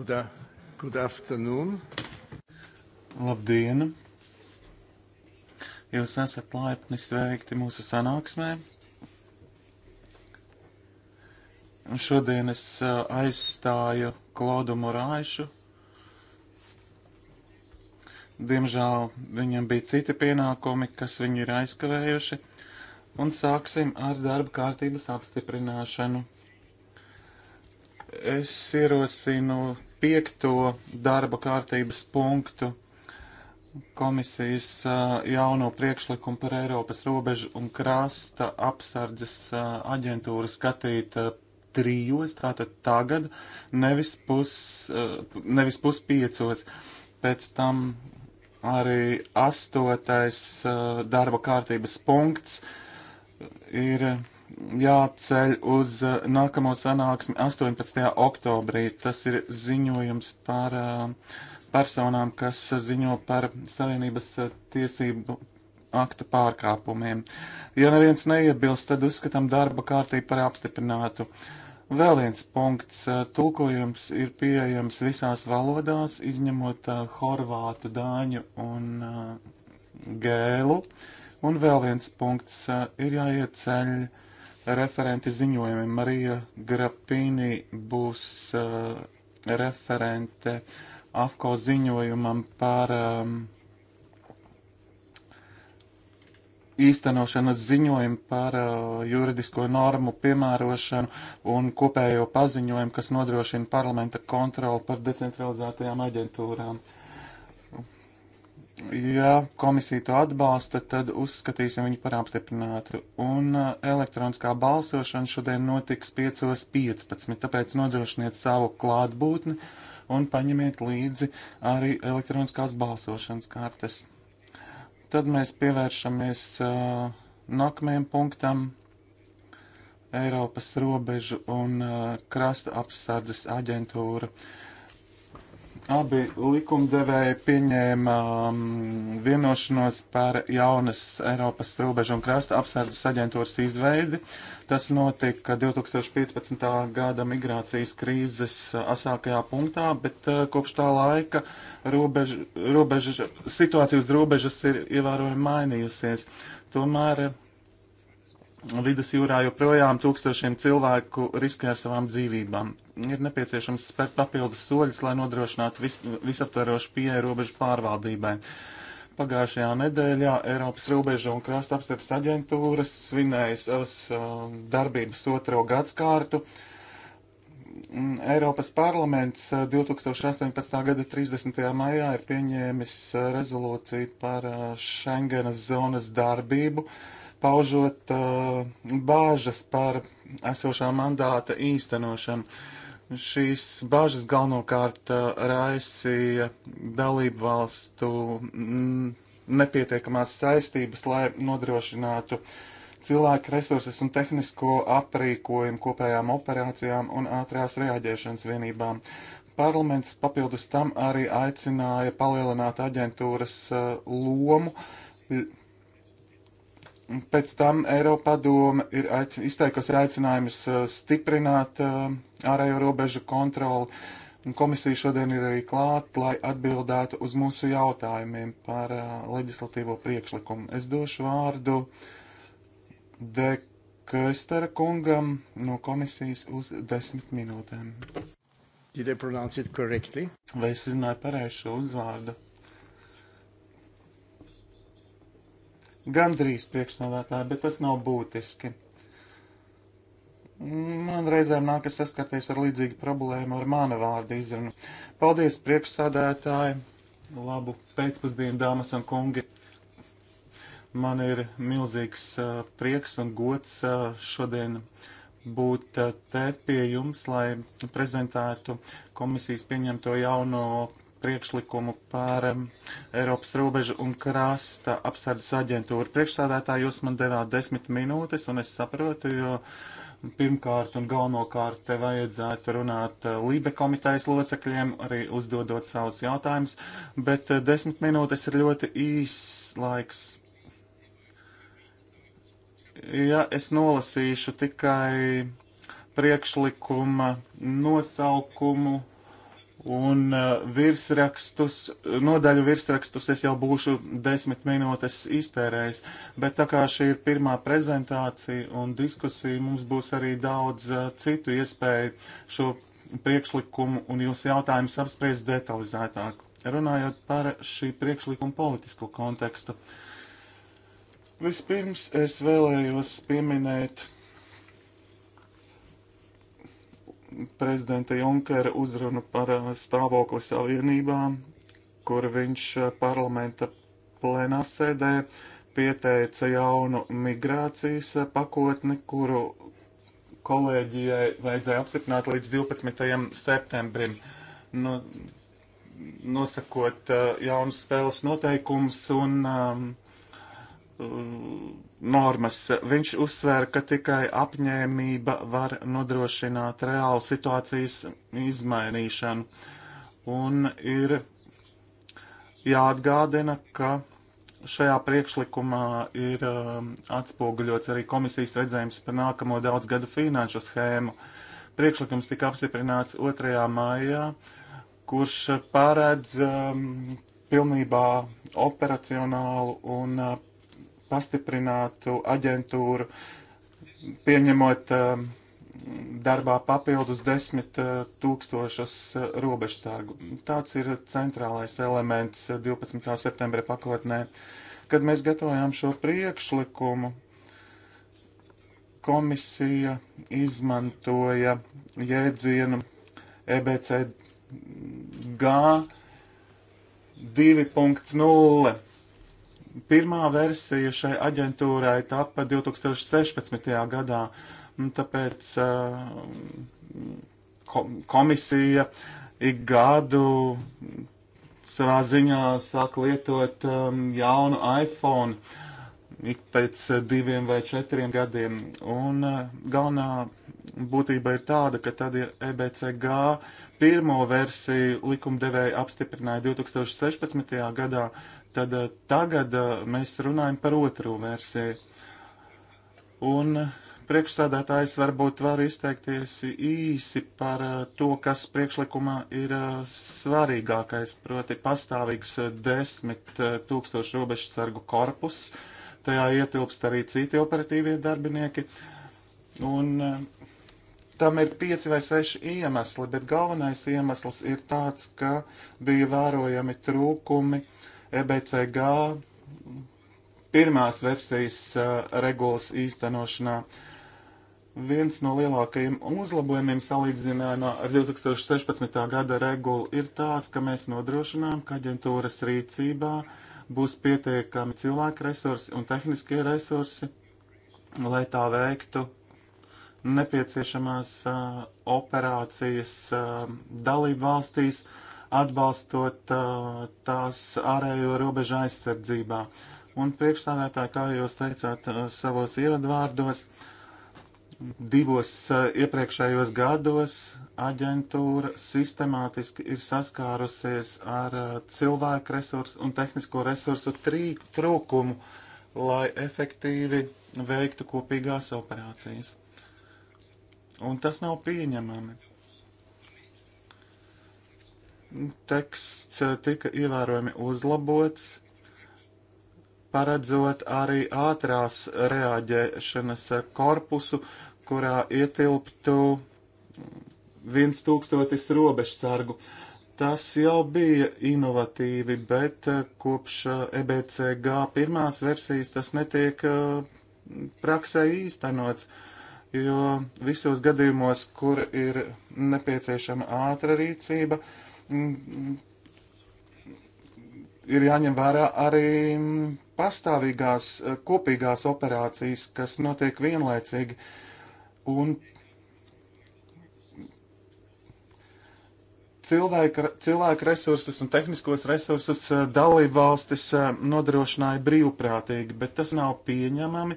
Good, good afternoon. Labdien! Jūs esat laipni sveikti mūsu sanāksmē. Šodien es uh, aizstāju Klaudu Morāšu. Diemžēl viņam bija citi pienākumi, kas viņu ir aizkavējuši. Un sāksim ar darba kārtības apstiprināšanu. Es ierosinu piekto darba kārtības punktu komisijas jauno priekšlikumu par Eiropas robežu un krasta apsardzes aģentūru skatīt trijos, tātad tagad, nevis, pus, nevis puspiecos. Pēc tam arī astotais darba kārtības punkts ir jāceļ uz eh, nākamo sanāksmi 18. oktobrī. Tas ir ziņojums par eh, personām, kas ziņo par Savienības eh, tiesību akta pārkāpumiem. Ja neviens neiebilst, tad uzskatām darba kārtību par apstiprinātu. Vēl viens punkts. Tulkojums ir pieejams visās valodās, izņemot horvātu, dāņu un gēlu. Un vēl viens punkts ir jāieceļ referenti ziņojumi. Marija Grapīni būs uh, referente AFCO ziņojumam par um, īstenošanas ziņojumu par uh, juridisko normu piemērošanu un kopējo paziņojumu, kas nodrošina parlamenta kontroli par decentralizētajām aģentūrām. Uh, Ja komisija to atbalsta, tad uzskatīsim viņu par apstiprinātu. Un uh, elektroniskā balsošana šodien notiks 5.15, tāpēc nodrošiniet savu klātbūtni un paņemiet līdzi arī elektroniskās balsošanas kartes. Tad mēs pievēršamies uh, nākamajam punktam - Eiropas robežu un uh, krasta apsardzes aģentūra. Uh, Abi likumdevēji pieņēma um, vienošanos par jaunas Eiropas robežu un krasta apsardzes aģentūras izveidi. Tas notika 2015. gada migrācijas krīzes uh, asākajā punktā, bet uh, kopš tā laika robeža, robeža, situācija uz robežas ir ievērojami mainījusies. Tomēr Vidus jūrā joprojām tūkstošiem cilvēku riskē ar savām dzīvībām. Ir nepieciešams spērt papildus soļus, lai nodrošinātu vis, visaptvarošu pieeju robežu pārvaldībai. Pagājušajā nedēļā Eiropas robežu un krasta apstākļu aģentūras svinēja savas uh, darbības otro gadskārtu. Mm, Eiropas parlaments 2018. Uh, gada 30. maijā ir pieņēmis uh, rezolūciju par uh, Schengenas zonas darbību. Uh, paužot uh, bāžas par esošā mandāta īstenošanu. Šīs bāžas galvenokārt uh, raisīja dalību valstu mm, nepietiekamās saistības, lai nodrošinātu cilvēku resursus un tehnisko aprīkojumu kopējām operācijām un ātrās reaģēšanas vienībām parlaments papildus tam arī aicināja palielināt aģentūras uh, lomu, Pēc tam Eiropa doma ir aicin, izteikusi aicinājumus uh, stiprināt uh, ārējo robežu kontroli, un komisija šodien ir arī klāt, lai atbildētu uz mūsu jautājumiem par uh, leģislatīvo priekšlikumu. Es došu vārdu De Köstera kungam no komisijas uz desmit minūtēm. Did I pronounce it correctly? Vai es zināju pareizu uzvārdu? Gandrīz priekšnodātāji, bet tas nav būtiski. Man reizēm nākas saskarties ar līdzīgu problēmu ar mana vārdu izrunu. Paldies priekšsādētāji, labu pēcpusdienu, dāmas un kungi. Man ir milzīgs uh, prieks un gods uh, šodien būt uh, te pie jums, lai prezentētu komisijas pieņemto jauno priekšlikumu par um, Eiropas robežu un krasta apsardzes aģentūru. Priekšstādātā jūs man devāt desmit minūtes, un es saprotu, jo pirmkārt un galvenokārt te vajadzētu runāt uh, Lībe komitejas locekļiem, arī uzdodot savus jautājumus, bet uh, desmit minūtes ir ļoti īss laiks. Ja es nolasīšu tikai priekšlikuma nosaukumu Un uh, virsrakstus, nodaļu virsrakstus es jau būšu desmit minūtes iztērējis, bet tā kā šī ir pirmā prezentācija un diskusija, mums būs arī daudz uh, citu iespēju šo priekšlikumu un jūsu jautājumus apspriest detalizētāk. Runājot par šī priekšlikuma politisko kontekstu. Vispirms es vēlējos pieminēt prezidenta Junkera uzrunu par eh, stāvokli savienībā, kur viņš eh, parlamenta plenārsēdē pieteica jaunu migrācijas eh, pakotni, kuru kolēģijai vajadzēja apstiprināt līdz 12. septembrim, no, nu, nosakot jaunus spēles noteikumus un um, Mm, normas. Viņš uzsvēra, ka tikai apņēmība var nodrošināt reālu situācijas izmainīšanu. Un ir jāatgādina, ka šajā priekšlikumā ir um, atspoguļots arī komisijas redzējums par nākamo daudzgadu finanšu schēmu. Priekšlikums tika apstiprināts 2. maijā, kurš paredz um, pilnībā operacionālu un uh, pastiprinātu aģentūru, pieņemot uh, darbā papildus desmit uh, tūkstošus uh, robežsargu. Tāds ir centrālais elements 12. Uh, septembra pakotnē. Kad mēs gatavojām šo priekšlikumu, komisija izmantoja jēdzienu EBCG 2.0 Pirmā versija šai aģentūrai tapa 2016. gadā, tāpēc eh, komisija ik gadu savā ziņā sāk lietot eh, jaunu iPhone ik pēc diviem vai četriem gadiem. Un uh, galvenā būtība ir tāda, ka tad EBCG pirmo versiju likumdevēja apstiprināja 2016. gadā, tad uh, tagad uh, mēs runājam par otro versiju. Un priekšsādātājs varbūt var izteikties īsi par to, kas priekšlikumā ir svarīgākais, proti pastāvīgs desmit tūkstošu robežu sargu korpusu tajā ietilpst arī citi operatīvie darbinieki. Un eh, tam ir pieci vai seši iemesli, bet galvenais iemesls ir tāds, ka bija vērojami trūkumi EBCG pirmās versijas eh, regulas īstenošanā viens no lielākajiem uzlabojumiem salīdzinājumā ar 2016. gada regulu ir tāds, ka mēs nodrošinām, ka aģentūras rīcībā būs pietiekami cilvēku resursi un tehniskie resursi, lai tā veiktu nepieciešamās uh, operācijas uh, dalību valstīs, atbalstot uh, tās ārējo robežu aizsardzībā. Un priekšstādētāji, kā jūs teicāt savos ievadvārdos, uh, divos eh, iepriekšējos gados aģentūra sistemātiski ir saskārusies ar eh, cilvēku resursu un tehnisko resursu trī, trūkumu, lai efektīvi veiktu kopīgās operācijas. Un tas nav pieņemami. Teksts eh, tika ievērojami uzlabots paredzot arī ātrās reaģēšanas korpusu, kurā ietilptu viens tūkstotis robežsargu. Tas jau bija inovatīvi, bet eh, kopš EBCG eh, e pirmās versijas tas netiek eh, praksē īstenots, jo visos gadījumos, kur ir nepieciešama ātra rīcība, mm, mm, ir jāņem vērā arī mm, pastāvīgās kopīgās operācijas, kas notiek vienlaicīgi. Uh, Un cilvēka, cilvēka resursus un tehniskos resursus eh, dalību valstis eh, nodrošināja brīvprātīgi, bet tas nav pieņemami,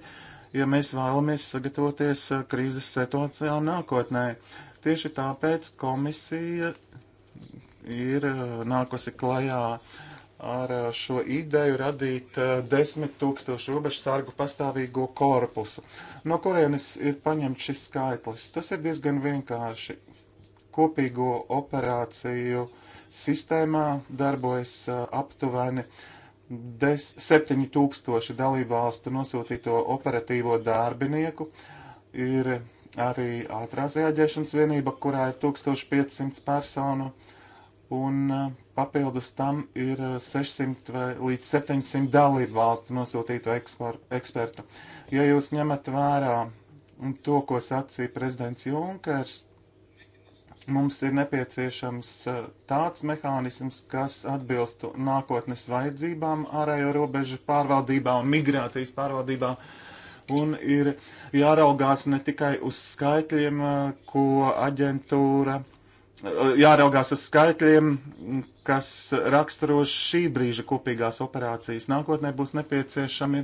ja mēs vēlamies sagatavoties eh, krīzes situācijām nākotnē. Tieši tāpēc komisija ir nākusi klajā uh, ar eh, šo ideju radīt eh, desmit tūkstošu robežsargu pastāvīgo korpusu. No kurienes ir paņemts šis skaitlis? Tas ir diezgan vienkārši. Kopīgo operāciju sistēmā darbojas eh, aptuveni 7000 dalībvalstu nosūtīto operatīvo darbinieku. Ir arī ātrās reaģēšanas vienība, kurā ir 1500 personu. Uh, un e, papildus tam ir 600 e, vai līdz 700 dalību valstu nosūtītu ekspor, ekspertu. Ja jūs ņemat vērā to, ko sacīja prezidents Junkers, mums ir nepieciešams e, tāds mehānisms, kas atbilstu nākotnes vajadzībām ārējo robežu pārvaldībā un migrācijas pārvaldībā. Un ir jāraugās ne tikai uz skaitļiem, ko aģentūra jāraugās uz skaitļiem, kas raksturo šī brīža kopīgās operācijas. Nākotnē būs nepieciešami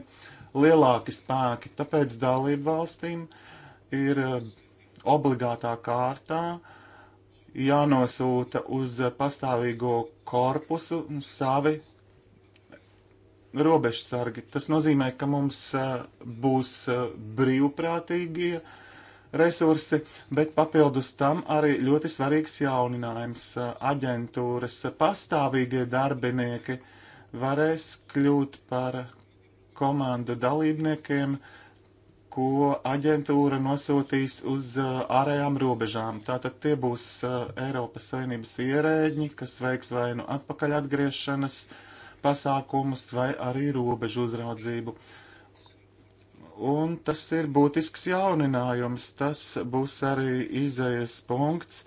lielāki spēki, tāpēc dalību valstīm ir eh, obligātā kārtā jānosūta uz pastāvīgo korpusu savi robežsargi. Tas nozīmē, ka mums eh, būs eh, brīvprātīgie, uh, resursi, bet papildus tam arī ļoti svarīgs jauninājums - aģentūras pastāvīgie darbinieki varēs kļūt par komandu dalībniekiem, ko aģentūra nosūtīs uz ārējām robežām. Tātad tie būs Eiropas Savienības ierēģi, kas veiks vai nu atpakaļ atgriešanas pasākumus vai arī robežu uzraudzību. Uh, Un tas ir būtisks jauninājums. Tas būs arī izējas punkts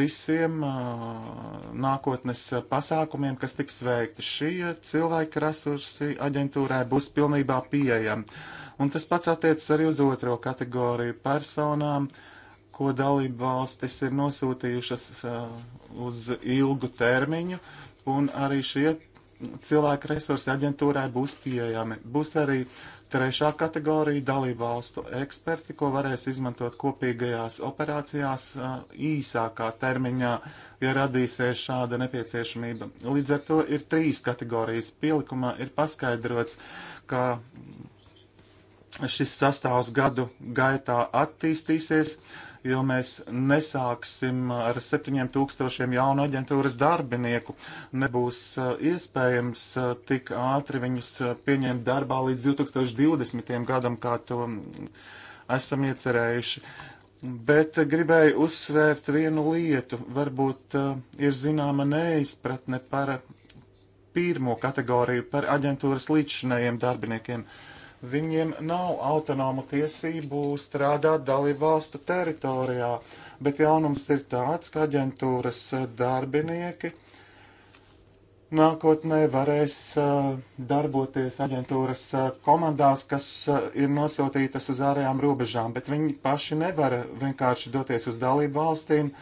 visiem uh, nākotnes pasākumiem, kas tiks veikti. Šie cilvēki resursi aģentūrai būs pilnībā pieejami. Un tas pats attiecas arī uz otro kategoriju personām, ko dalību valstis ir nosūtījušas uh, uz ilgu termiņu. Un arī šie cilvēku resursi aģentūrai būs pieejami. Būs arī Trešā kategorija - dalībvalstu eksperti, ko varēs izmantot kopīgajās operācijās īsākā termiņā, ja radīsies šāda nepieciešamība. Līdz ar to ir trīs kategorijas. Pielikumā ir paskaidrots, ka šis sastāvs gadu gaitā attīstīsies. Uh, jo mēs nesāksim ar 7000 jaunu aģentūras darbinieku. Nebūs uh, iespējams uh, tik ātri viņus uh, pieņemt darbā līdz 2020. gadam, kā to mm, esam iecerējuši. Bet gribēju uzsvērt vienu lietu. Varbūt uh, ir zināma neizpratne par pirmo kategoriju, par aģentūras līdzšinējiem darbiniekiem. Uh, Viņiem nav autonomu tiesību strādāt dalībvalstu teritorijā, bet jaunums ir tāds, ka aģentūras darbinieki nākotnē varēs uh, darboties aģentūras uh, komandās, kas uh, ir nosūtītas uz ārējām robežām, bet viņi paši nevar vienkārši doties uz dalību valstīm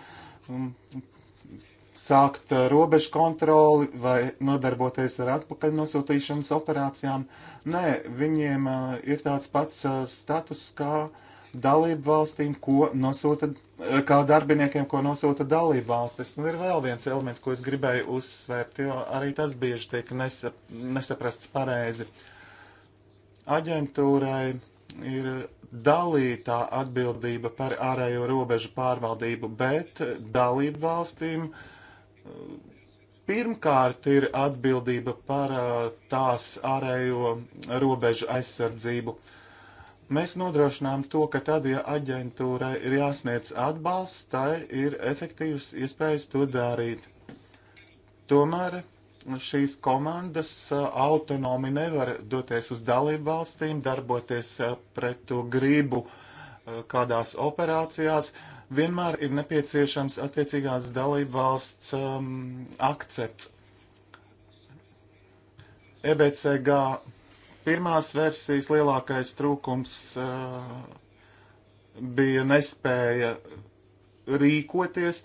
sākt uh, robežu kontroli vai nodarboties ar atpakaļnosūtīšanas operācijām. Nē, viņiem uh, ir tāds pats uh, status kā dalību valstīm, ko nosūta, uh, kā darbiniekiem, ko nosūta dalību valstis. Un nu, ir vēl viens elements, ko es gribēju uzsvērt, jo arī tas bieži tiek nesap, nesaprasts pareizi. Aģentūrai ir dalītā atbildība par ārējo robežu pārvaldību, bet dalību valstīm uh, Pirmkārt ir atbildība par tās ārējo robežu aizsardzību. Mēs nodrošinām to, ka tad, ja aģentūrai ir jāsniedz atbalsts, tai ir efektīvas iespējas to darīt. Tomēr šīs komandas autonomi nevar doties uz dalību valstīm, darboties pret to gribu kādās operācijās. Uh, vienmēr ir nepieciešams attiecīgās dalību valsts um, akcepts. EBCG pirmās versijas lielākais trūkums uh, bija nespēja rīkoties,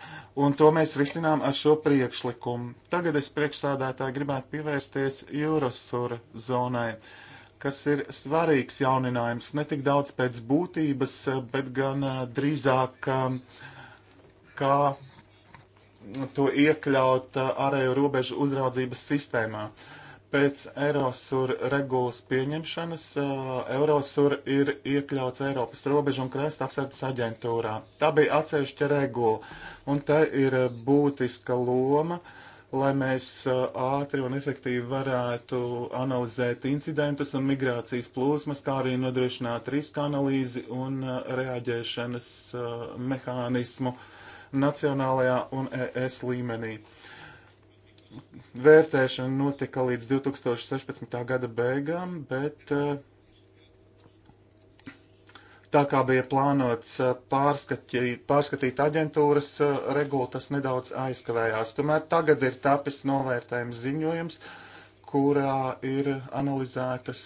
un to mēs risinām ar šo priekšlikumu. Tagad es priekšstādātāji gribētu pievērsties Eurosura zonai. Uh, kas ir svarīgs jauninājums ne tik daudz pēc būtības, bet gan eh, drīzāk eh, kā to iekļaut eh, ārējo robežu uzraudzības sistēmā. Pēc Eurosur regulas pieņemšanas Eurosur ir iekļauts Eiropas robežu un krēsta apsardzes aģentūrā. Tā bija atsevišķa regula, un te ir būtiska loma uh, lai mēs uh, ātri un efektīvi varētu analizēt incidentus un migrācijas plūsmas, kā arī nodrošināt riska analīzi un uh, reaģēšanas uh, mehānismu nacionālajā un ES līmenī vērtēšana notika līdz 2016. gada beigām, bet uh, Tā kā bija plānots eh, pārskatīt, pārskatīt aģentūras eh, regulu, tas nedaudz aizkavējās. Tomēr tagad ir tapis novērtējums ziņojums, kurā ir analizētas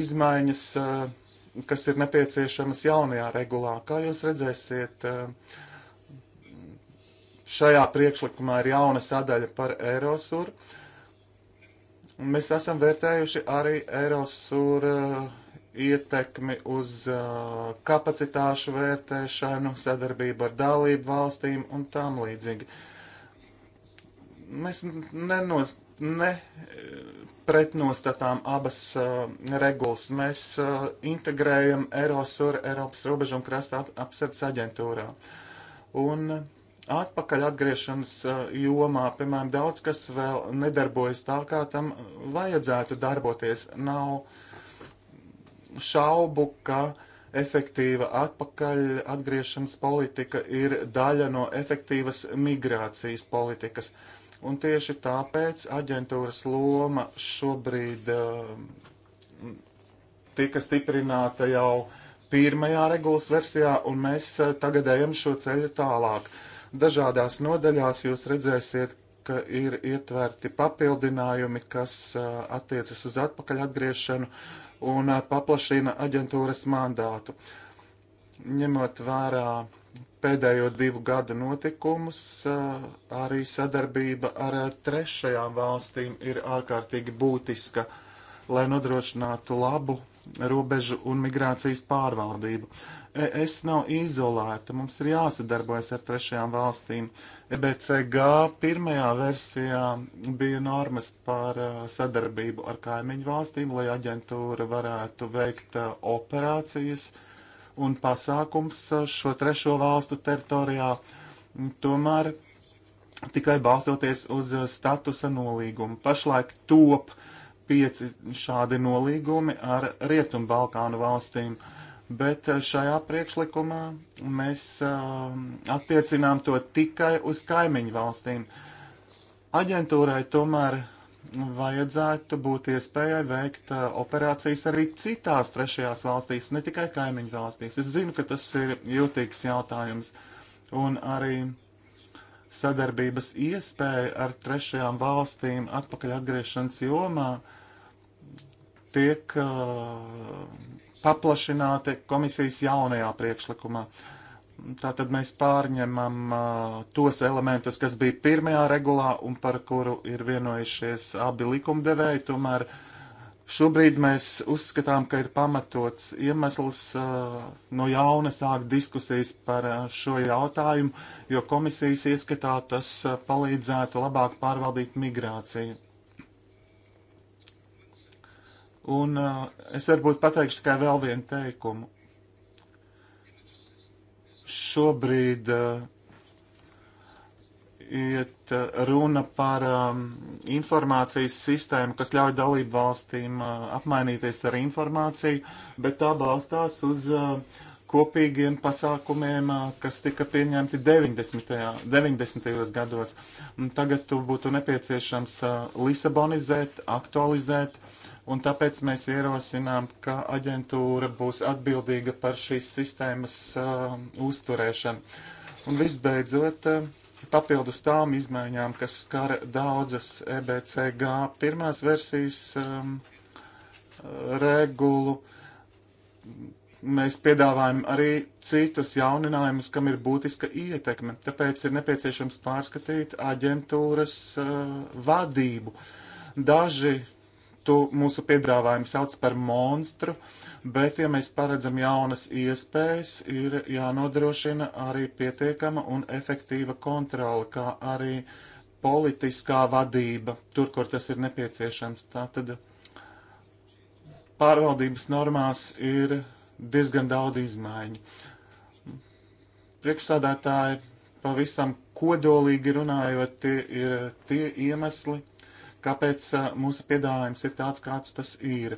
izmaiņas, eh, kas ir nepieciešamas jaunajā regulā. Kā jūs redzēsiet, šajā priekšlikumā ir jauna sadaļa par Eirosuru. Mēs esam vērtējuši arī Eirosuru ietekmi uz uh, kapacitāšu vērtēšanu, sadarbību ar dalību valstīm un tam līdzīgi. Mēs nenos, ne pretnostatām abas uh, regulas. Mēs uh, integrējam Eirosur, Eiropas robežu un krasta ap apsardz aģentūrā. Un atpakaļ atgriešanas uh, jomā, piemēram, daudz kas vēl nedarbojas tā, kā tam vajadzētu darboties. Nav uh, šaubu, ka efektīva atpakaļ atgriešanas politika ir daļa no efektīvas migrācijas politikas. Un tieši tāpēc aģentūras loma šobrīd uh, tika stiprināta jau pirmajā regulas versijā, un mēs uh, tagad ejam šo ceļu tālāk. Dažādās nodaļās jūs redzēsiet, ka ir ietverti papildinājumi, kas uh, attiecas uz atpakaļ atgriešanu, uh, un paplašina aģentūras mandātu. Ņemot vērā pēdējo divu gadu notikumus, arī sadarbība ar trešajām valstīm ir ārkārtīgi būtiska, lai nodrošinātu labu robežu un migrācijas pārvaldību. ES nav izolēta, mums ir jāsadarbojas ar trešajām valstīm. EBCG pirmajā versijā bija normas par uh, sadarbību ar kaimiņu valstīm, lai aģentūra varētu veikt uh, operācijas un pasākums uh, šo trešo valstu teritorijā. Tomēr tikai balstoties uz statusa nolīgumu. Pašlaik top uh, pieci šādi nolīgumi ar Rietumbalkānu valstīm, bet eh, šajā priekšlikumā mēs uh, attiecinām to tikai uz kaimiņu valstīm. Aģentūrai tomēr vajadzētu būt iespējai veikt uh, operācijas arī citās trešajās valstīs, ne tikai kaimiņu valstīs. Es zinu, ka tas ir jūtīgs jautājums. Un arī sadarbības iespēju ar trešajām valstīm atpakaļ atgriešanas jomā tiek uh, paplašināti komisijas jaunajā priekšlikumā. Tātad mēs pārņemam uh, tos elementus, kas bija pirmajā regulā un par kuru ir vienojušies abi likumdevēji, tomēr uh, Šobrīd mēs uzskatām, ka ir pamatots iemesls uh, no jauna sākt diskusijas par uh, šo jautājumu, jo komisijas ieskatā tas uh, palīdzētu labāk pārvaldīt migrāciju. Un uh, es varbūt pateikšu tikai vēl vienu teikumu. Šobrīd uh, iet eh, runa par um, informācijas sistēmu, kas ļauj dalību valstīm uh, apmainīties ar informāciju, bet tā balstās uz uh, kopīgiem pasākumiem, uh, kas tika pieņemti 90. 90. gados. Un tagad būtu nepieciešams uh, lisabonizēt, aktualizēt, un tāpēc mēs ierosinām, ka aģentūra būs atbildīga par šīs sistēmas uh, uzturēšanu. Un visbeidzot, uh, papildus tām izmaiņām, kas skara daudzas EBCG pirmās versijas um, regulu. Mēs piedāvājam arī citus jauninājumus, kam ir būtiska ietekme. Tāpēc ir nepieciešams pārskatīt aģentūras uh, vadību. Daži tu mūsu piedāvājumu sauc par monstru, bet, ja mēs paredzam jaunas iespējas, ir jānodrošina arī pietiekama un efektīva kontrola, kā arī politiskā vadība, tur, kur tas ir nepieciešams. Tātad pārvaldības normās ir diezgan daudz izmaiņu. Priekšsādātāji pavisam kodolīgi runājot, tie ir tie iemesli, kāpēc eh, mūsu piedāvājums ir tāds, kāds tas ir.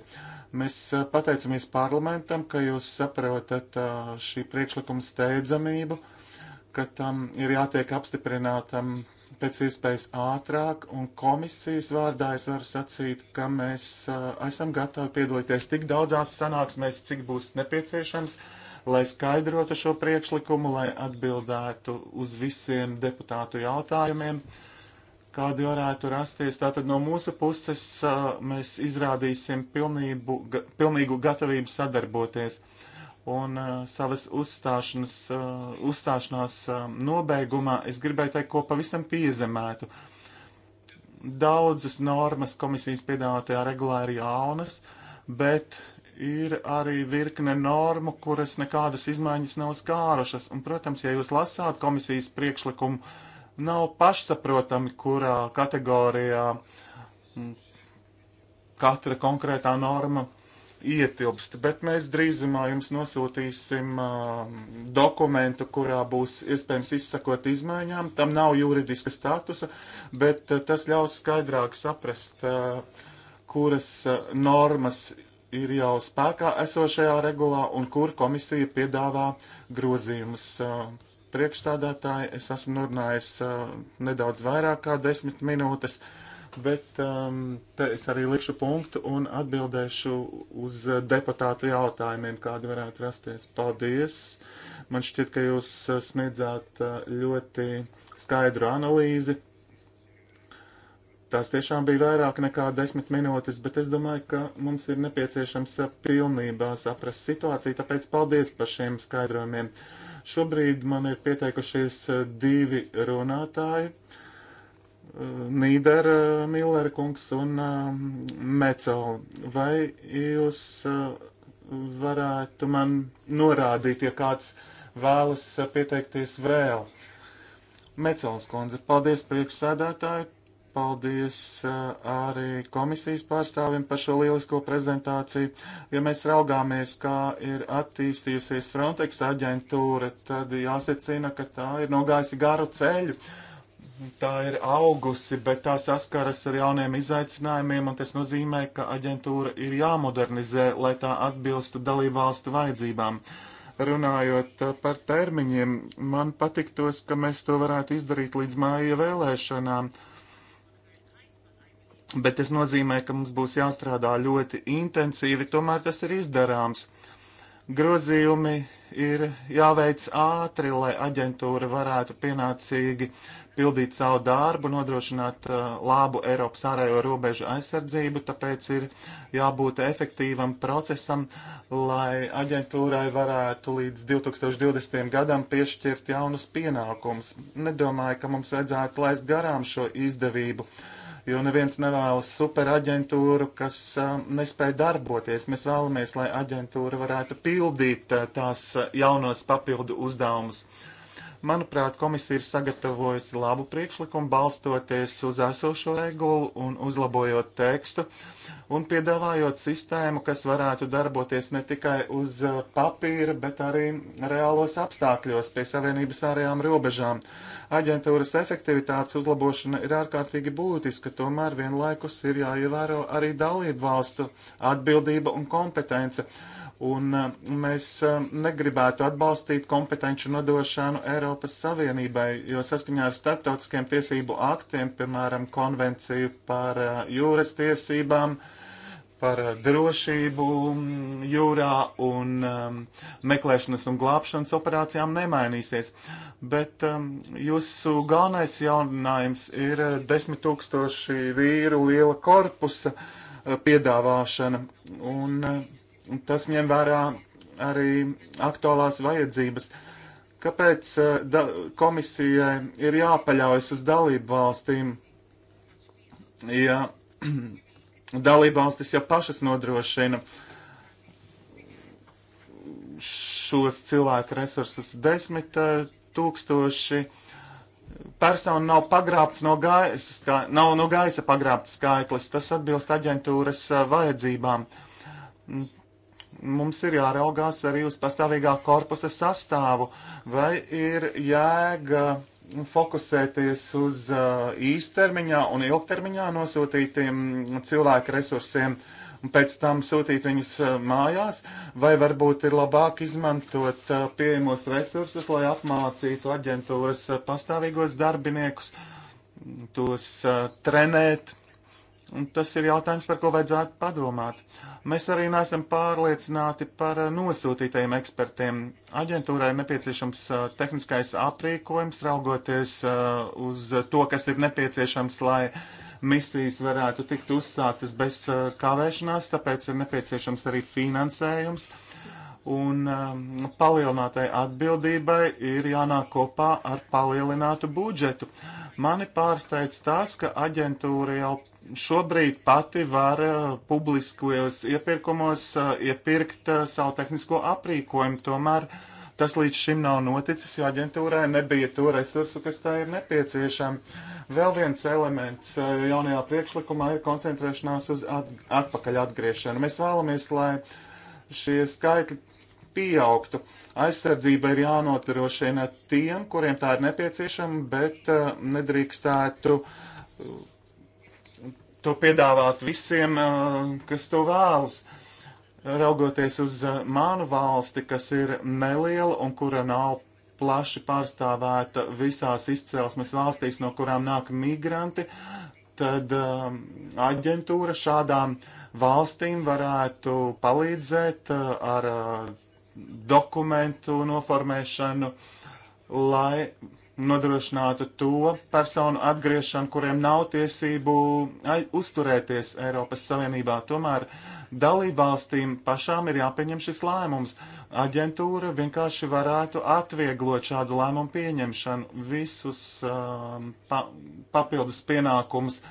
Mēs eh, pateicamies parlamentam, ka jūs saprotat eh, šī priekšlikuma steidzamību, ka tam ir jātiek apstiprinātam pēc iespējas ātrāk, un komisijas vārdā es varu sacīt, ka mēs esam gatavi piedalīties tik daudzās sanāksmēs, cik būs nepieciešams, lai skaidrotu šo priekšlikumu, lai atbildētu uz visiem deputātu jautājumiem. Uh, kādi varētu rasties. Tātad no mūsu puses mēs izrādīsim pilnību, ga, pilnīgu gatavību sadarboties. Un uh, savas uzstāšanas, uh, uzstāšanās uh, nobeigumā es gribēju teikt, ko pavisam piezemētu. Daudzas normas komisijas piedāvātajā regulā ir jaunas, bet ir arī virkne normu, kuras nekādas izmaiņas nav skārušas. Un, protams, ja jūs lasāt komisijas priekšlikumu, uh, Nav pašsaprotami, kurā kategorijā mm, katra konkrētā norma ietilpst, bet mēs drīzumā jums nosūtīsim uh, dokumentu, kurā būs iespējams izsakot izmaiņām. Tam nav juridiska statusa, bet uh, tas ļaus skaidrāk saprast, uh, kuras uh, normas ir jau spēkā esošajā regulā un kur komisija piedāvā grozījumus. Uh, priekšstādātāji. Es esmu norunājis uh, nedaudz vairāk kā desmit minūtes, bet um, te es arī likšu punktu un atbildēšu uz uh, deputātu jautājumiem, kādi varētu rasties. Paldies! Man šķiet, ka jūs uh, sniedzāt uh, ļoti skaidru analīzi. Tās tiešām bija vairāk nekā desmit minūtes, bet es domāju, ka mums ir nepieciešams pilnībā saprast situāciju, tāpēc paldies par šiem skaidrojumiem. Uh, Šobrīd man ir pieteikušies eh, divi runātāji. Eh, Nīdera eh, Millera kungs un Mecela. Vai jūs varētu man norādīt, ja kāds vēlas pieteikties vēl? Mecels kundze, paldies priekšsēdētāji, Paldies eh, arī komisijas pārstāvim par šo lielisko prezentāciju. Ja mēs raugāmies, kā ir attīstījusies Frontex aģentūra, tad jāsecina, ka tā ir nogājusi garu ceļu. Tā ir augusi, bet tā saskaras ar jauniem izaicinājumiem, un tas nozīmē, ka aģentūra ir jāmodernizē, lai tā atbilstu dalībvalstu vajadzībām runājot par termiņiem, man patiktos, ka mēs to varētu izdarīt līdz māja vēlēšanām bet tas nozīmē, ka mums būs jāstrādā ļoti intensīvi, tomēr tas ir izdarāms. Grozījumi ir jāveic ātri, lai aģentūra varētu pienācīgi pildīt savu darbu, nodrošināt uh, labu Eiropas ārējo robežu aizsardzību, tāpēc ir jābūt efektīvam procesam, lai aģentūrai varētu līdz 2020. gadam piešķirt jaunus pienākumus. Nedomāju, ka mums vajadzētu laist garām šo izdevību. Uh, jo neviens nevēlas superaģentūru, kas nespēja darboties. Mēs vēlamies, lai aģentūra varētu pildīt tās jaunos papildu uzdevumus. Manuprāt, komisija ir sagatavojusi labu priekšlikumu, balstoties uz esošo regulu un uzlabojot tekstu un piedāvājot sistēmu, kas varētu darboties ne tikai uz uh, papīra, bet arī reālos apstākļos pie savienības ārējām robežām. Aģentūras efektivitātes uzlabošana ir ārkārtīgi būtiska, tomēr vienlaikus ir jāievēro arī dalību valstu atbildība un kompetence. Un uh, mēs uh, negribētu atbalstīt kompetenci nodošanu Eiropas Savienībai, jo saskaņā ar starptautiskiem tiesību aktiem, piemēram, konvenciju par uh, jūras tiesībām, par drošību mm, jūrā un um, meklēšanas un glābšanas operācijām nemainīsies. Bet um, jūsu galvenais jauninājums ir desmit tūkstoši vīru liela korpusa piedāvāšana. Un, uh, tas ņem vērā arī aktuālās vajadzības. Kāpēc eh, da, komisijai ir jāpaļaujas uz dalību valstīm, ja dalību valstis jau pašas nodrošina šos cilvēku resursus desmit eh, tūkstoši personu nav pagrābts no gaisa, skā, nav no gaisa pagrābts skaitlis. Tas atbilst aģentūras eh, vajadzībām mums ir jāraugās arī uz pastāvīgā korpusa sastāvu, vai ir jēga fokusēties uz uh, īstermiņā un ilgtermiņā nosūtītiem cilvēku resursiem un pēc tam sūtīt viņus uh, mājās, vai varbūt ir labāk izmantot uh, pieejamos resursus, lai apmācītu aģentūras uh, pastāvīgos darbiniekus, tos uh, trenēt. Un tas ir jautājums, par ko vajadzētu padomāt. Uh, Mēs arī neesam pārliecināti par eh, nosūtītajiem ekspertiem. Aģentūrai nepieciešams eh, tehniskais aprīkojums, raugoties eh, uz to, kas ir nepieciešams, lai misijas varētu tikt uzsāktas bez kavēšanās, tāpēc ir nepieciešams arī finansējums un um, palielinātai atbildībai ir jānāk kopā ar palielinātu budžetu. Mani pārsteidz tas, ka aģentūra jau šobrīd pati var uh, publiskos iepirkumos uh, iepirkt uh, savu tehnisko aprīkojumu. Tomēr tas līdz šim nav noticis, jo aģentūrai nebija to resursu, kas tā ir nepieciešama. Vēl viens elements uh, jaunajā priekšlikumā ir koncentrēšanās uz at atpakaļ atgriešanu. Mēs vēlamies, lai šie skaitļi pieaugtu. Aizsardzība ir jānodrošina tiem, kuriem tā ir nepieciešama, bet uh, nedrīkstētu uh, to piedāvāt visiem, uh, kas to vēlas. Raugoties uz uh, manu valsti, kas ir neliela un kura nav plaši pārstāvēta visās izcelsmes valstīs, no kurām nāk migranti, tad um, aģentūra šādām valstīm varētu palīdzēt uh, ar uh, dokumentu noformēšanu, lai nodrošinātu to personu atgriešanu, kuriem nav tiesību uzturēties Eiropas Savienībā. Tomēr dalībvalstīm pašām ir jāpieņem šis lēmums. Aģentūra vienkārši varētu atvieglot šādu lēmumu pieņemšanu. Visus um, pa, papildus pienākumus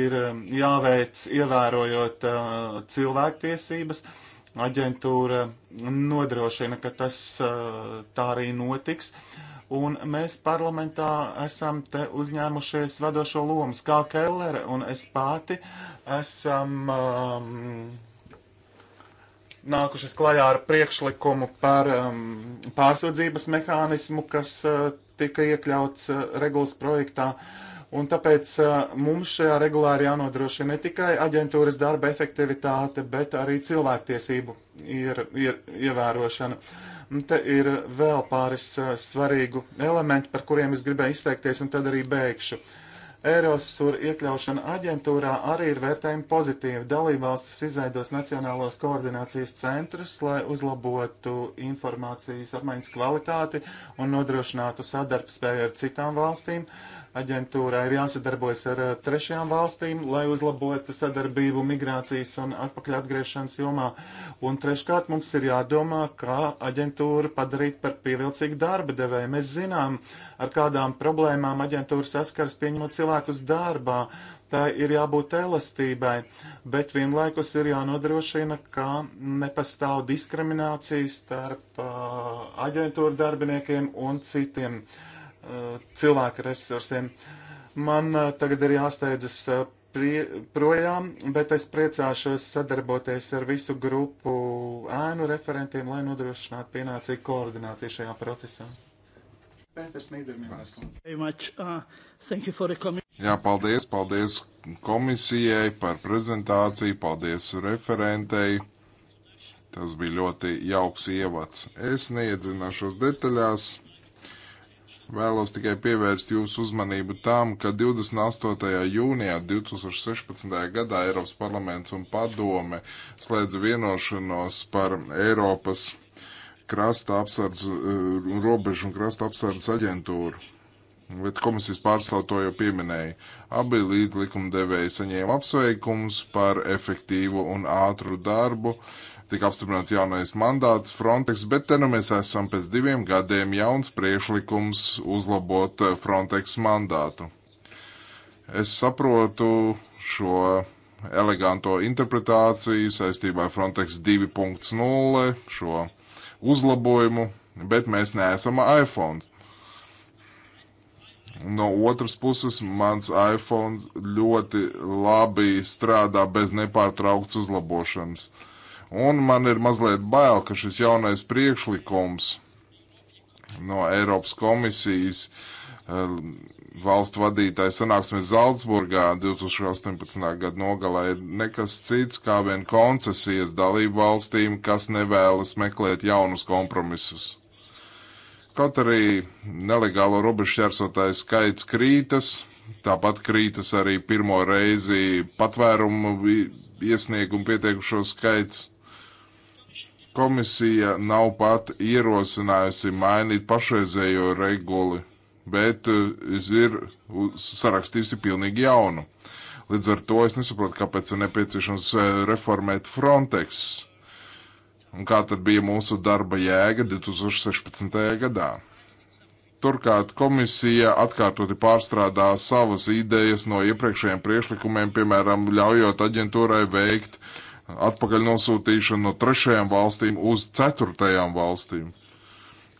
ir um, jāveic ievērojot uh, cilvēktiesības. Uh, aģentūra nodrošina, ka tas tā arī notiks. Un mēs parlamentā esam te uzņēmušies vadošo lomu. Kā Kellere un es pati esam um, nākušas klajā ar priekšlikumu par um, pārsūdzības mehānismu, kas uh, tika iekļauts uh, regulas projektā. Uh, Un tāpēc mums šajā regulā ir jānodrošina ne tikai aģentūras darba efektivitāte, bet arī cilvēktiesību ir, ir ievērošana. Un te ir vēl pāris svarīgu elementu, par kuriem es gribēju izteikties, un tad arī beigšu. Eirosur iekļaušana aģentūrā arī ir vērtējuma pozitīva. Dalībvalstis izveidos nacionālos koordinācijas centrus, lai uzlabotu informācijas apmaiņas kvalitāti un nodrošinātu sadarbspēju ar citām valstīm Aģentūrai ir jāsadarbojas ar eh, trešajām valstīm, lai uzlabotu sadarbību migrācijas un atpakaļ atgriešanas jomā. Un treškārt mums ir jādomā, kā aģentūru padarīt par pievilcīgu darba devēju. Mēs zinām, ar kādām problēmām aģentūra saskars pieņemot cilvēkus darbā. Tā ir jābūt elastībai, bet vienlaikus ir jānodrošina, ka nepastāv diskriminācija starp uh, aģentūra darbiniekiem un citiem. Uh, cilvēka resursiem. Man eh, tagad ir jāsteidzas eh, prie, projām, bet es priecāšos sadarboties ar visu grupu ēnu referentiem, lai nodrošinātu pienācīgu koordināciju šajā procesā. Pēters Nīdermīlēs. Uh, Jā, paldies, paldies komisijai par prezentāciju, paldies referentei. Tas bija ļoti jauks ievads. Es neiedzināšos detaļās Vēlos tikai pievērst jūsu uzmanību tam, ka 28. jūnijā 2016. gadā Eiropas parlaments un padome slēdza vienošanos par Eiropas krasta apsardz, eh, robežu un krasta apsardz aģentūru. Bet komisijas pārstāv to jau pieminēja. Abi līdz likumdevēji saņēma apsveikumus par efektīvu un ātru darbu, uh, tika apstiprināts jaunais mandāts Frontex, bet te nu mēs esam pēc diviem gadiem jauns priešlikums uzlabot eh, Frontex mandātu. Es saprotu šo eleganto interpretāciju saistībā ar Frontex 2.0, šo uzlabojumu, bet mēs neesam iPhone. No otras puses, mans iPhone ļoti labi strādā bez nepārtraukts uzlabošanas. Uh, Un man ir mazliet bail, ka šis jaunais priekšlikums no Eiropas komisijas eh, valstu vadītāja sanāksmes Zaldzburgā 2018. gada nogalē ir nekas cits kā vien koncesijas dalību valstīm, kas nevēlas meklēt jaunus kompromisus. Kaut arī nelegālo robežu šķērsotāju skaits krītas, tāpat krītas arī pirmo reizi patvērumu iesniegumu pieteikušo skaits. Komisija nav pat ierosinājusi mainīt pašreizējo reguli, bet eh, ir sarakstījusi pilnīgi jaunu. Līdz ar to es nesaprotu, kāpēc ir nepieciešams eh, reformēt Frontex. Un kā tad bija mūsu darba jēga 2016. gadā? Turklāt komisija atkārtoti pārstrādā savas idejas no iepriekšējiem priekšlikumiem, piemēram, ļaujot aģentūrai veikt uh, atpakaļnosūtīšanu no trešajām valstīm uz ceturtajām valstīm,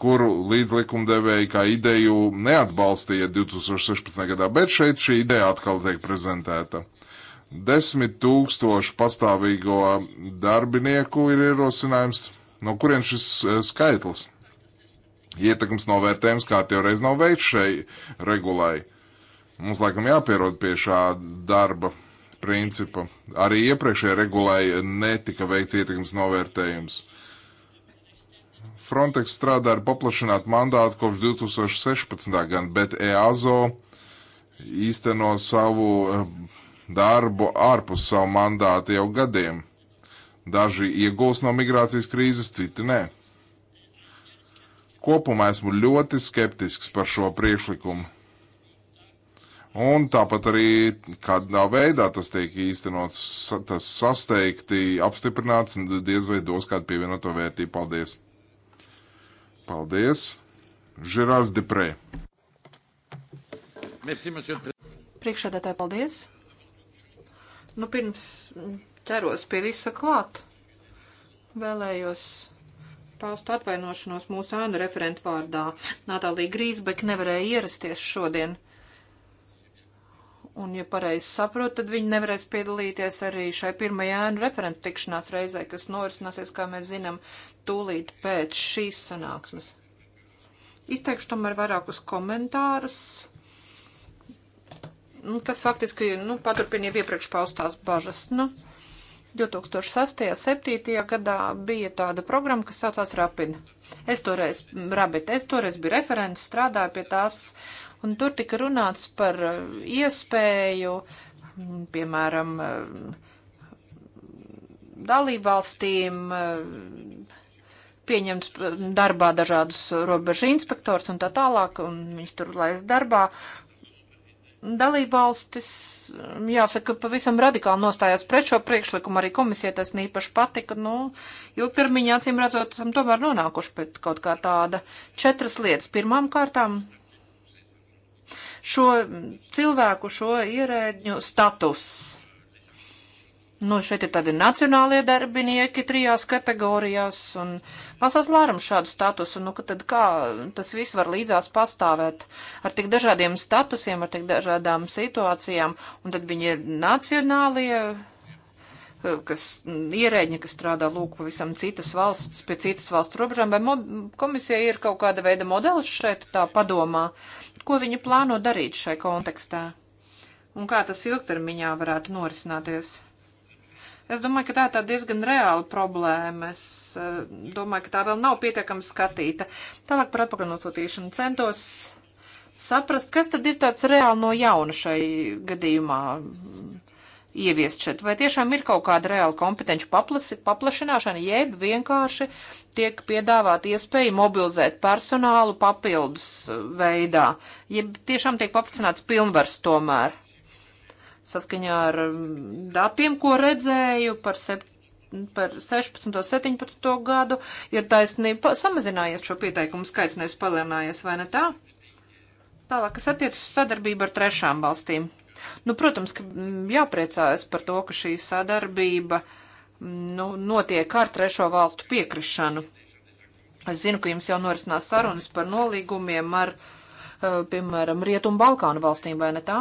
kuru līdzlikumdevēji kā ideju neatbalstīja 2016. gadā, bet šeit šī ideja atkal tiek prezentēta. Desmit tūkstoši pastāvīgo darbinieku ir ierosinājums, no kurien šis eh, skaitlis. Ietekmes novērtējums kā jau reiz nav veikts šai regulai. Mums laikam jāpierod pie šā darba principu. Arī iepriekšējā regulēja netika veikts ietekmes novērtējums. Frontex strādā ar paplašinātu mandātu kopš 2016. gan, bet EASO īsteno savu eh, darbu ārpus savu mandātu jau gadiem. Daži iegūs no migrācijas krīzes, citi nē. Kopumā esmu ļoti skeptisks par šo priekšlikumu Un tāpat arī kādā veidā tas tiek īstenots, tas sasteigti, apstiprināts, diez vai dos kādu pievienoto vērtību. Paldies! Paldies! Žerārs Deprē! Priekšādātāji, paldies! Nu, pirms ķeros pie visa klāt, vēlējos paust atvainošanos mūsu ēnu referentu vārdā. Natālija Grīsbek nevarēja ierasties šodien. Un, ja pareizi saprotu, tad viņi nevarēs piedalīties arī šai pirmajā ēnu referentu tikšanās reizē, kas norisināsies, kā mēs zinām, tūlīt pēc šīs sanāksmes. Izteikšu tomēr vairākus komentārus, nu, kas faktiski, nu, paturpina jau iepriekš paustās bažas, nu. 2006. un 2007. gadā bija tāda programma, kas saucās Rapid. Es toreiz, Rabit, es toreiz biju referents, strādāju pie tās uh, un tur tika runāts par uh, iespēju, mm, piemēram, uh, dalībvalstīm uh, pieņemt darbā dažādus robežu inspektors un tā tālāk, un viņus tur laist darbā. Dalībvalstis, mm, jāsaka, pavisam radikāli nostājās pret šo priekšlikumu, arī komisija tas nīpaši patika, nu, ilgtermiņā, acīm redzot, esam tomēr nonākuši pret kaut kā tāda četras lietas. Pirmām kārtām šo cilvēku, šo ierēģu status. Nu, šeit ir tādi nacionālie darbinieki trijās kategorijās, un pasaules lēram šādu statusu, nu, ka tad kā tas viss var līdzās pastāvēt ar tik dažādiem statusiem, ar tik dažādām situācijām, un tad viņi ir nacionālie kas ierēģi, kas strādā lūk pavisam citas valsts, pie citas valsts robežām, vai komisija ir kaut kāda veida modelis šeit tā padomā, ko viņi plāno darīt šai kontekstā un kā tas ilgtermiņā varētu norisināties? Es domāju, ka tā ir tā diezgan reāla problēma. Es uh, domāju, ka tā vēl nav pietiekami skatīta. Tālāk par atpakaļ nosūtīšanu centos saprast, kas tad ir tāds reāli no jauna šai gadījumā ieviest šeit? Vai tiešām ir kaut kāda reāla kompetenci paplašināšana, jeb vienkārši tiek piedāvāta iespēja mobilizēt personālu papildus uh, veidā, jeb tiešām tiek papricināts pilnvars tomēr? Saskaņā ar um, datiem, ko redzēju par, sep, par 16. un 17. gadu, ir taisnība samazinājies šo pieteikumu skaits, nevis palielinājies, vai ne tā? Tālāk, kas attiec uz sadarbību ar trešām valstīm. Nu, protams, ka mm, jāpriecājas par to, ka šī sadarbība mm, nu, notiek ar trešo valstu piekrišanu. Es zinu, ka jums jau norisinās sarunas par nolīgumiem ar, eh, piemēram, Rietumu Balkānu valstīm, vai ne tā?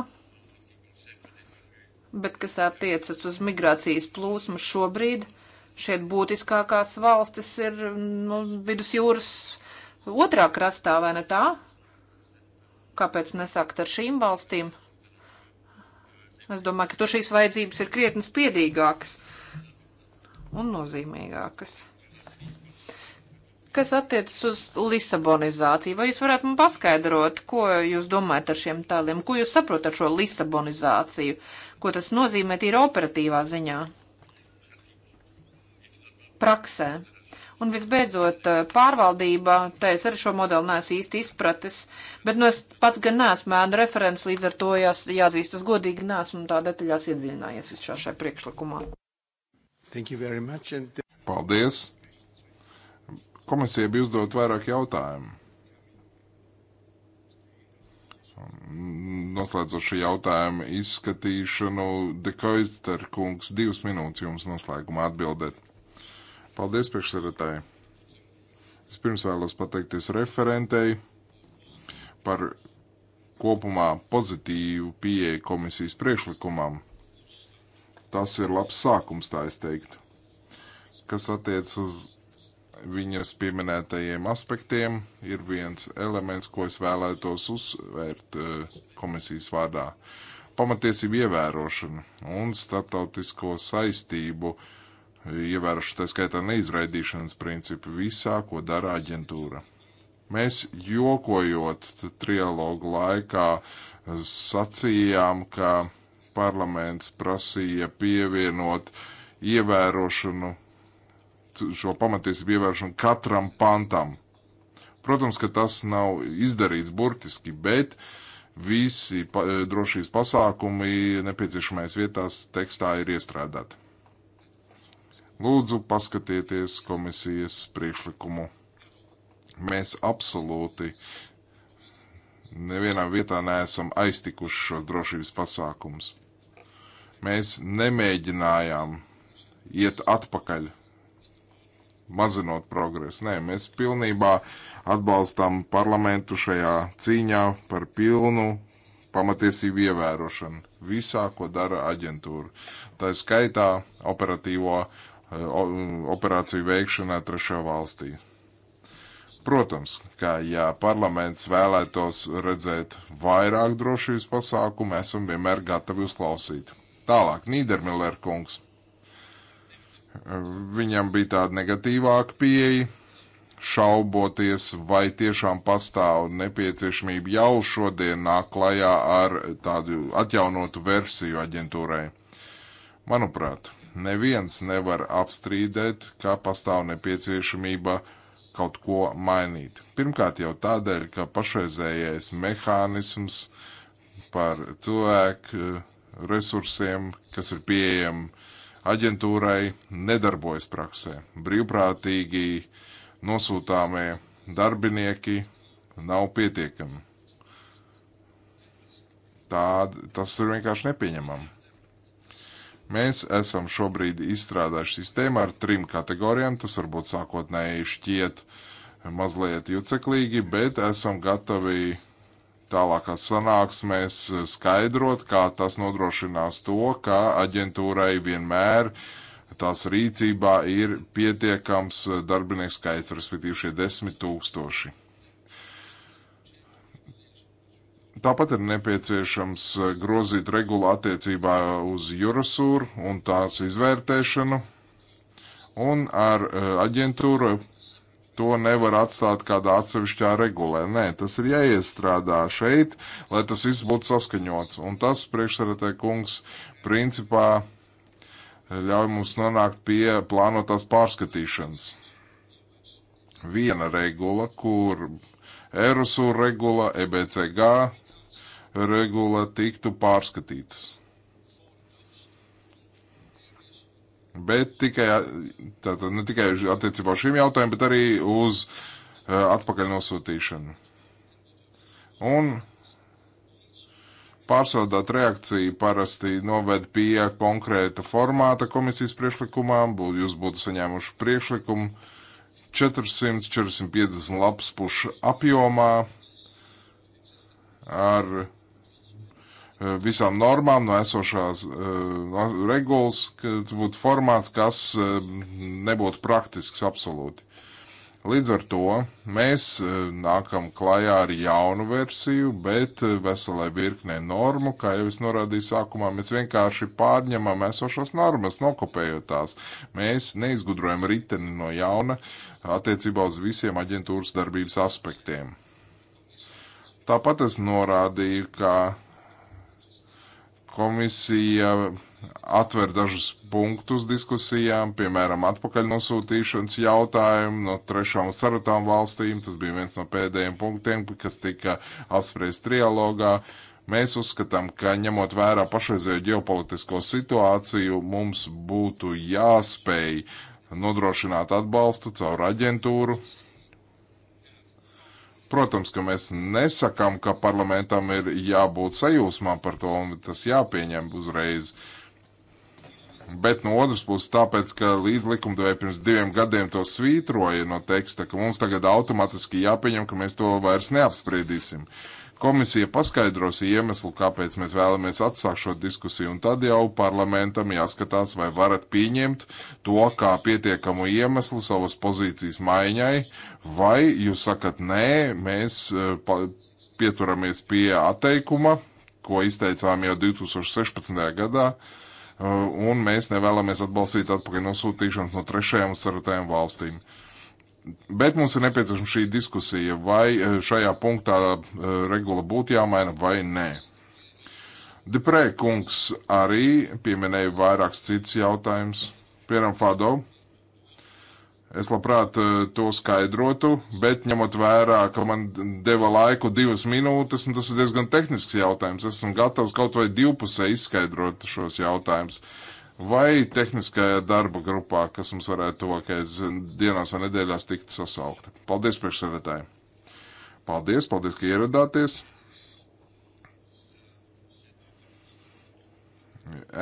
Bet kas attiecas uz migrācijas plūsmu šobrīd, šeit būtiskākās valstis ir nu, vidusjūras otrā krastā, vai ne tā? Kāpēc nesākt ar šīm valstīm? Es domāju, ka tur šīs vajadzības ir krietni spiedīgākas un nozīmīgākas. Kas attiecas uz Lisabonizāciju, vai jūs varētu man paskaidrot, ko jūs domājat ar šiem tēliem, ko jūs saprotat ar šo Lisabonizāciju, ko tas nozīmē tīri operatīvā ziņā? Praksē. Un visbeidzot, eh, pārvaldība, tā es arī šo modeli neesmu īsti izpratis, bet nu es pats gan neesmu mēnu referents, līdz ar to jās, jāzīstas godīgi, neesmu tā detaļās iedziļinājies visā šajā priekšlikumā. Thank you very much. And... Paldies! Komisija bija uzdot vairāk jautājumu. Noslēdzot šī jautājuma izskatīšanu, Dekoister kungs, divas minūtes jums noslēgumā atbildēt. Paldies, priekšsēdētāji. Vispirms vēlos pateikties referentei par kopumā pozitīvu pieeju komisijas priekšlikumam. Tas ir labs sākums, tā es teiktu. Kas attiec uz viņas pieminētajiem aspektiem, ir viens elements, ko es vēlētos uzsvērt eh, komisijas vārdā. Pamatiesību ievērošana un starptautisko saistību uh, ievērošu tā skaitā neizraidīšanas principu visā, ko dara aģentūra. Mēs jokojot trialogu laikā sacījām, ka parlaments prasīja pievienot ievērošanu, šo pamatiesību ievērošanu katram pantam. Protams, ka tas nav izdarīts burtiski, bet visi pa, drošības pasākumi nepieciešamais vietās tekstā ir iestrādāti. Lūdzu, paskatieties komisijas priekšlikumu. Mēs absolūti nevienā vietā neesam aiztikuši šos drošības pasākumus. Mēs nemēģinājām iet atpakaļ, mazinot progresu. Nē, mēs pilnībā atbalstam parlamentu šajā cīņā par pilnu pamatiesību ievērošanu visā, ko dara aģentūra. Tā skaitā operatīvo operāciju veikšanā trešā valstī. Protams, ka ja parlaments vēlētos redzēt vairāk drošības pasākumu, esam vienmēr gatavi uzklausīt. Tālāk, Nīdermiller kungs. Viņam bija tāda negatīvāka pieeja, šauboties, vai tiešām pastāv nepieciešamība jau šodien nāk klajā ar tādu atjaunotu versiju aģentūrai. Manuprāt, neviens nevar apstrīdēt, ka pastāv nepieciešamība kaut ko mainīt. Pirmkārt jau tādēļ, ka pašreizējais mehānisms par cilvēku eh, resursiem, kas ir pieejami aģentūrai, nedarbojas praksē. Brīvprātīgi nosūtāmie darbinieki nav pietiekami. Tā, tas ir vienkārši nepieņemami. Mēs esam šobrīd izstrādājuši sistēmu ar trim kategorijām. Tas varbūt sākotnēji šķiet mazliet juceklīgi, bet esam gatavi tālākās sanāksmēs skaidrot, kā tas nodrošinās to, ka aģentūrai vienmēr tās rīcībā ir pietiekams darbinieku skaits, respektīvi šie desmit tūkstoši. Tāpat ir nepieciešams eh, grozīt regulu attiecībā uz Jurasūru un tās izvērtēšanu, un ar eh, aģentūru to nevar atstāt kādā atsevišķā regulē. Nē, tas ir jāiestrādā šeit, lai tas viss būtu saskaņots. Un tas priekšsaratē kungs principā eh, ļauj mums nonākt pie plānotās pārskatīšanas. Viena regula, kur Erosūra regula, EBCG regula tiktu pārskatītas. Bet tikai, tātad ne tikai attiecībā uz šiem jautājumiem, bet arī uz uh, atpakaļ nosūtīšanu. Un pārsādāt reakciju parasti noved pie konkrēta formāta komisijas priekšlikumā, būt, jūs būtu saņēmuši priekšlikumu 400-450 lapas pušu apjomā ar Eh, visām normām, no esošās uh, regulas, ka tas būtu formāts, kas uh, nebūtu praktisks absolūti. Līdz ar to mēs uh, nākam klajā ar jaunu versiju, bet veselai virknē normu, kā jau es norādīju sākumā, mēs vienkārši pārņemam esošās normas, nokopējot tās. Mēs neizgudrojam riteni no jauna attiecībā uz visiem aģentūras darbības aspektiem. Tāpat es norādīju, ka Komisija atver dažus punktus diskusijām, piemēram, atpakaļ nosūtīšanas jautājumu no trešām un ceturtām valstīm. Tas bija viens no pēdējiem punktiem, kas tika apspriests trialogā. Mēs uzskatām, ka ņemot vērā pašreizējo ģeopolitisko situāciju, mums būtu jāspēj nodrošināt atbalstu caur aģentūru, Protams, ka mēs nesakām, ka parlamentam ir jābūt sajūsmā par to un tas jāpieņem uzreiz. Bet no otras puses, tāpēc, ka līdz likumdevēja pirms diviem gadiem to svītroja no teksta, ka mums tagad automātiski jāpieņem, ka mēs to vairs neapspriedīsim. Uh, Komisija paskaidros iemeslu, kāpēc mēs vēlamies atsākt šo diskusiju, un tad jau parlamentam jāskatās, vai varat pieņemt to kā pietiekamu iemeslu savas pozīcijas maiņai, vai jūs sakat, nē, mēs eh, pieturamies pie atteikuma, ko izteicām jau 2016. gadā, eh, un mēs nevēlamies atbalstīt atpakaļ nosūtīšanas no trešajām un ceturtajām valstīm. Uh, Bet mums ir nepieciešama šī diskusija, vai e, šajā punktā e, regula būtu jāmaina vai nē. Deprē kungs arī pieminēja vairākus citus jautājumus. Piemēram, Fado. Es labprāt e, to skaidrotu, bet ņemot vērā, ka man deva laiku divas minūtes, un tas ir diezgan tehnisks jautājums, esmu gatavs kaut vai divpusē izskaidrot šos jautājumus. Uh, vai tehniskajā darba grupā, kas mums varētu tuvākajās dienās vai nedēļās tikt sasaukta. Paldies priekšsēdētāji! Paldies, paldies, ka ieradāties!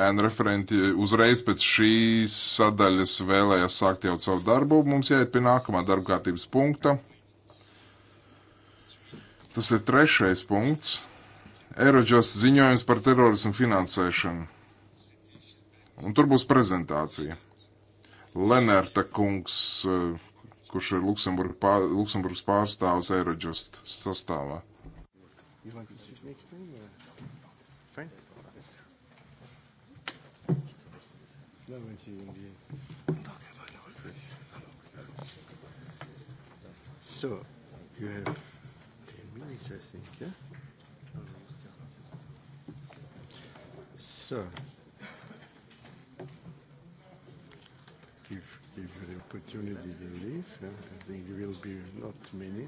ēnu referenti uzreiz pēc šīs sadaļas vēlējās sākt jau savu darbu. Mums jāiet pie nākamā darba kārtības punkta. Tas ir trešais punkts. Eirodžas ziņojums par terorismu finansēšanu. Un tur būs prezentācija. Lenērta kungs, eh, kurš ir Luksemburgas pār, Luksemburg pārstāvs Eirodžust sastāvā. So, you have 10 minutes, I think, yeah? So, opportunity to leave. Yeah. I think there will be not many.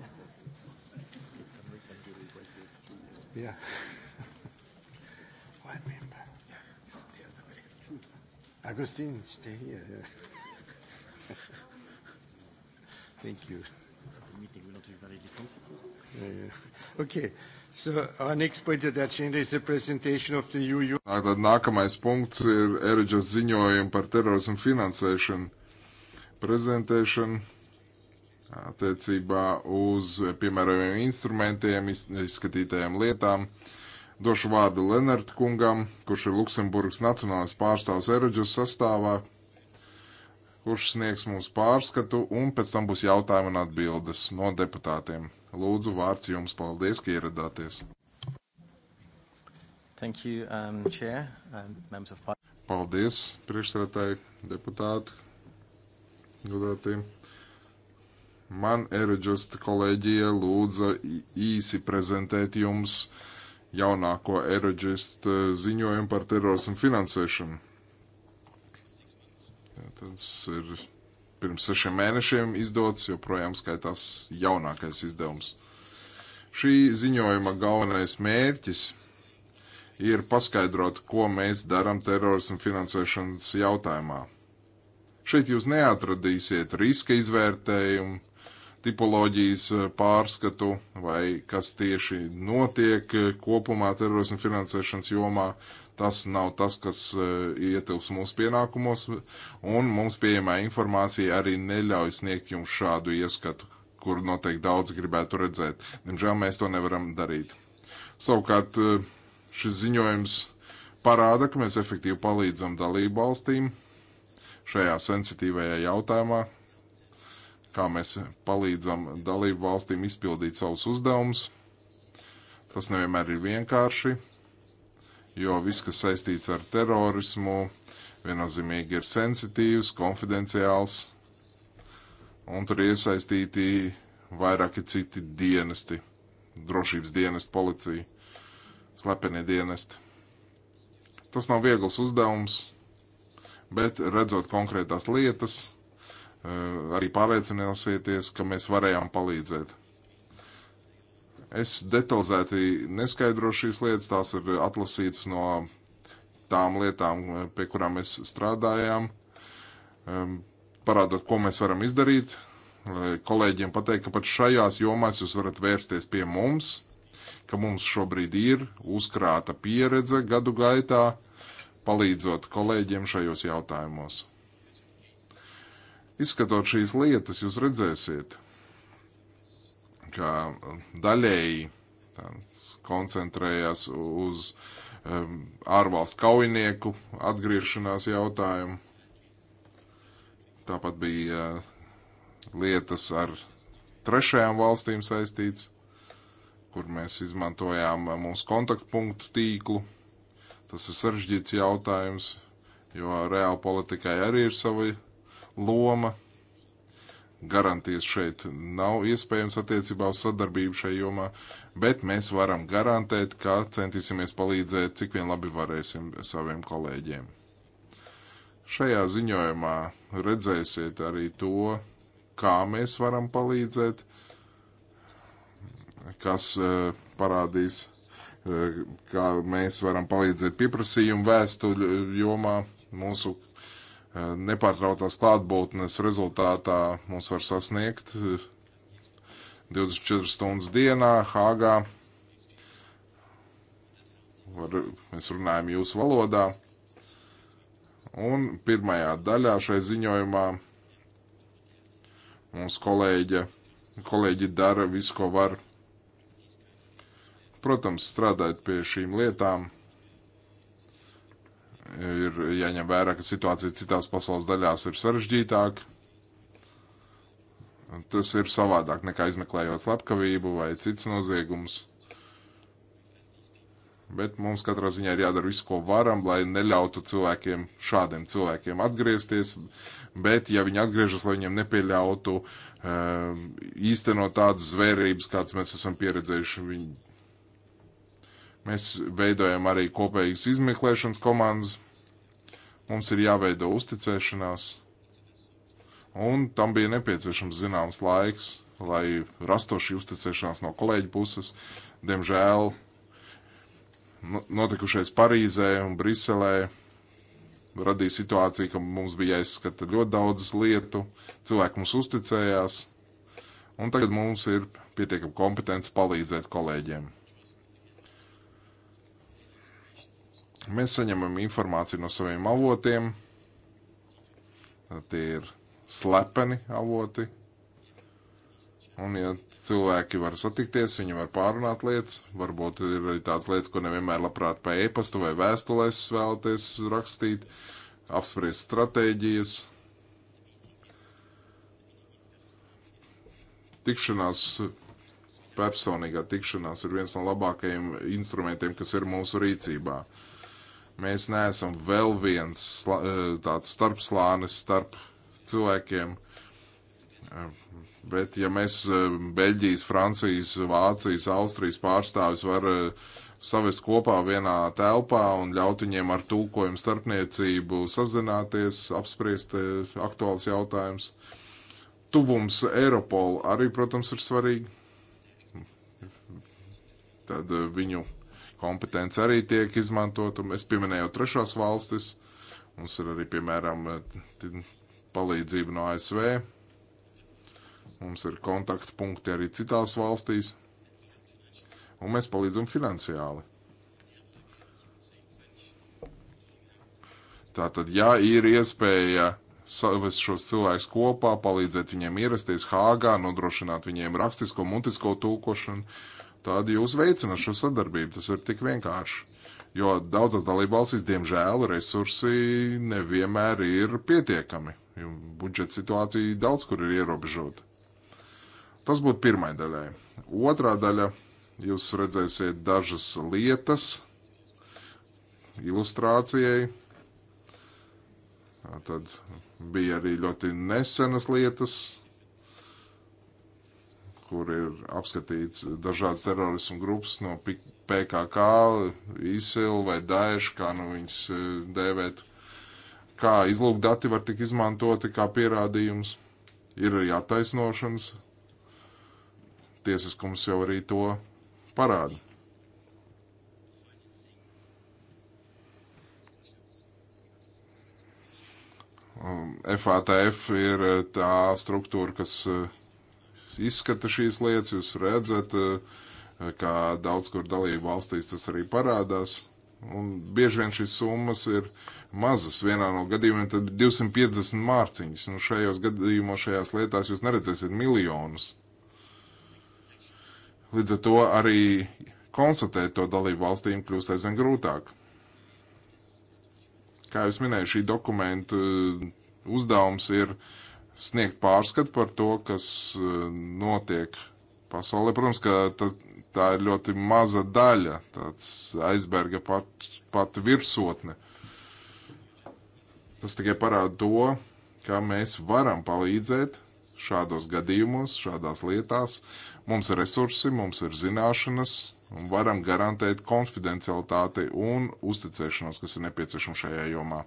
Yeah. One member. Agustin, stay here. Thank you. The meeting will not be very defensive. Yeah, yeah. Okay. So our next point of agenda is the presentation of the EU. Tātad nākamais punkts ir Eriģas ziņojumi par terorismu finansēšanu prezentēšanu attiecībā uz piemērojumiem instrumentiem, izskatītajām lietām. Došu vārdu Lenarta kungam, kurš ir Luksemburgas nacionālais pārstāvs Eroģus sastāvā, kurš sniegs mums pārskatu, un pēc tam būs jautājumi un atbildes no deputātiem. Lūdzu, vārds jums, paldies, ka ieradāties. Thank you, um, chair, um, of... Paldies, priekšsēdētāji, deputāti, godātie. Man Eridžust kolēģija lūdza īsi prezentēt jums jaunāko Eridžust eh, ziņojumu par terorismu finansēšanu. Jā, tas ir pirms sešiem mēnešiem izdots, joprojām skaitās jaunākais izdevums. Šī ziņojuma galvenais mērķis ir paskaidrot, ko mēs darām terorismu finansēšanas jautājumā Šeit jūs neatradīsiet riska izvērtējumu, tipoloģijas eh, pārskatu vai kas tieši notiek eh, kopumā terorismu finansēšanas jomā. Tas nav tas, kas eh, ietilps mūsu pienākumos, un mums pieejamā informācija arī neļauj sniegt jums šādu ieskatu, kuru noteikti daudz gribētu redzēt. Diemžēl mēs to nevaram darīt. Savukārt šis ziņojums parāda, ka mēs efektīvi palīdzam dalību valstīm šajā sensitīvajā jautājumā, kā mēs palīdzam dalību valstīm izpildīt savus uzdevumus. Tas nevienmēr ir vienkārši, jo viss, kas saistīts ar terorismu, viennozīmīgi ir sensitīvs, konfidenciāls, un tur iesaistīti vairāki citi dienesti, drošības dienesti, policija, slepeni dienesti. Tas nav viegls uzdevums, bet redzot konkrētās lietas, eh, arī pārliecināsieties, ka mēs varējām palīdzēt. Es detalizēti neskaidrošu šīs lietas, tās ir atlasītas no tām lietām, pie kurām mēs strādājām, ehm, parādot, ko mēs varam izdarīt, kolēģiem pateikt, ka pat šajās jomās jūs varat vērsties pie mums, ka mums šobrīd ir uzkrāta pieredze gadu gaitā, palīdzot kolēģiem šajos jautājumos. Izskatot šīs lietas, jūs redzēsiet, ka daļēji tās, koncentrējās uz um, ārvalstu kaujinieku atgriešanās jautājumu. Tāpat bija uh, lietas ar trešajām valstīm saistīts, kur mēs izmantojām uh, mūsu kontaktpunktu tīklu Tas ir sarežģīts jautājums, jo reāla politikai arī ir sava loma. Garantijas šeit nav iespējams attiecībā uz sadarbību šajā jomā, bet mēs varam garantēt, ka centīsimies palīdzēt, cik vien labi varēsim saviem kolēģiem. Šajā ziņojumā redzēsiet arī to, kā mēs varam palīdzēt, kas eh, parādīs Eh, kā mēs varam palīdzēt pieprasījumu vēstuļu eh, jomā. Mūsu eh, nepārtrautās klātbūtnes rezultātā mūs var sasniegt 24 stundas dienā Hāgā. Var, mēs runājam jūsu valodā. Un pirmajā daļā šai ziņojumā mūsu kolēģe, kolēģi dara visu, ko var Protams, strādājot pie šīm lietām, ir jāņem vērā, ka situācija citās pasaules daļās ir sarežģītāka. Tas ir savādāk nekā izmeklējot slepkavību vai cits noziegums. Bet mums katrā ziņā ir jādara viss, ko varam, lai neļautu cilvēkiem, šādiem cilvēkiem atgriezties. Bet, ja viņi atgriežas, lai viņiem nepieļautu uh, īstenot tādas zvērības, kādas mēs esam pieredzējuši viņu Mēs veidojam arī kopējas izmeklēšanas komandas. Mums ir jāveido uzticēšanās. Un tam bija nepieciešams zināms laiks, lai rasto šī uzticēšanās no kolēģa puses. Diemžēl notikušais Parīzē un Briselē radīja situāciju, ka mums bija jāizskata ļoti daudz lietu, cilvēki mums uzticējās, un tagad mums ir pietiekama kompetence palīdzēt kolēģiem. Mēs saņemam informāciju no saviem avotiem. Tie ir slepeni avoti. Un, ja cilvēki var satikties, viņi var pārunāt lietas. Varbūt ir arī tādas lietas, ko nevienmēr labprāt pa e-pastu vai vēstulēs vēlaties rakstīt, apspriest stratēģijas. Tikšanās, personīgā tikšanās ir viens no labākajiem instrumentiem, kas ir mūsu rīcībā. Mēs neesam vēl viens eh, tāds starpslānis starp cilvēkiem. Eh, bet, ja mēs eh, Beļģijas, Francijas, Vācijas, Austrijas pārstāvis var savest kopā vienā telpā un ļaut viņiem ar tulkojumu starpniecību sazināties, apspriest aktuāls jautājums. Tuvums Eiropolu arī, protams, ir svarīgi. Tad viņu kompetence arī tiek izmantot. Es pieminēju trešās valstis. Mums ir arī, piemēram, palīdzība no ASV. Mums ir kontaktpunkti arī citās valstīs. Un mēs palīdzam finansiāli. Tātad, ja ir iespēja savest šos cilvēkus kopā, palīdzēt viņiem ierasties Hāgā, nodrošināt viņiem rakstisko, mutisko tūkošanu, uh, tad jūs veicināt šo sadarbību. Tas ir tik vienkārši. Jo daudzās dalībvalstīs, diemžēl, resursi nevienmēr ir pietiekami. Budžeta situācija daudz kur ir ierobežota. Tas būtu pirmai daļai. Otrā daļa - jūs redzēsiet dažas lietas ilustrācijai. Tad bija arī ļoti nesenas lietas, kur ir apskatīts dažādas terorismu grupas no PKK, ISIL vai Daesh, kā nu viņas e, dēvēt, kā izlūkdati var tik izmantoti kā pierādījums. Ir arī attaisnošanas. Tiesiskums jau arī to parāda. FATF um, ir e, tā struktūra, kas uh, izskata šīs lietas, jūs redzat, eh, kā daudz kur dalību valstīs tas arī parādās. Un bieži vien šīs summas ir mazas. Vienā no gadījumiem tad 250 mārciņas. Nu, šajos gadījumos, šajās lietās jūs neredzēsiet miljonus. Līdz ar to arī konstatēt to dalību valstīm kļūst aizvien grūtāk. Kā jau es minēju, šī dokumentu eh, uzdevums ir uh, sniegt pārskatu par to, kas e, notiek pasaulē. Protams, ka tā, tā ir ļoti maza daļa, tāds aizberga pat, pat virsotne. Tas tikai parāda to, kā mēs varam palīdzēt šādos gadījumos, šādās lietās. Mums ir resursi, mums ir zināšanas, un varam garantēt konfidencialitāti un uzticēšanos, kas ir nepieciešama šajā jomā.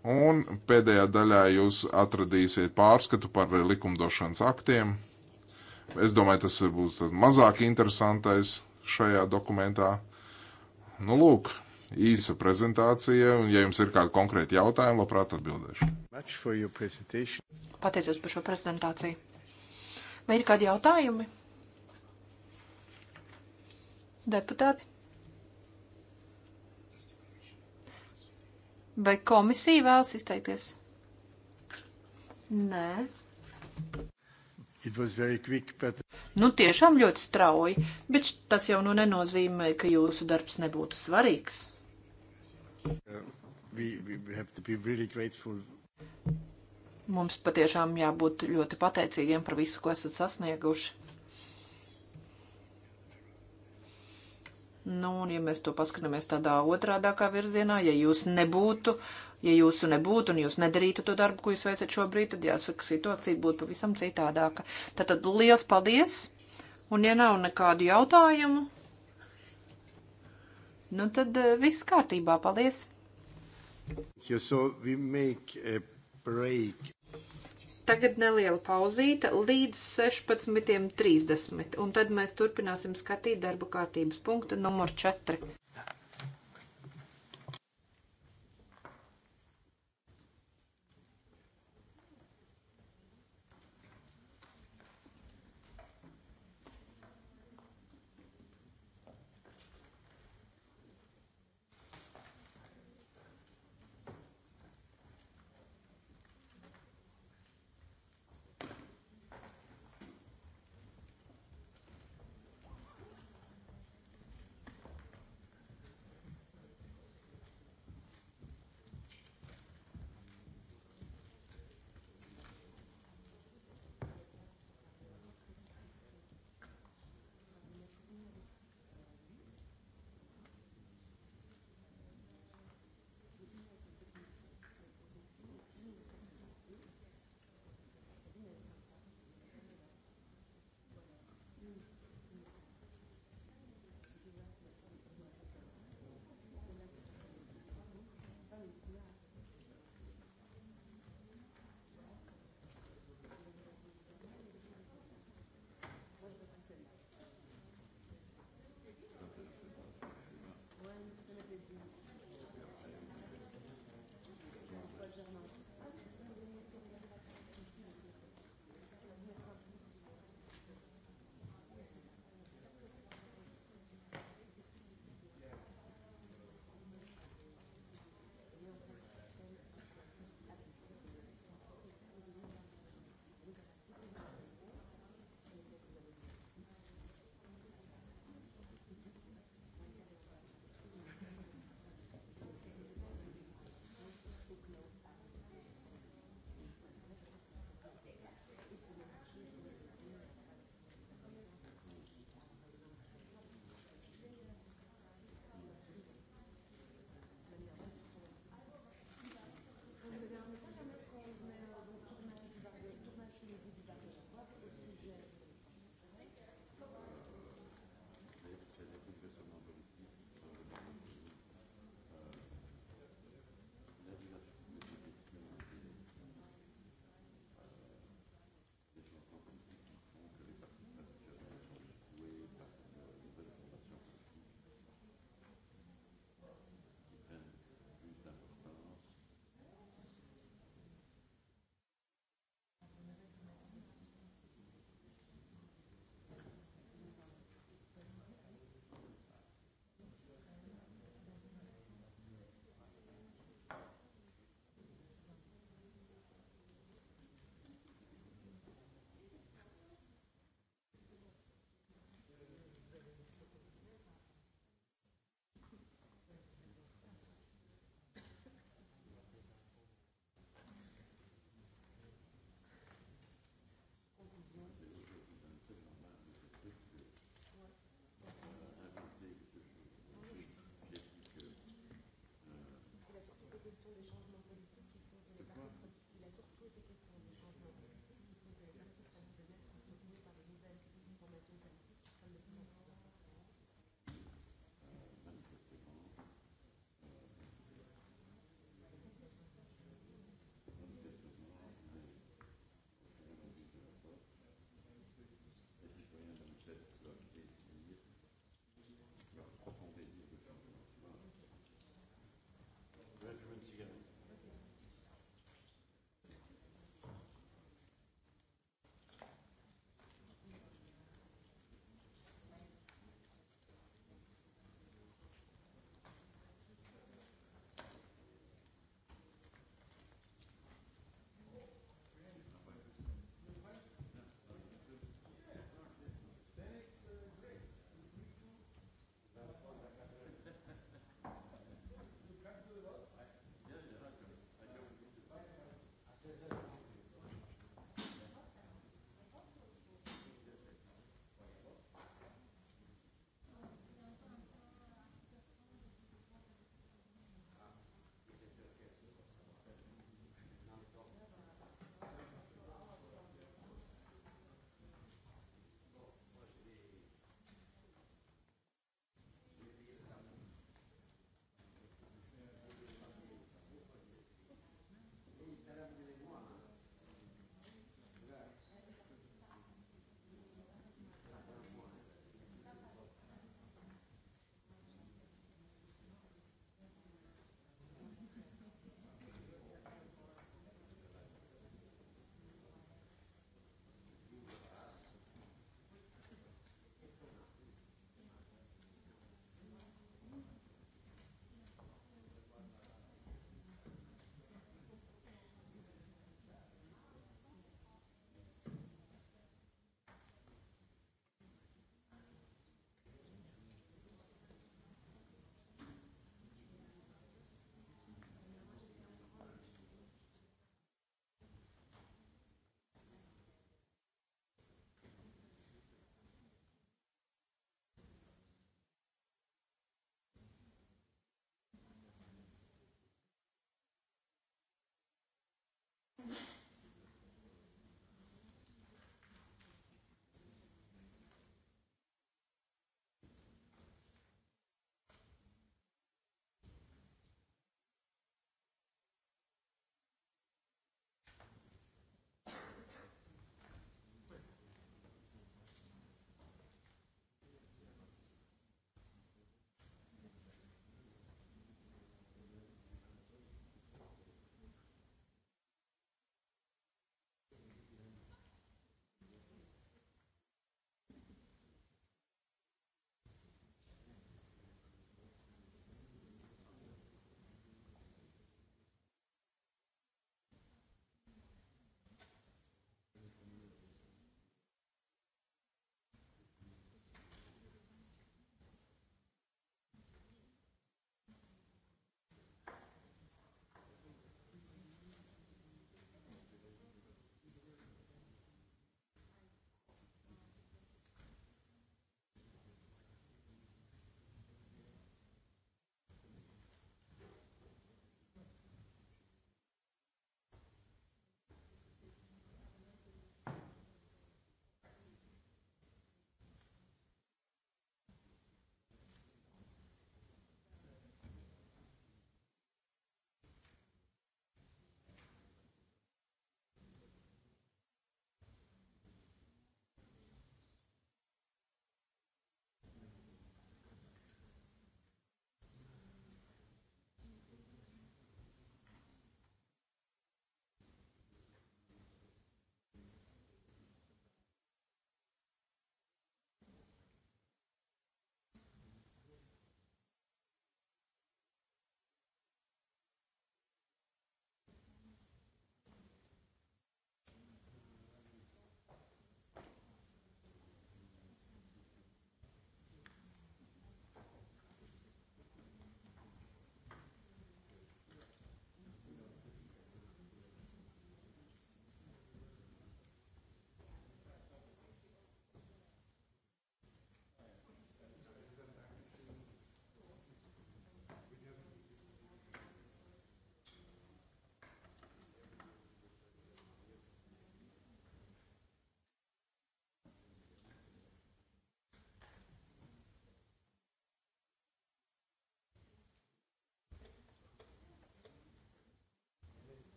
Un pēdējā daļā jūs atradīsiet pārskatu par likumdošanas aktiem. Es domāju, tas būs mazāk interesantais šajā dokumentā. Nu, lūk, īsa prezentācija, un, ja jums ir kādi konkrēti jautājumi, labprāt atbildēšu. Pateicos par šo prezentāciju. Vai ir kādi jautājumi? Deputāti? Vai komisija vēlas izteikties? Nē. Quick, but... Nu, tiešām ļoti strauji, bet tas jau nu nenozīmē, ka jūsu darbs nebūtu svarīgs. Uh, we, we really grateful. Mums patiešām jābūt ļoti pateicīgiem par visu, ko esat sasnieguši. Nu, un ja mēs to paskatāmies tādā otrādākā virzienā, ja jūs nebūtu, ja jūsu nebūtu un jūs nedarītu to darbu, ko jūs veicat šobrīd, tad jāsaka, situācija būtu pavisam citādāka. Tātad liels paldies, un ja nav nekādu jautājumu, nu tad eh, viss kārtībā, paldies. So we make a break. Tagad neliela pauzīte līdz 16.30, un tad mēs turpināsim skatīt darba kārtības punktu numur 4.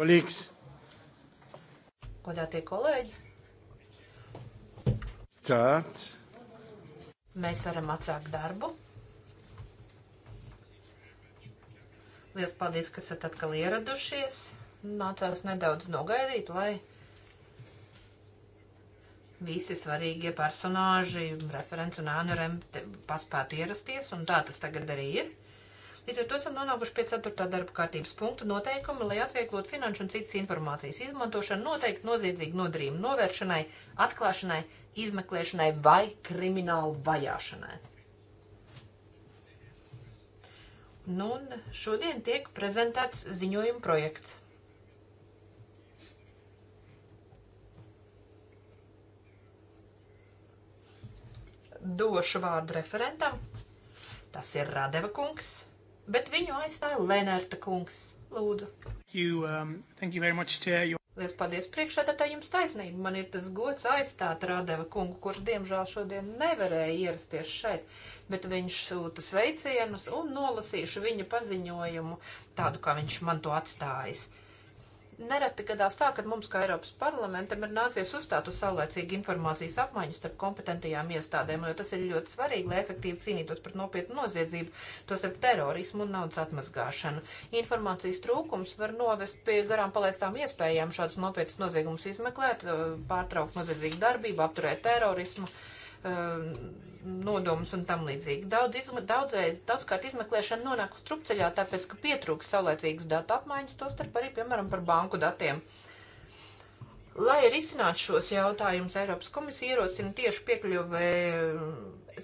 Kolīgs. Godātie kolēģi. Stāt. Mēs varam atsākt darbu. Lielas paldies, ka esat atkal ieradušies. Nācās nedaudz nogaidīt, lai visi svarīgie personāži, referents un ānu rem paspētu ierasties, un tā tas tagad arī ir. Līdz ar to esam nonākuši pie 4. darba kārtības punkta noteikuma, lai atvieglot finanšu un citas informācijas izmantošanu noteikti noziedzīgu nodarījumu novēršanai, atklāšanai, izmeklēšanai vai kriminālu vajāšanai. Nu, un šodien tiek prezentēts ziņojuma projekts. došu vārdu referentam. Tas ir Radeva kungs bet viņu aizstāja Lenārta kungs. Lūdzu. You, um, thank you very much, Chair. You... Lies paldies priekšsēdētāji, jums taisnība. Man ir tas gods aizstāt Rādeva kungu, kurš diemžēl šodien nevarēja ierasties šeit, bet viņš sūta sveicienus un nolasīšu viņa paziņojumu tādu, kā viņš man to atstājis. Uh, nereti gadās tā, ka mums, kā Eiropas parlamentam, ir nācies uzstāt uz saulēcīgu informācijas apmaiņu starp kompetentajām iestādēm, jo tas ir ļoti svarīgi, lai efektīvi cīnītos pret nopietnu noziedzību, to starp terorismu un naudas atmazgāšanu. Informācijas trūkums var novest pie garām palaistām iespējām šādas nopietnas noziegumus izmeklēt, pārtraukt noziedzīgu darbību, apturēt terorismu um, nodomus un tam līdzīgi. Daudz izma, daudzreiz, daudzkārt izmeklēšana nonāk uz trupceļā, tāpēc, ka pietrūks saulēcīgas datu apmaiņas, tostarp arī, piemēram, par banku datiem. Lai risinātu šos jautājumus, Eiropas komisija ierosina tieši piekļuvi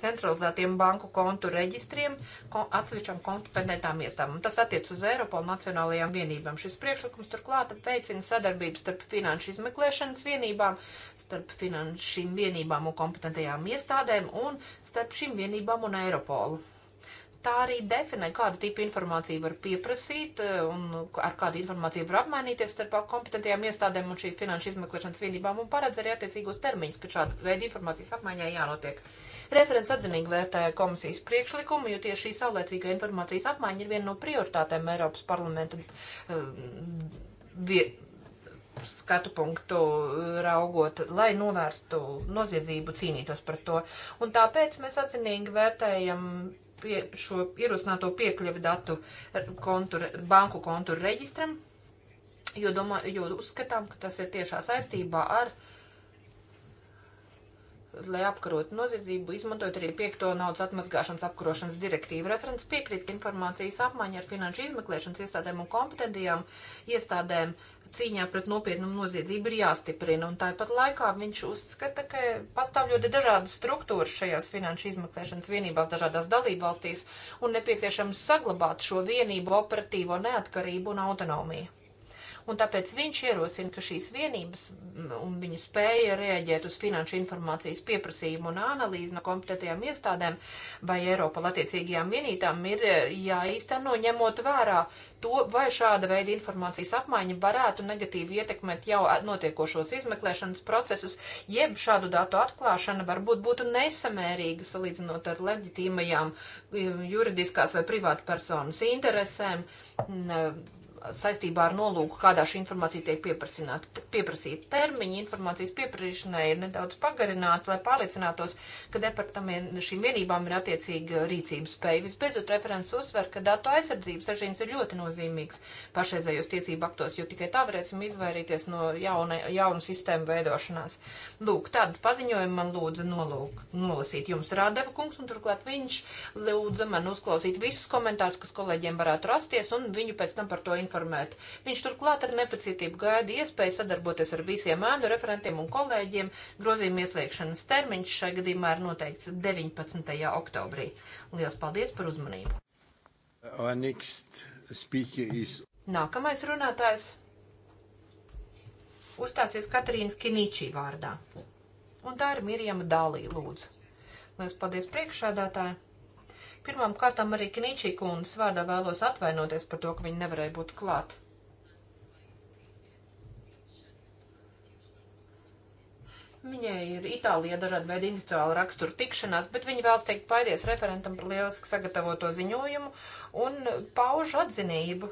centralizētiem banku kontu reģistriem kon, atsevišķām kompetentām iestādēm. Tas attiec uz Eiropu un nacionālajām vienībām. Šis priekšlikums turklāt veicina sadarbību starp finanšu izmeklēšanas vienībām, starp finanšīm vienībām un kompetentajām iestādēm un starp šīm vienībām un Eiropolu tā arī definē, kādu tipu informāciju var pieprasīt eh, un ar kādu informāciju var apmainīties starp kompetentajām iestādēm un šīs finanšu izmeklēšanas vienībām un paredz arī attiecīgos termiņus, ka šāda veida informācijas apmaiņai jānotiek. Referents atzinīgi vērtēja komisijas priekšlikumu, jo tieši šī saulēcīga informācijas apmaiņa ir viena no prioritātēm Eiropas parlamenta uh, skatu punktu uh, raugot, lai novērstu noziedzību, cīnītos par to. Un tāpēc mēs atzinīgi vērtējam pie, šo ierosināto piekļuvi datu kontur, banku konturu reģistram, jo, domā, jo uzskatām, ka tas ir tiešā saistībā ar uh, lai apkarotu noziedzību, izmantojot arī piekto naudas atmazgāšanas apkarošanas direktīvu. Referents piekrīt, ka informācijas apmaiņa ar finanšu izmeklēšanas iestādēm un kompetentajām iestādēm cīņā pret nopietnu noziedzību ir jāstiprina, un tāpat laikā viņš uzskata, ka pastāv ļoti dažādas struktūras šajās finanšu izmeklēšanas vienībās dažādās dalībvalstīs, un nepieciešams saglabāt šo vienību operatīvo neatkarību un autonomiju un tāpēc viņš ierosina, ka šīs vienības un viņu spēja reaģēt uz finanšu informācijas pieprasījumu un analīzi no kompetentajām iestādēm vai Eiropa attiecīgajām vienībām ir e, jāīsteno ņemot vērā to, vai šāda veida informācijas apmaiņa varētu negatīvi ietekmēt jau notiekošos izmeklēšanas procesus, jeb šādu datu atklāšana varbūt būtu nesamērīga salīdzinot ar leģitīmajām e, juridiskās vai privātu personas interesēm saistībā ar nolūku, kādā šī informācija tiek pieprasīta. Termiņi informācijas pieprasīšanai ir nedaudz pagarināti, lai pārliecinātos, ka departamentiem šīm vienībām ir attiecīga rīcības spēja. Visbeidzot, referents uzsver, ka datu aizsardzības režīms ir ļoti nozīmīgs pašreizējos tiesību aktos, jo tikai tā varēsim izvairīties no jauna, jaunu sistēmu veidošanās. Lūk, tādu paziņojumu man lūdza nolūk, nolasīt jums Rādeva kungs, un turklāt viņš lūdza man uzklausīt visus komentārus, kas kolēģiem varētu rasties, un viņu pēc tam par to informēt reformēt. Viņš turklāt ar nepacietību gaida iespēju sadarboties ar visiem ēnu referentiem un kolēģiem. Grozījuma iesliekšanas termiņš šai gadījumā ir noteikts 19. oktobrī. Lielas paldies par uzmanību! Is... Nākamais runātājs uzstāsies Katrīnas Kinīčī vārdā. Un tā ir Mirjama Dālī, lūdzu. Lielas paldies priekšādātāji! Pirmām kārtām arī Kničī kundas vārdā vēlos atvainoties par to, ka viņi nevarēja būt klāt. Viņai ir Itālija dažādi veidi institucionāla rakstura tikšanās, bet viņa vēlas teikt paldies referentam par lieliski sagatavoto ziņojumu un pauž atzinību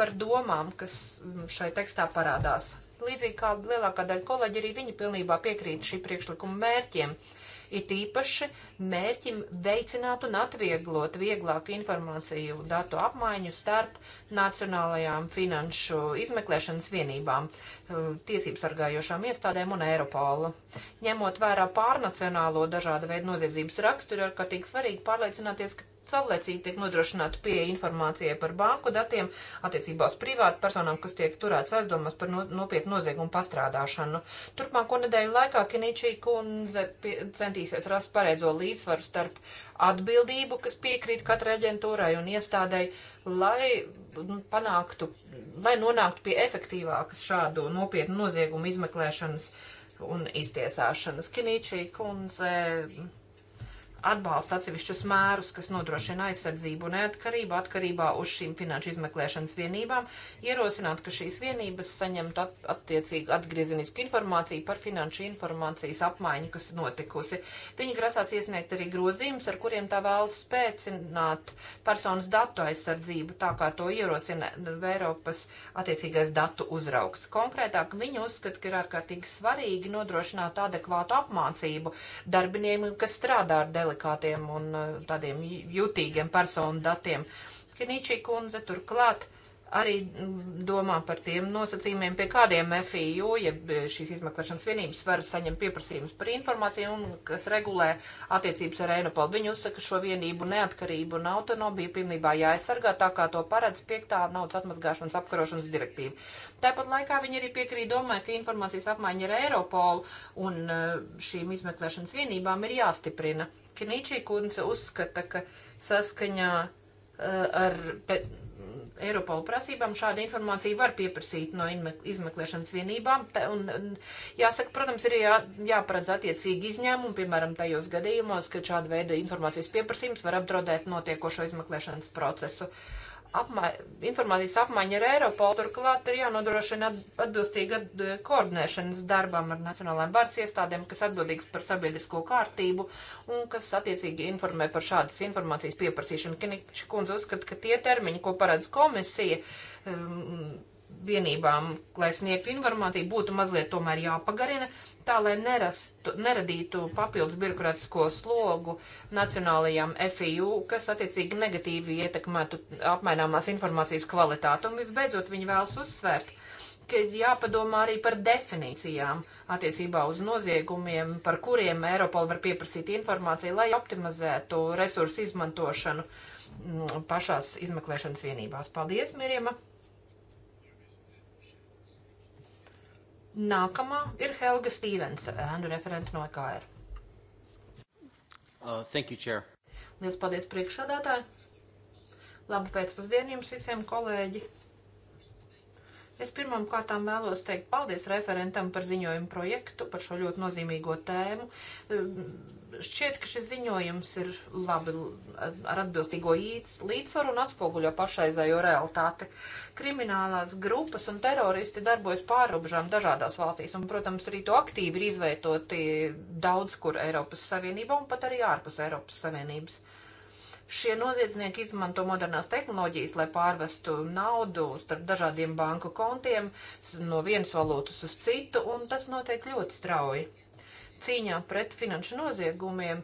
par domām, kas mm, šai tekstā parādās. Līdzīgi kā lielākā daļa kolēģi, arī viņi pilnībā piekrīt šī priekšlikuma mērķiem. Uh, it īpaši mērķim veicināt un atvieglot vieglāku informāciju datu apmaiņu starp nacionālajām finanšu izmeklēšanas vienībām, eh, tiesību sargājošām iestādēm un Eiropolu. Ņemot vērā pārnacionālo dažādu veidu noziedzības raksturu, ir ārkārtīgi svarīgi pārliecināties, ka savlaicīgi tiek nodrošināta pieeja informācijai par banku datiem attiecībā uz privātu personām, kas tiek turēts aizdomās par no, nopietnu noziegumu pastrādāšanu. Turpmāko nedēļu laikā Keničī kundze centīsies rast pareizo līdzsvaru starp atbildību, kas piekrīt katrai aģentūrai un iestādai, lai nu, panāktu, lai nonāktu pie efektīvākas šādu nopietnu noziegumu izmeklēšanas un iztiesāšanas. Kinīčī kundze atbalsta atsevišķus mērus, kas nodrošina aizsardzību un neatkarību atkarībā uz šīm finanšu izmeklēšanas vienībām, ierosināt, ka šīs vienības saņemtu at attiecīgu atgriezenisku informāciju par finanšu informācijas apmaiņu, kas notikusi. Viņi grasās iesniegt arī grozījumus, ar kuriem tā vēlas spēcināt personas datu aizsardzību, tā kā to ierosina Eiropas attiecīgais datu uzraugs. Konkrētāk, viņi uzskata, ka ir ārkārtīgi svarīgi nodrošināt adekvātu apmācību darbiniekiem, kas strādā ar delegāciju delikātiem un eh, tādiem jutīgiem personu datiem. Keničī kundze turklāt arī mm, domā par tiem nosacījumiem, pie kādiem FIU, ja eh, šīs izmeklēšanas vienības var saņemt pieprasījumus par informāciju un kas regulē attiecības ar Eiropolu. Viņi uzsaka šo vienību neatkarību un autonomiju pilnībā jāaizsargā, tā kā to paredz piektā naudas atmazgāšanas apkarošanas direktīva. Tāpat laikā viņi arī piekrīt domāja, ka informācijas apmaiņa ar Eiropolu un eh, šīm izmeklēšanas vienībām ir jāstiprina Kinīčī kundze uzskata, ka saskaņā eh, ar Eiropola prasībām šādu informāciju var pieprasīt no izmeklēšanas vienībām. Te, un, jāsaka, protams, ir jā, jāparedz attiecīgi izņēmumi, piemēram, tajos gadījumos, kad šāda veida informācijas pieprasījums var apdraudēt notiekošo izmeklēšanas procesu apmai, informācijas apmaiņa ar Eiropolu, turklāt ir jānodrošina atbilstīga e, koordinēšanas darbam ar nacionālām varas iestādēm, kas atbildīgs par sabiedrisko kārtību un kas attiecīgi informē par šādas informācijas pieprasīšanu. Kinišķi kundze uzskata, ka tie termiņi, ko paredz komisija, um, vienībām, lai sniegtu informāciju, būtu mazliet tomēr jāpagarina, tā lai nerastu, neradītu papildus birokrātisko slogu nacionālajām FIU, kas attiecīgi negatīvi ietekmētu apmaināmās informācijas kvalitāti. Un visbeidzot, viņi vēlas uzsvērt, ka ir jāpadomā arī par definīcijām attiecībā uz noziegumiem, par kuriem Eiropola var pieprasīt informāciju, lai optimizētu resursu izmantošanu mm, pašās izmeklēšanas vienībās. Paldies, Mirjama! Nākamā ir Helga Stīvensa, ēnu referenta no KR. Uh, thank you, Chair. Lielas paldies priekšādātāji. Labu pēcpusdienu jums visiem, kolēģi. Es pirmām kārtām vēlos teikt paldies referentam par ziņojumu projektu, par šo ļoti nozīmīgo tēmu um, šķiet, ka šis ziņojums ir labi ar atbilstīgo līdzsvaru un atspoguļo pašreizējo realitāti. Kriminālās grupas un teroristi darbojas pārobežām dažādās valstīs, un, protams, arī to aktīvi ir izvietoti daudz kur Eiropas Savienībā un pat arī ārpus Eiropas Savienības. Šie noziedznieki izmanto modernās tehnoloģijas, lai pārvestu naudu starp dažādiem banku kontiem no vienas valūtas uz citu, un tas notiek ļoti strauji cīņā pret finanšu noziegumiem.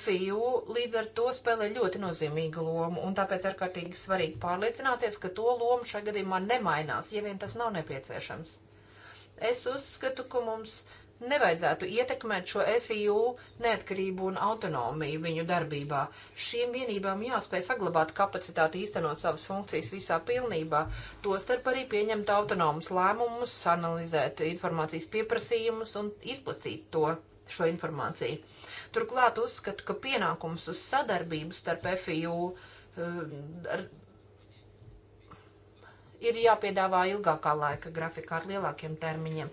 FIU līdz ar to spēlē ļoti nozīmīgu lomu, un tāpēc ir kārtīgi svarīgi pārliecināties, ka to lomu šajā gadījumā nemainās, ja vien tas nav nepieciešams. Es uzskatu, ka mums nevajadzētu ietekmēt šo FIU neatkarību un autonomiju viņu darbībā. Šīm vienībām jāspēj saglabāt kapacitāti īstenot savas funkcijas visā pilnībā, tostarp arī pieņemt autonomus lēmumus, analizēt informācijas pieprasījumus un izplatīt to šo informāciju. Turklāt uzskatu, ka pienākums uz sadarbību starp FIU uh, eh, ir jāpiedāvā ilgākā laika grafikā ar lielākiem termiņiem.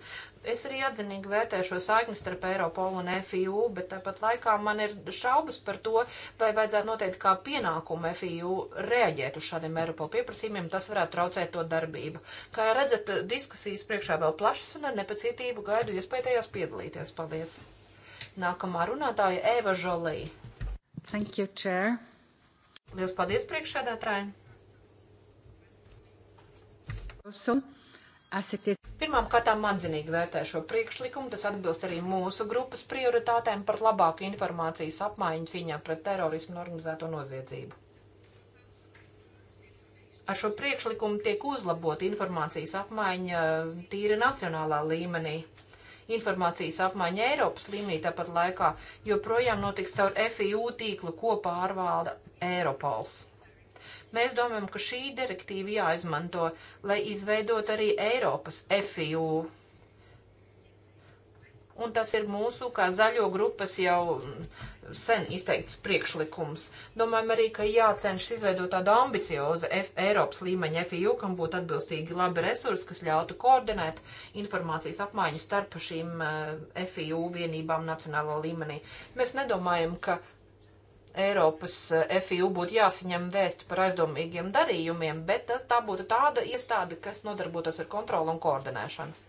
Es arī atzinīgi vērtēju šo saikni starp Eiropolu un FIU, bet tāpat laikā man ir šaubas par to, vai vajadzētu noteikt kā pienākumu FIU reaģēt uz šādiem Eiropolu pieprasījumiem, tas varētu traucēt to darbību. Kā redzat, diskusijas priekšā vēl plašas un ar nepacietību gaidu iespējās piedalīties. Paldies! Nākamā runātāja Eva Žolī. Thank you, Chair. Liels paldies priekšādātājiem! Also. Pirmām kārtām atzinīgi vērtē šo priekšlikumu, tas atbilst arī mūsu grupas prioritātēm par labāku informācijas apmaiņu cīņā pret terorismu un organizēto noziedzību. Ar šo priekšlikumu tiek uzlabota informācijas apmaiņa uh, tīri nacionālā līmenī informācijas apmaiņa Eiropas līmenī tāpat laikā joprojām notiks caur FIU tīklu, ko pārvalda Eiropols. Mēs domājam, ka šī direktīva jāizmanto, lai izveidot arī Eiropas FIU. Un tas ir mūsu, kā zaļo grupas, jau sen izteikts priekšlikums. Domājam arī, ka jācenšas izveidot tādu ambiciozu F Eiropas līmeņa FIU, kam būtu atbilstīgi labi resursi, kas ļautu koordinēt informācijas apmaiņu starp šīm eh, FIU vienībām nacionālā līmenī. Mēs nedomājam, ka Eiropas eh, FIU būtu jāsaņem vēsti par aizdomīgiem darījumiem, bet tas, tā būtu tāda iestāde, kas nodarbotos ar kontroli un koordinēšanu.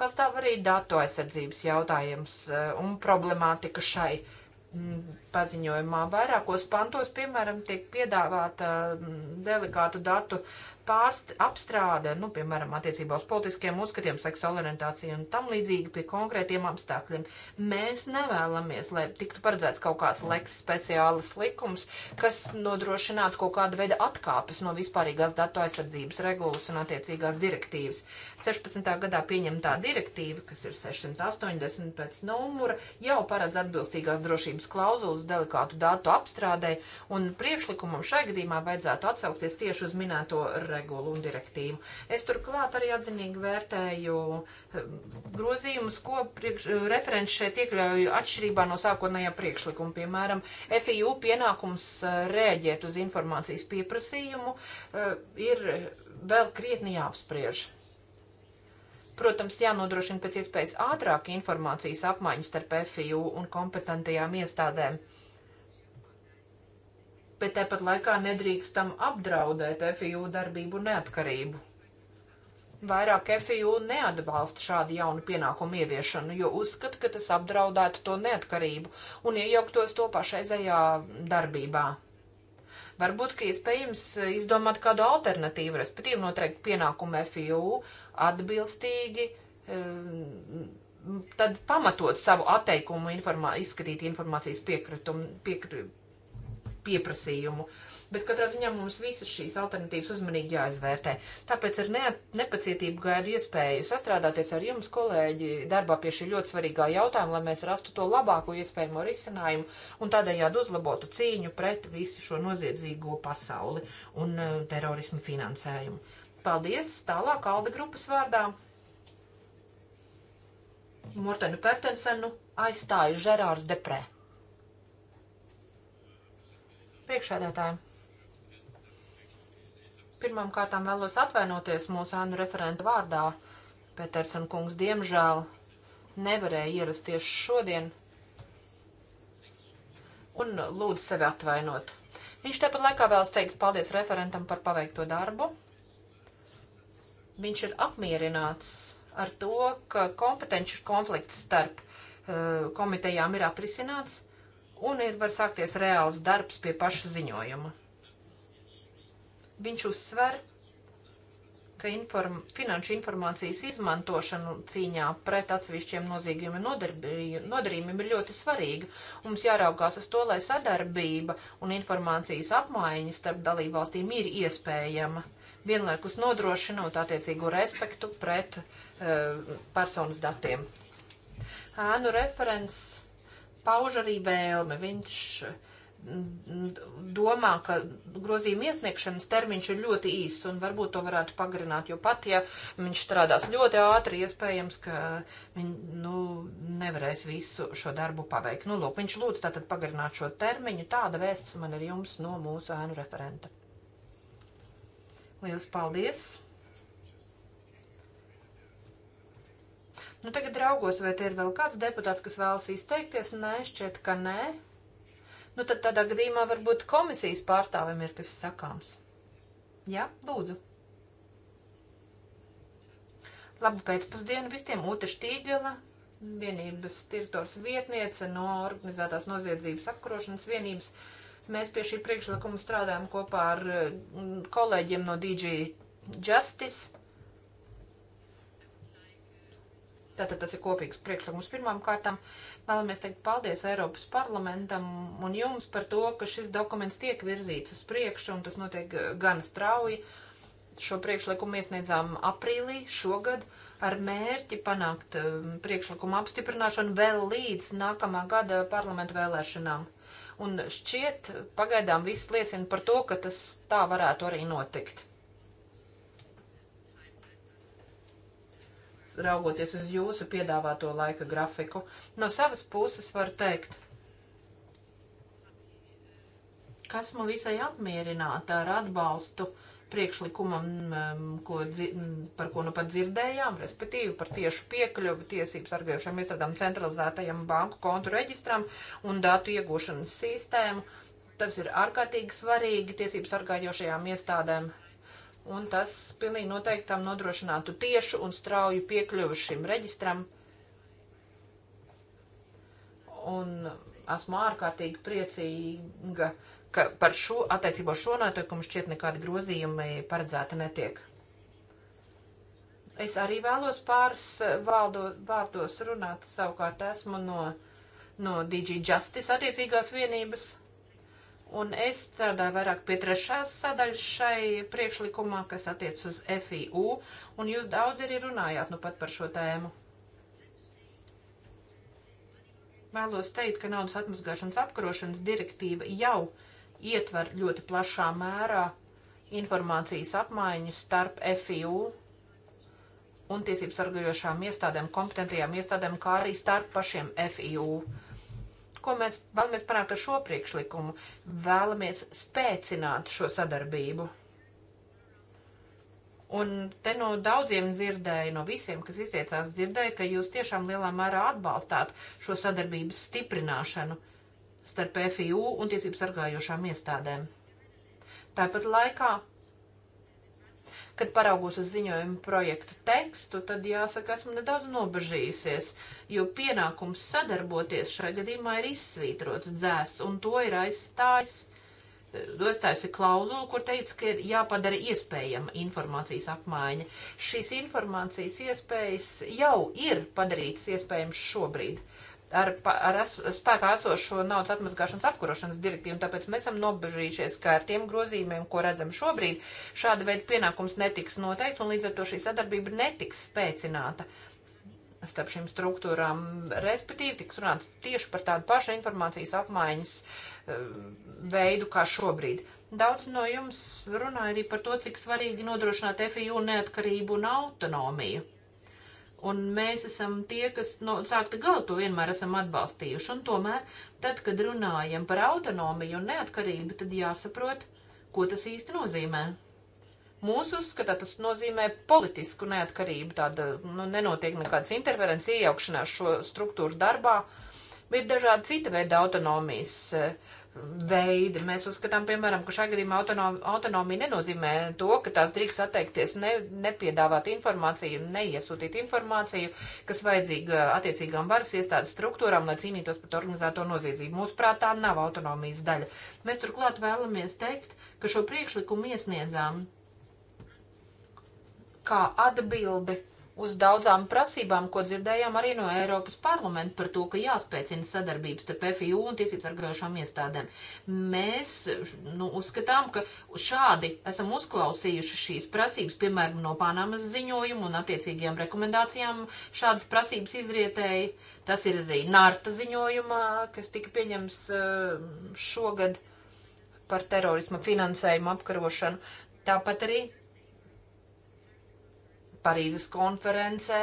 Pastāv arī datu aizsardzības jautājums eh, un problemātika šai mm, paziņojumā. Vairākos pantos, piemēram, tiek piedāvāta mm, delikātu datu pārst, apstrāde, nu, piemēram, attiecībā uz politiskiem uzskatiem, seksuālu orientāciju un tam līdzīgi pie konkrētiem apstākļiem. Mēs nevēlamies, lai tiktu paredzēts kaut kāds leks speciālis likums, kas nodrošinātu kaut kādu veidu atkāpes no vispārīgās datu aizsardzības regulas un attiecīgās direktīvas. 16. gadā pieņemtā direktīva, kas ir 680 pēc numura, jau paredz atbilstīgās drošības klauzulas delikātu datu apstrādē un priekšlikumam šai gadījumā vajadzētu atsaukties tieši uz minēto regulējumu regulu un direktīvu. Es turklāt arī atzinīgi vērtēju eh, grozījumus, ko priekš, eh, referents šeit iekļauj atšķirībā no sākotnējā priekšlikuma. Piemēram, FIU pienākums eh, rēģēt uz informācijas pieprasījumu ir vēl krietni jāapspriež. Protams, jānodrošina pēc iespējas ātrāka informācijas apmaiņa starp FIU un kompetentajām iestādēm bet tāpat laikā nedrīkstam apdraudēt FIU darbību neatkarību. Vairāk FIU neatbalsta šādu jaunu pienākumu ieviešanu, jo uzskata, ka tas apdraudētu to neatkarību un iejauktos to pašreizējā darbībā. Varbūt, ka iespējams izdomāt kādu alternatīvu, respektīvi noteikti pienākumu FIU atbilstīgi ehm, tad pamatot savu atteikumu informā, izskatīt informācijas piekritumu, piekri, pieprasījumu. Bet katrā ziņā mums visas šīs alternatīvas uzmanīgi jāizvērtē. Tāpēc ar ne, nepacietību gaidu iespēju sastrādāties ar jums, kolēģi, darbā pie šī ļoti svarīgā jautājuma, lai mēs rastu to labāko iespējamo risinājumu un tādējādi uzlabotu cīņu pret visu šo noziedzīgo pasauli un uh, terorismu finansējumu. Paldies! Tālāk Alda grupas vārdā. Mortenu Pertensenu aizstāja Žerārs Deprē. Priekšādātāji. Pirmām kārtām vēlos atvainoties mūsu ēnu referentu vārdā. Petersen kungs, diemžēl, nevarēja ierasties šodien un lūdzu sevi atvainot. Viņš tepat laikā vēlas teikt paldies referentam par paveikto darbu. Viņš ir apmierināts ar to, ka kompetenci konflikts starp uh, komitejām ir atrisināts un ir var sākties reāls darbs pie paša ziņojuma. Viņš uzsver, ka inform, finanšu informācijas izmantošana cīņā pret atsevišķiem nozīgiem nodarījumiem ir ļoti svarīga. Mums jāraugās uz to, lai sadarbība un informācijas apmaiņa starp dalībvalstīm ir iespējama, vienlaikus nodrošinot attiecīgo respektu pret e, personas datiem. Ēnu referents pauž arī vēlme. Viņš mm, mm, domā, ka grozījuma iesniegšanas termiņš ir ļoti īss un varbūt to varētu pagarināt, jo pat, ja viņš strādās ļoti ātri, iespējams, ka viņi nu, nevarēs visu šo darbu paveikt. Nu, lūk, viņš lūdz tātad pagarināt šo termiņu. Tāda vēsts man ir jums no mūsu ēnu referenta. Lielas paldies! Nu, tagad raugos, vai te ir vēl kāds deputāts, kas vēlas izteikties. Nē, šķiet, ka nē. Nu, tad tādā gadījumā varbūt komisijas pārstāvim ir kas sakāms. Jā, lūdzu. Labu pēcpusdienu visiem. Ute Štīģela, vienības direktors vietniece no organizētās noziedzības apkarošanas vienības. Mēs pie šī priekšlikuma strādājam kopā ar mm, kolēģiem no DG Justice. Tātad tas ir kopīgs priekšlikums. Pirmām kārtām vēlamies teikt paldies Eiropas parlamentam un jums par to, ka šis dokuments tiek virzīts uz priekšu un tas notiek eh, gan strauji. Šo priekšlikumu iesniedzām aprīlī šogad ar mērķi panākt eh, priekšlikumu apstiprināšanu vēl līdz nākamā gada parlamentu vēlēšanām. Un šķiet, pagaidām viss liecina par to, ka tas tā varētu arī notikt. raugoties uz jūsu piedāvāto laika grafiku. No savas puses var teikt, ka esmu visai apmierināta ar atbalstu priekšlikumam, um, ko, par ko nu pat dzirdējām, respektīvi par tiešu piekļuvu tiesības sargājušiem iestādām centralizētajam banku kontu reģistram un datu iegūšanas sistēmu. Tas ir ārkārtīgi svarīgi tiesības sargājošajām iestādēm un tas pilnīgi noteikti tam nodrošinātu tiešu un strauju piekļuvu šim reģistram. Un esmu ārkārtīgi priecīga, ka par šo attiecībā šo noteikumu šķiet nekādi grozījumi paredzēti netiek. Es arī vēlos pāris eh, valdo, vārdos runāt, savukārt esmu no, no DG Justice attiecīgās vienības – Un es strādāju vairāk pie trešās sadaļas šai priekšlikumā, kas attiec uz FIU, un jūs daudz arī runājāt nu pat par šo tēmu. Vēlos teikt, ka naudas atmazgāšanas apkarošanas direktīva jau ietver ļoti plašā mērā informācijas apmaiņu starp FIU un tiesību sargājošām iestādēm, kompetentajām iestādēm, kā arī starp pašiem FIU ko mēs vēlamies panākt ar šo priekšlikumu. Vēlamies spēcināt šo sadarbību. Un te no daudziem dzirdēju, no visiem, kas izteicās, dzirdēju, ka jūs tiešām lielā mērā atbalstāt šo sadarbības stiprināšanu starp FIU un tiesību sargājošām iestādēm. Tāpat laikā Kad paraugos uz ziņojumu projekta tekstu, tad jāsaka, esmu nedaudz nobežījusies, jo pienākums sadarboties šai gadījumā ir izsvītrots dzēsts, un to ir aizstājis e, iestājusi klauzulu, kur teica, ka ir jāpadara iespējama informācijas apmaiņa. Šīs informācijas iespējas jau ir padarītas iespējams šobrīd ar, ar es, spēkā esošo naudas atmazgāšanas apkurošanas direktīvu, tāpēc mēs esam nobežījušies, ka ar tiem grozījumiem, ko redzam šobrīd, šāda veida pienākums netiks noteikts, un līdz ar to šī sadarbība netiks spēcināta starp šīm struktūrām. Respektīvi, tiks runāts tieši par tādu pašu informācijas apmaiņas eh, veidu kā šobrīd. Daudz no jums runāja arī par to, cik svarīgi nodrošināt FIU neatkarību un autonomiju Un mēs esam tie, kas no sākta gala to vienmēr esam atbalstījuši. Un tomēr, tad, kad runājam par autonomiju un neatkarību, tad jāsaprot, ko tas īsti nozīmē. Mūsu uzskatā tas nozīmē politisku neatkarību, tāda nu, nenotiek nekādas interferences, iejaukšanās šo struktūru darbā, bet dažādi cita veida autonomijas eh, veidi. Mēs uzskatām, piemēram, ka šajā gadījumā autonom, autonomija nenozīmē to, ka tās drīkst atteikties, ne, nepiedāvāt informāciju, neiesūtīt informāciju, kas vajadzīga uh, attiecīgām varas iestādes struktūrām, lai cīnītos pret organizēto noziedzību. Mūsuprāt, tā nav autonomijas daļa. Mēs turklāt vēlamies teikt, ka šo priekšlikumu iesniedzām kā atbildi uz daudzām prasībām, ko dzirdējām arī no Eiropas parlamenta par to, ka jāspēcina sadarbības starp FIU un tiesības argrošām iestādēm. Mēs nu, uzskatām, ka šādi esam uzklausījuši šīs prasības, piemēram, no Panamas ziņojuma un attiecīgajām rekomendācijām šādas prasības izrietēja. Tas ir arī Nārta ziņojumā, kas tika pieņems eh, šogad par terorisma finansējumu apkarošanu. Tāpat arī Parīzes konferencē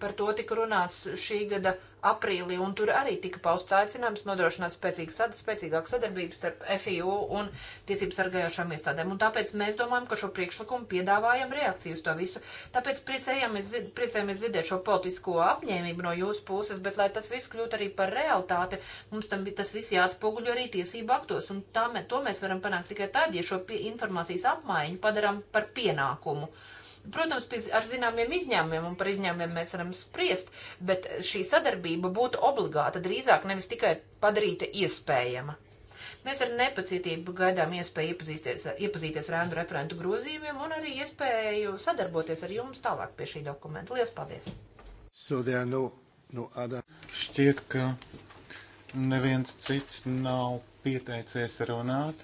par to tika runāts šī gada aprīlī, un tur arī tika pausts aicinājums nodrošināt spēcīgu, spēcīgāku sadarbību starp FIU un tiesību sargājošām iestādēm. Un tāpēc mēs domājam, ka šo priekšlikumu piedāvājam reakciju uz to visu. Tāpēc priecējamies, priecējamies dzirdēt šo politisko apņēmību no jūsu puses, bet lai tas viss kļūtu arī par realitāti, mums tam tas viss jāatspoguļo arī tiesību aktos. Un tā, to mēs varam panākt tikai tad, ja šo informācijas apmaiņu padaram par pienākumu protams, ar zināmiem izņēmumiem, un par izņēmumiem mēs varam spriest, bet šī sadarbība būtu obligāta drīzāk nevis tikai padarīta iespējama. Mēs ar nepacietību gaidām iespēju iepazīties, iepazīties ar ēnu referentu grozījumiem un arī iespēju sadarboties ar jums tālāk pie šī dokumenta. Lielas paldies! So no, no other... Šķiet, ka neviens cits nav pieteicies runāt.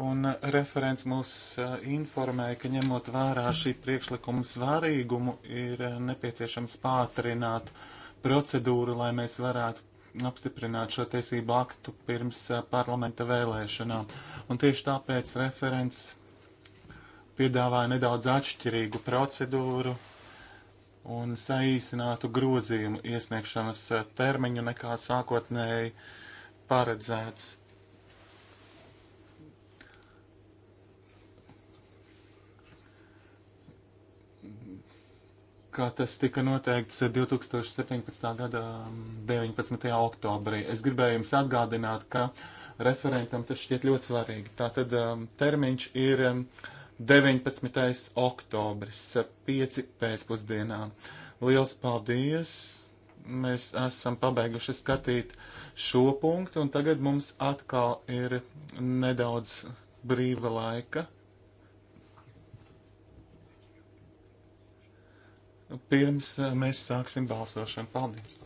Un uh, referents mūs uh, informēja, ka ņemot vērā šī priekšlikuma svārīgumu, ir uh, nepieciešams pātrināt procedūru, lai mēs varētu apstiprināt šo tiesību aktu pirms parlamenta vēlēšanām. Un tieši tāpēc referents piedāvāja nedaudz atšķirīgu procedūru un saīsinātu grozījumu iesniegšanas termiņu nekā sākotnēji paredzēts kā tas tika noteikts 2017. gada 19. Um, oktobrī. Es gribēju jums atgādināt, ka referentam tas šķiet ļoti svarīgi. Tātad um, termiņš ir 19. Um, oktobris, 5 pēcpusdienā. Liels paldies! Mēs esam pabeiguši skatīt šo punktu, un tagad mums atkal ir nedaudz brīva laika. pirms eh, mēs sāksim balsošanu. Paldies!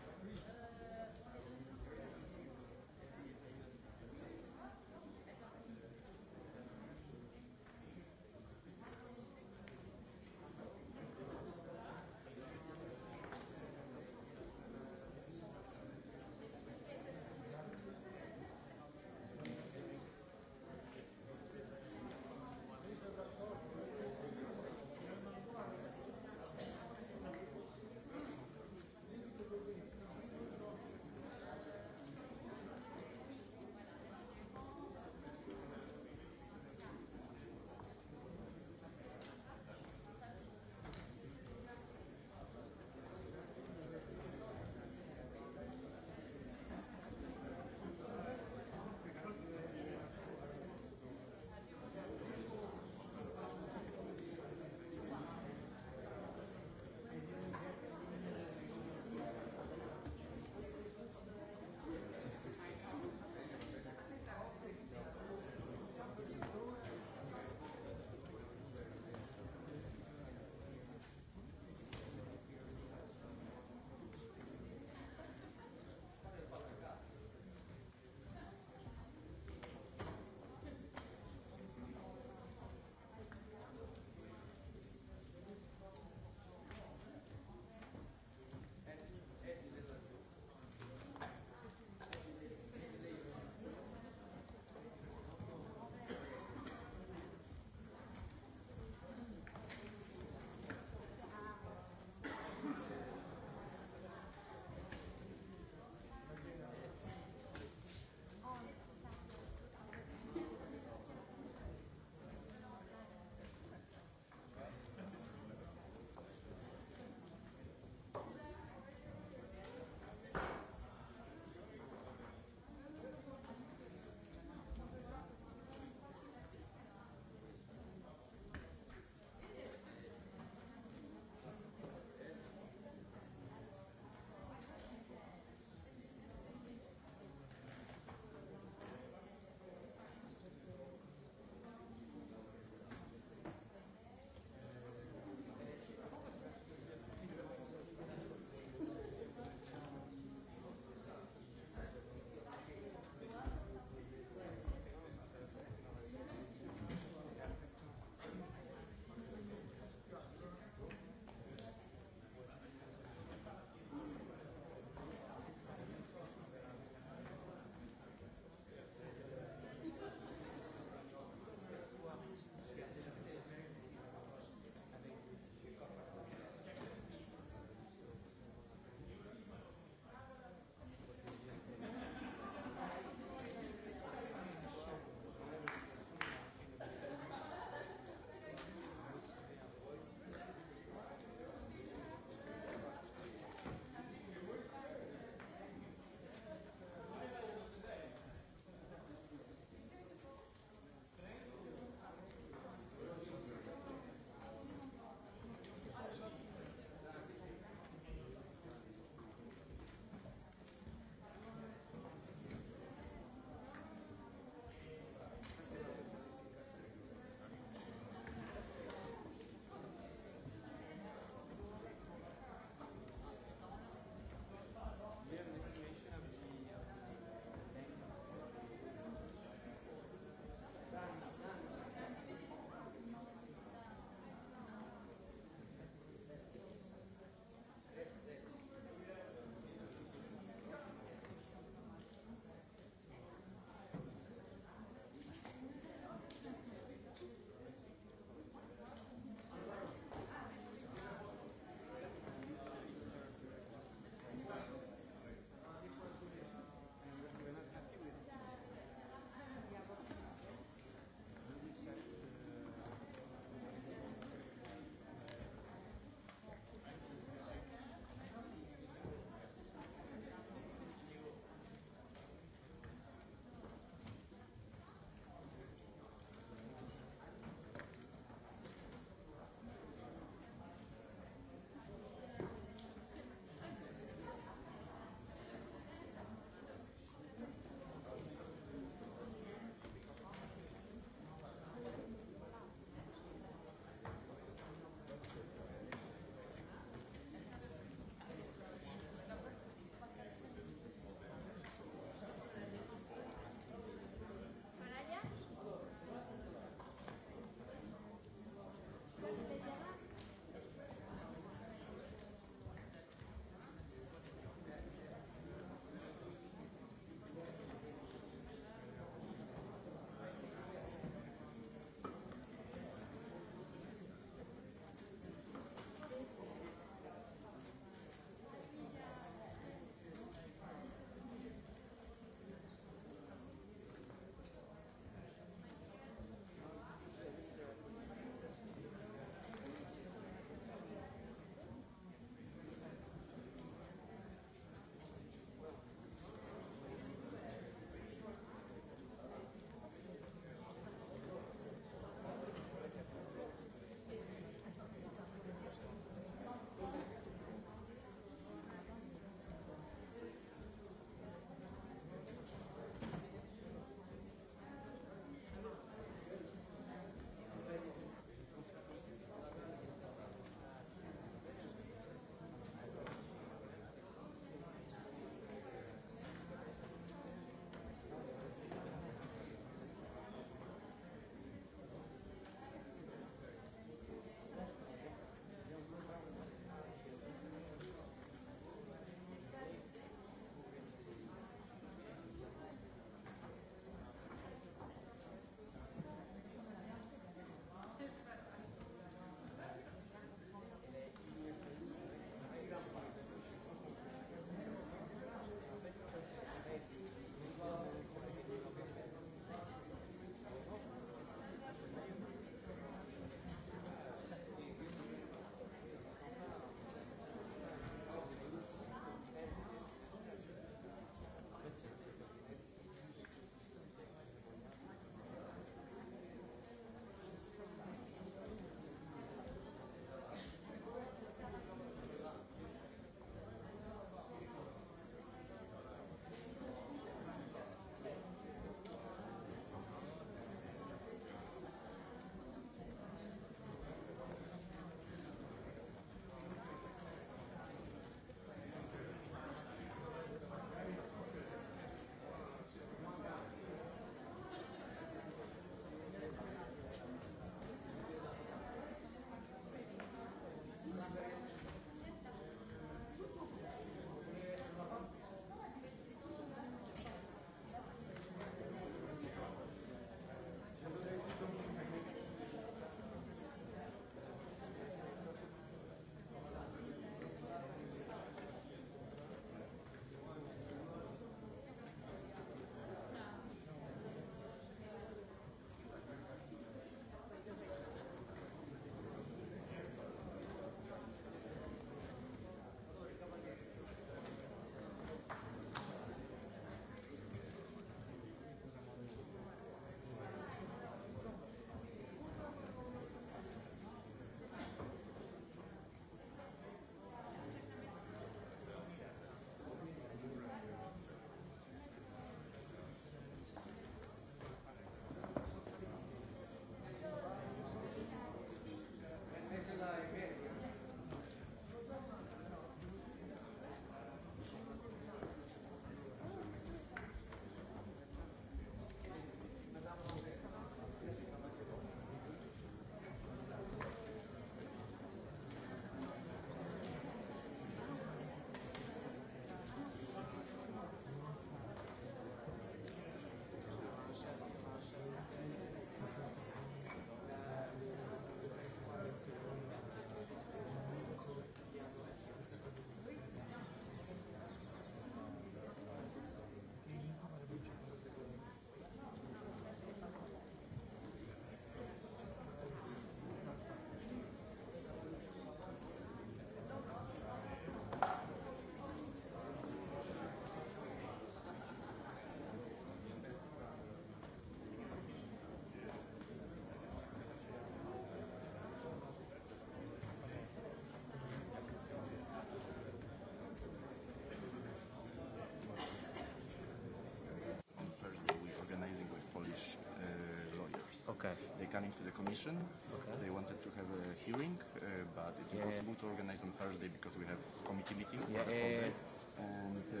Okay. They came to the commission. Okay. They wanted to have a hearing, uh, but it's yeah. impossible to organize on Thursday because we have committee meeting for yeah. the whole day. And uh,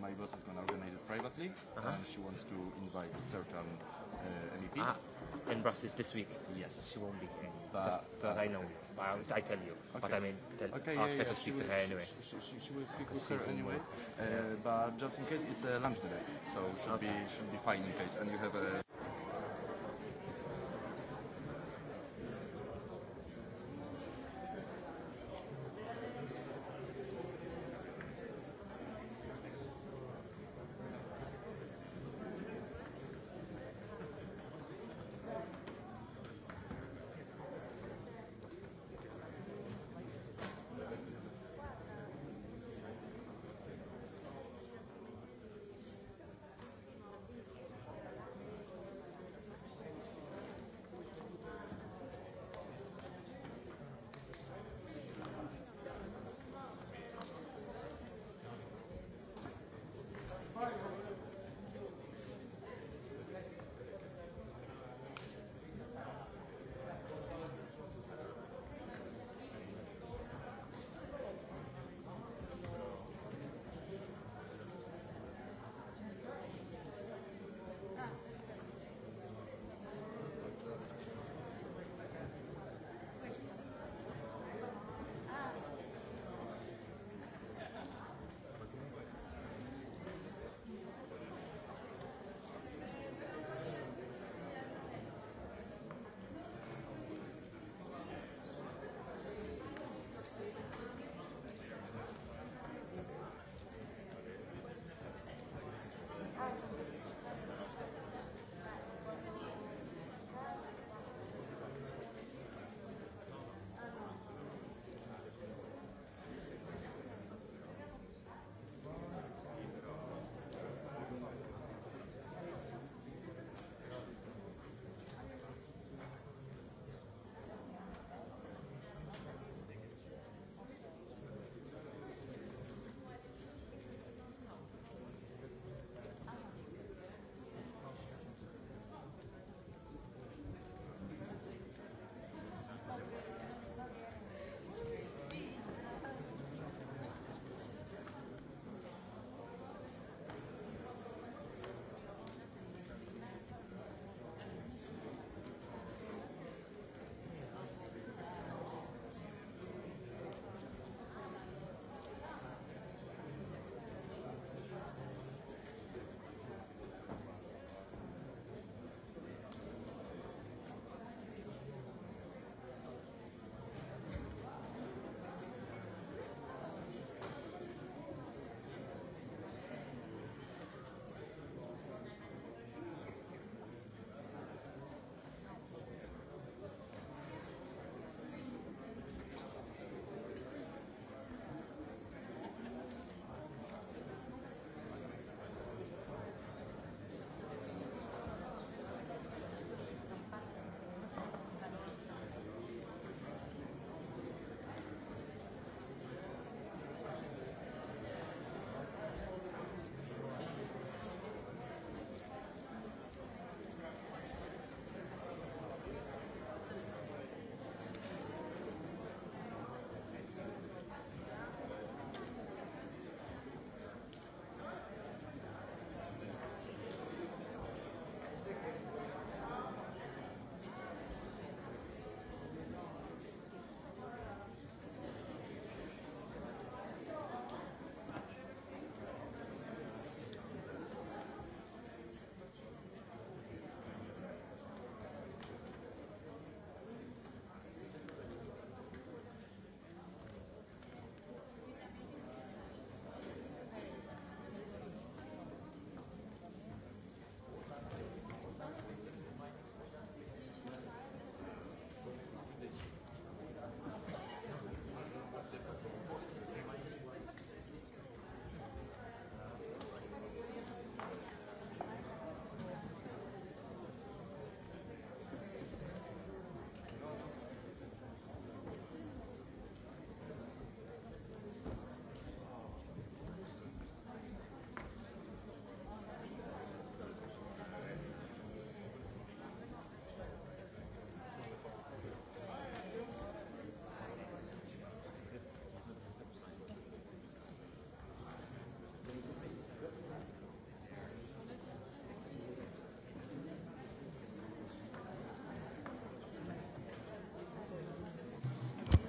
my boss is going to organize it privately, uh-huh. and she wants to invite certain uh, MEPs. Ah, uh, in Brussels this week. Yes. She won't be here. But, Just so uh, that I know. But I, I tell you. Okay. But I mean, tell, okay, ask yeah, her yeah, to speak will, to her anyway. She, she, she will speak with her anyway. Uh, yeah. But just in case, it's a lunch delay, so should okay. be should be fine in case. And you have a.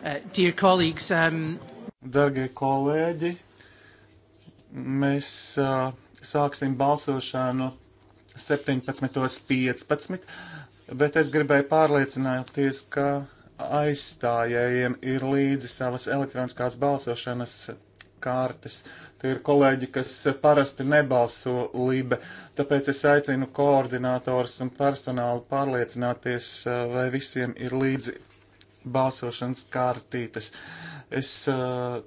Uh, dear colleagues, um... Dargie kolēģi, mēs uh, sāksim balsošanu 17.15, bet es gribēju pārliecināties, ka aizstājējiem ir līdzi savas elektroniskās balsošanas kartes. Tie ir kolēģi, kas parasti nebalso libe, tāpēc es aicinu koordinātors un personālu pārliecināties, uh, vai visiem ir līdzi balsošanas kārtītes. Es uh,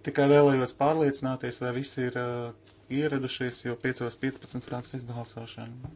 tikai vēlējos pārliecināties, vai visi ir uh, ieradušies, jo 5.15. sāksies balsošana.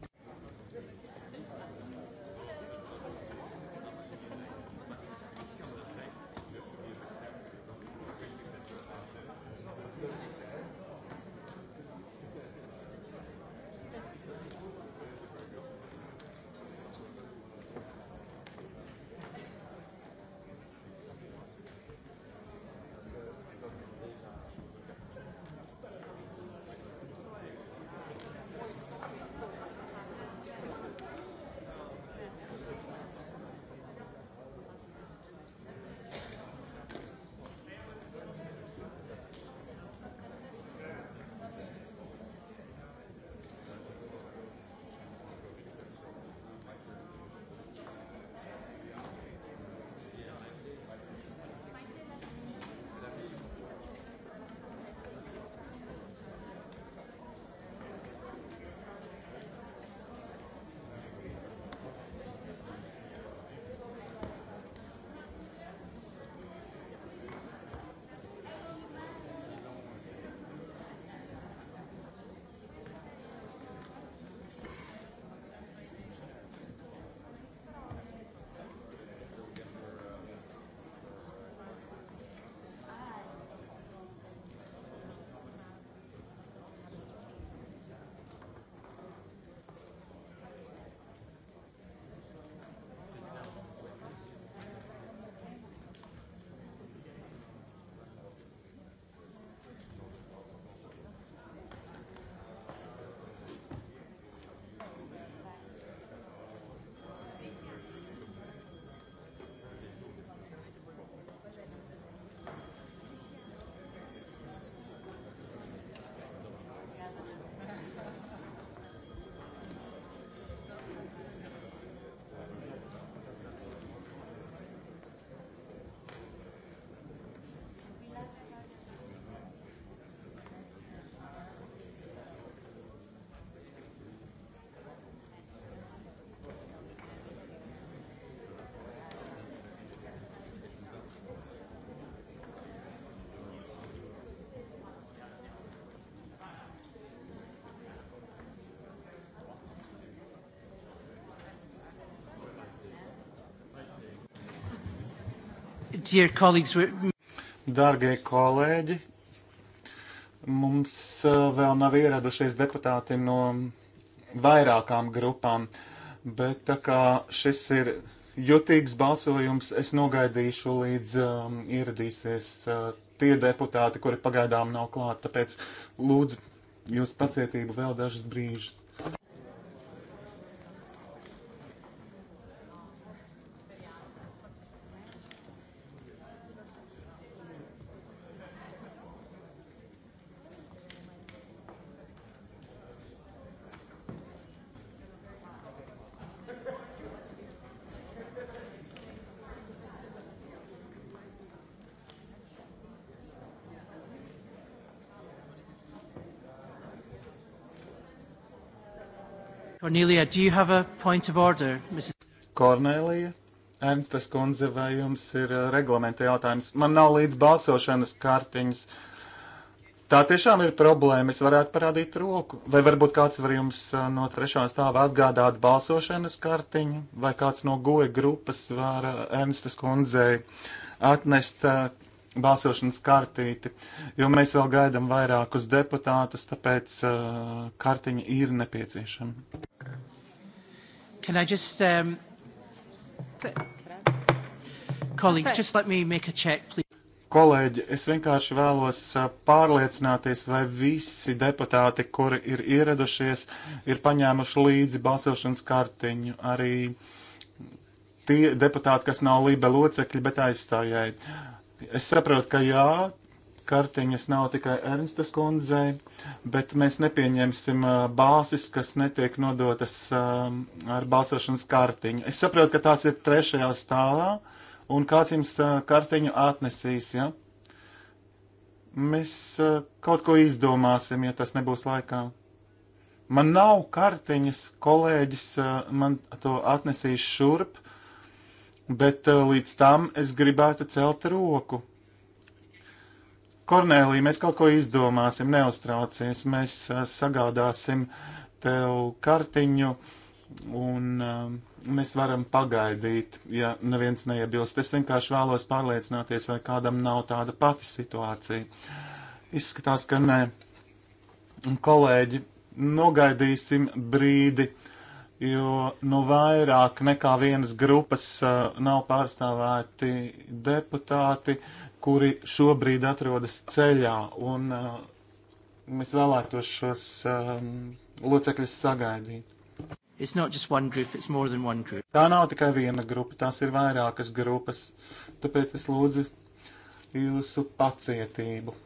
Dārgie kolēģi, mums uh, vēl nav ieradušies deputāti no vairākām grupām, bet tā kā šis ir jutīgs balsojums, es nogaidīšu līdz um, ieradīsies uh, tie deputāti, kuri pagaidām nav klāt, tāpēc lūdzu jūs pacietību vēl dažus brīžus. Cornelia, do you have a point of order? Mrs. Kornelija, Ernstas kundze, vai jums ir uh, reglamenta jautājums? Man nav līdz balsošanas kartiņas. Tā tiešām ir problēma. Es varētu parādīt roku. Vai varbūt kāds var jums uh, no trešā stāva atgādāt balsošanas kartiņu, vai kāds no goja grupas var uh, Ernstas kundzei atnest balsošanas kartīti, jo mēs vēl gaidām vairākus deputātus, tāpēc uh, kartiņa ir nepieciešama. Can I just... Um, colleagues, just let me make a check, please. Kolēģi, es vienkārši vēlos uh, pārliecināties, vai visi deputāti, kuri ir ieradušies, ir paņēmuši līdzi balsošanas kartiņu. Arī tie deputāti, kas nav Lībe locekļi, bet aizstājēji. Es saprotu, ka jā, kartiņas nav tikai Ernstas kundzei, bet mēs nepieņemsim uh, bāzes, kas netiek nodotas uh, ar balsošanas kartiņu. Es saprotu, ka tās ir trešajā stāvā, un kāds jums uh, kartiņu atnesīs, ja? Mēs uh, kaut ko izdomāsim, ja tas nebūs laikā. Man nav kartiņas, kolēģis uh, man to atnesīs šurp, bet uh, līdz tam es gribētu celt roku. Kornēlī, mēs kaut ko izdomāsim, neuztraucies, mēs eh, sagādāsim tev kartiņu un eh, mēs varam pagaidīt, ja neviens neiebilst. Es vienkārši vēlos pārliecināties, vai kādam nav tāda pati situācija. Izskatās, ka nē. Kolēģi, nogaidīsim brīdi jo nu vairāk nekā vienas grupas uh, nav pārstāvēti deputāti kuri šobrīd atrodas ceļā, un uh, mēs vēlētos šos um, locekļus sagaidīt. Group, tā nav tikai viena grupa, tās ir vairākas grupas, tāpēc es lūdzu jūsu pacietību.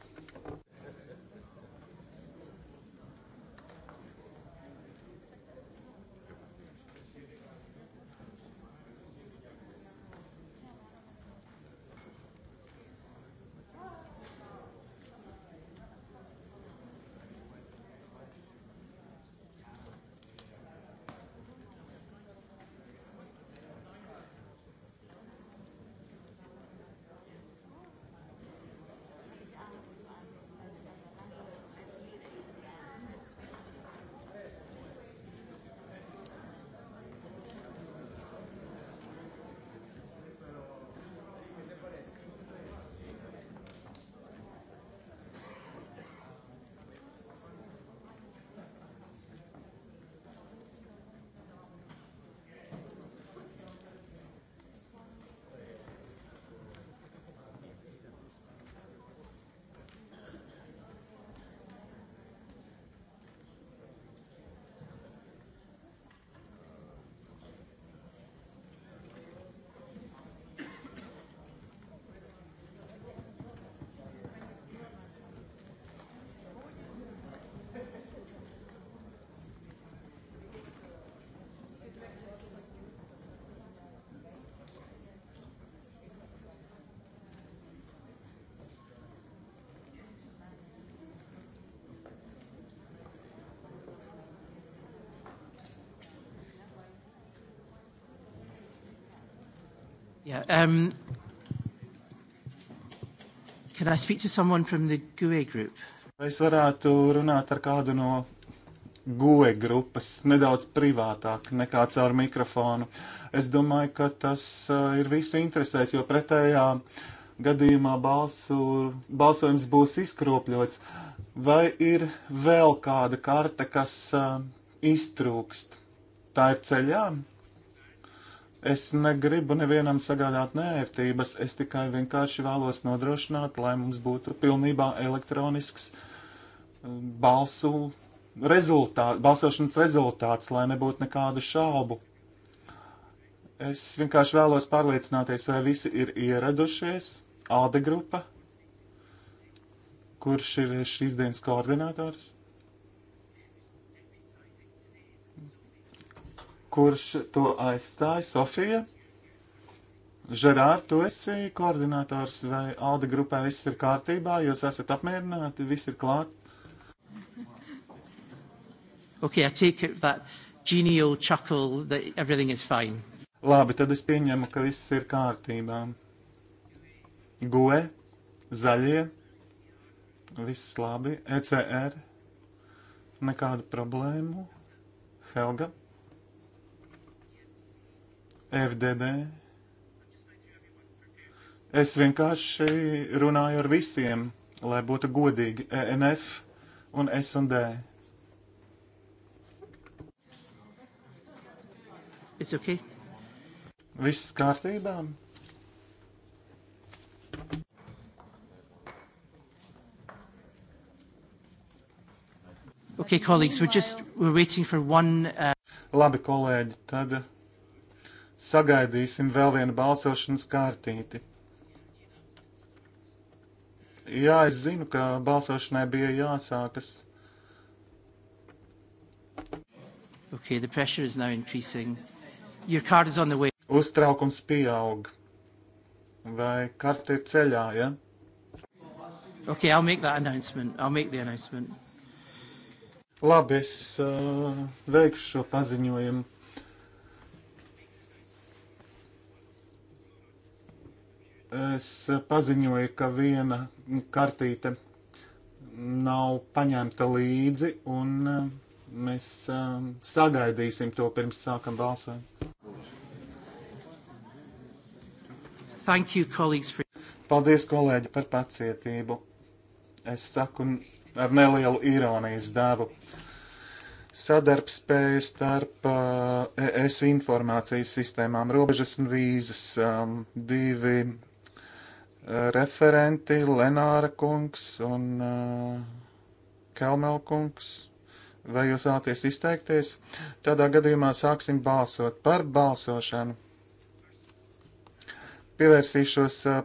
Yeah, um, can I speak to someone from the GUE group? Vai es varētu runāt ar kādu no GUE grupas, nedaudz privātāk nekā caur mikrofonu? Es domāju, ka tas uh, ir visu interesēs, jo pretējā gadījumā balsu, balsojums būs izkropļots. Vai ir vēl kāda karte, kas uh, iztrūkst? Tā ir ceļām? Es negribu nevienam sagādāt nērtības, es tikai vienkārši vēlos nodrošināt, lai mums būtu pilnībā elektronisks um, balsu rezultāts, balsošanas rezultāts, lai nebūtu nekādu šaubu. Es vienkārši vēlos pārliecināties, vai visi ir ieradušies. Alde grupa, kurš ir šīs dienas koordinātors? Kurš to aizstāja? Sofija? Žerār, tu esi koordinātors vai Alda grupē viss ir kārtībā, jūs esat apmierināti, viss ir klāt? Okay, I take it that genial chuckle that everything is fine. Labi, tad es pieņemu, ka viss ir kārtībā. Goe, zaļie, viss labi, ECR, nekādu problēmu. Helga. FDD. Es vienkārši runāju ar visiem, lai būtu godīgi ENF un S&D. It's okay. Viss kārtībā. Okay, colleagues, we're just we're waiting for one. Uh... Labi, kolēģi, tad Sagaidīsim vēl vienu balsošanas kārtīti. Jā, es zinu, ka balsošanai bija jāsākas. Okay, the pressure is now increasing. Your card is on the way. Uztraukums pieaug. Vai karte ir ceļā, ja? Okay, I'll make that announcement. I'll make the announcement. Labi, es uh, veikšu šo paziņojumu. es paziņoju, ka viena kartīte nav paņemta līdzi, un eh, mēs eh, sagaidīsim to pirms sākam balsojumu. You, for... Paldies, kolēģi, par pacietību. Es saku ar nelielu ironijas dāvu sadarbspēja starp uh, eh, ES informācijas sistēmām, robežas un vīzas, um, divi referenti Lenāra kungs un uh, Kelmel kungs. Vai jūs vēlaties izteikties? Tādā gadījumā sāksim balsot par balsošanu. Pievērsīšos uh,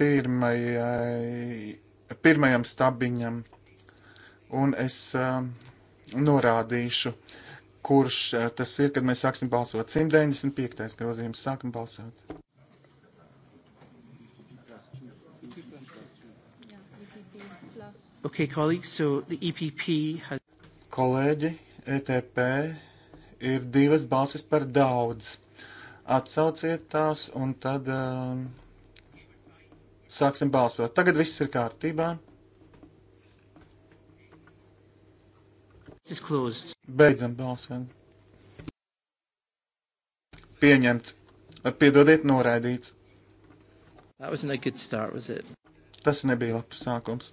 pirmajai, pirmajam stabiņam, un es uh, norādīšu, kurš uh, tas ir, kad mēs sāksim balsot. 195. grozījums sākam balsot. Okay, colleagues, so the EPP has... Kolēģi, ETP ir divas balsis par daudz. Atsauciet tās un tad um, sāksim balsot. Tagad viss ir kārtībā. Beidzam balsojumu. Pieņemts. Piedodiet, noraidīts. Start, Tas nebija labs sākums.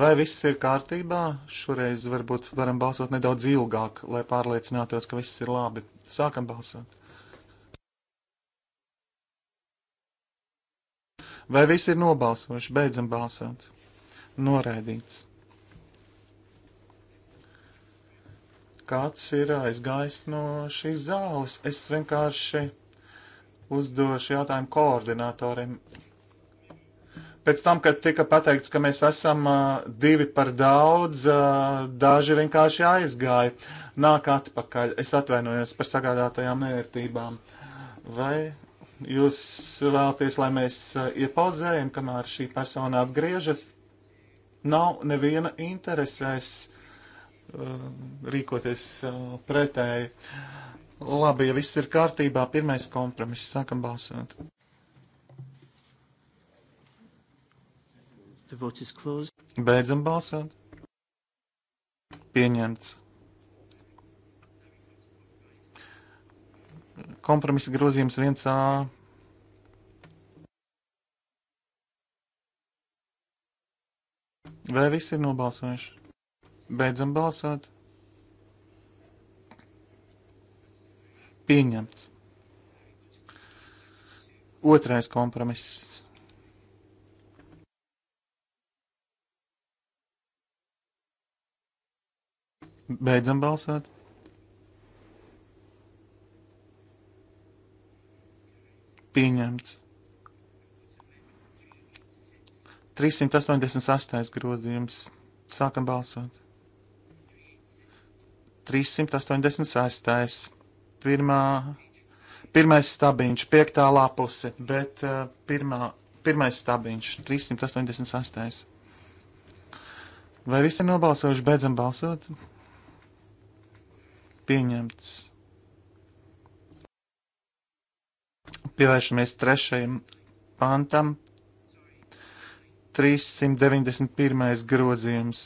Vai viss ir kārtībā? Šoreiz varbūt varam balsot nedaudz ilgāk, lai pārliecinātos, ka viss ir labi. Sākam balsot. Vai viss ir nobalsojuši? Beidzam balsot. Noraidīts. Kāds ir aizgājis no šīs zāles? Es vienkārši uzdošu jautājumu koordinatoriem. Pēc tam, kad tika pateikts, ka mēs esam divi par daudz, daži vienkārši aizgāja. Nāk atpakaļ. Es atvainojos par sagādātajām nevērtībām. Vai jūs vēlaties, lai mēs iepauzējam, kamēr šī persona atgriežas? Nav neviena interesēs rīkoties pretēji. Labi, ja viss ir kārtībā, pirmais kompromiss, sākam balsot. Beidzam balsot. Pieņemts. Kompromisa grozījums 1A. Vai visi ir nobalsojuši? Beidzam balsot. Pieņemts. Otrais kompromiss Beidzam balsot. Pieņemts. 388. grozījums. Sākam balsot. 386. Pirmā, pirmais stabiņš, piektā lapuse, bet uh, pirmā, pirmais stabiņš, 388. Vai visi ir nobalsojuši? Beidzam balsot pieņemts. Pievēršamies trešajam pantam. 391. grozījums,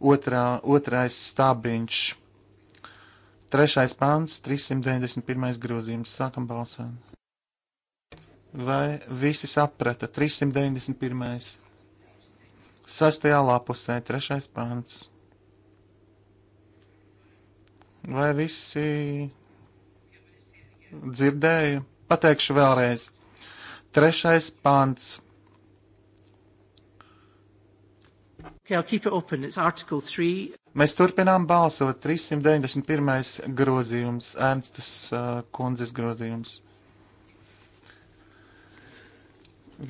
otrā, otrais stabiņš. Trešais pants, 391. grozījums. Sākam balsot. Vai visi saprata? 391. Sastajā lapusē, trešais pants. Vai visi dzirdēja? Pateikšu vēlreiz. Trešais pants. Okay, I'll keep it open. It's Article 3. Mēs turpinām balsot 391. grozījums, Ernstas uh, kundzes grozījums.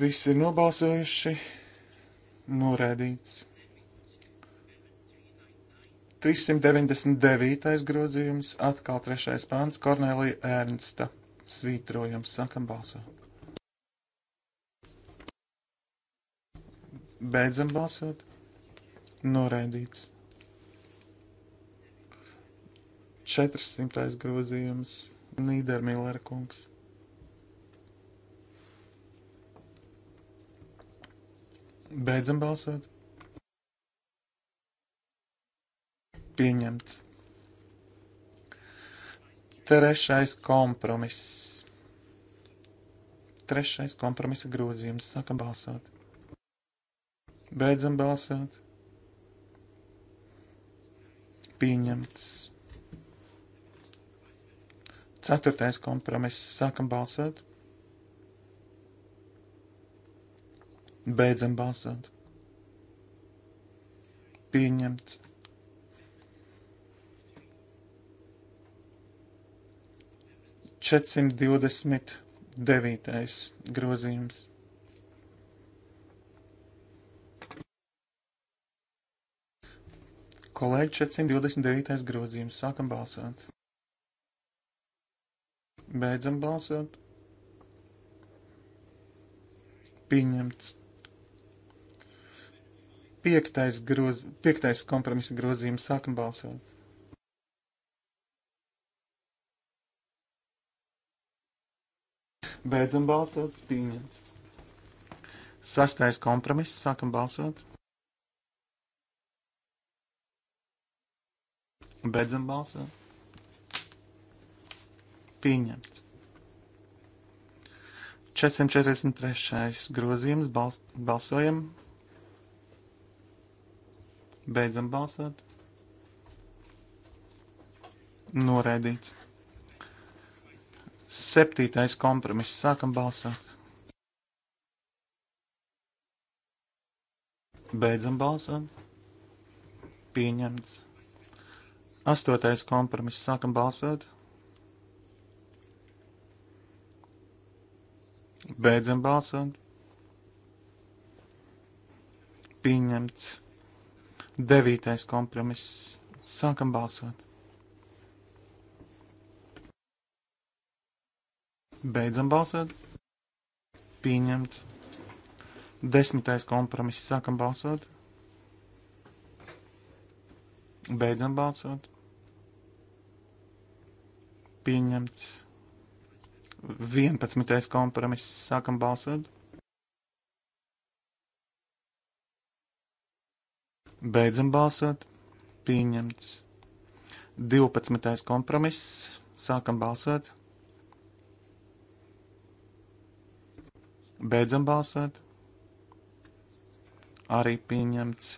Visi ir nobalsojuši, norēdīts. 399. grozījums, atkal trešais pāns, Kornelija Ernsta svītrojums. Sākam balsot. Beidzam balsot. Noraidīts. 400. grozījums Nīdermīlera kungs. Beidzam balsot. pieņemts. Trešais kompromiss. Trešais kompromisa grozījums. Sākam balsot. Beidzam balsot. Pieņemts. Ceturtais kompromiss. Sākam balsot. Beidzam balsot. Pieņemts. 429. grozījums. Kolēģi 429. grozījums. Sākam balsot. Beidzam balsot. Pieņemts. Piektais, groz... Piektais kompromisa grozījums. Sākam balsot. Beidzam balsot. Pieņemts. Sastais kompromiss. Sākam balsot. Beidzam balsot. Pieņemts. 443. grozījums. Bals balsojam. Beidzam balsot. Noraidīts. Septītais kompromiss. Sākam balsot. Beidzam balsot. Pieņemts. Astotais kompromiss. Sākam balsot. Beidzam balsot. Pieņemts. Devītais kompromiss. Sākam balsot. Beidzam balsot. Pieņemts. Desmitais kompromiss. Sākam balsot. Beidzam balsot. Pieņemts. 11. kompromiss. Sākam balsot. Beidzam balsot. Pieņemts. 12. kompromiss. Sākam balsot. Beidzam balsot. Arī pieņemts.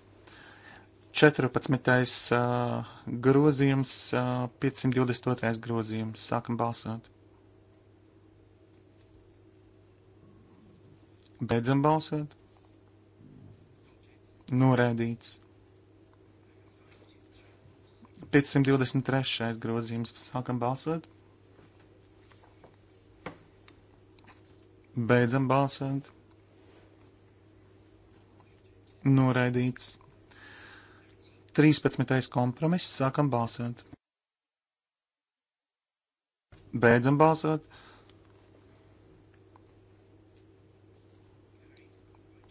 14. Uh, grozījums, uh, 522. grozījums. Sākam balsot. Beidzam balsot. Norēdīts. 523. grozījums. Sākam balsot. Beidzam balsot. Noraidīts. 13. kompromiss. Sākam balsot. Beidzam balsot.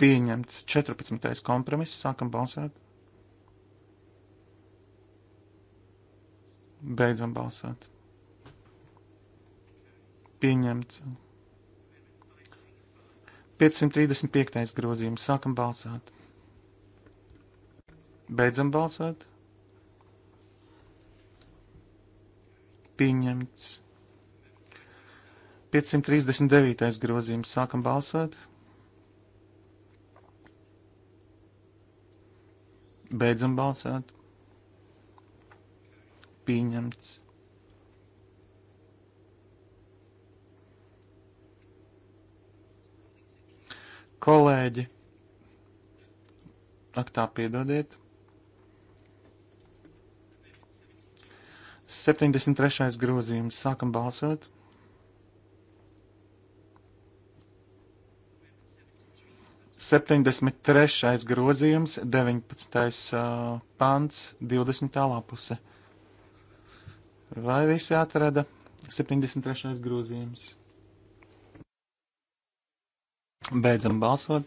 Pieņemts 14. kompromiss. Sākam balsot. Beidzam balsot. Pieņemts 535. grozījums. Sākam balsot. Beidzam balsot. Pieņemts. 539. grozījums. Sākam balsot. Beidzam balsot. Pieņemts. Kolēģi, ak tā piedodiet. 73. grozījums. Sākam balsot. Septiņdesmit trešais grozījums, deviņpadsmitais uh, pants, divdesmitā lapuse. Vai visi atrada septiņdesmit trešais grozījums? Beidzam balsot.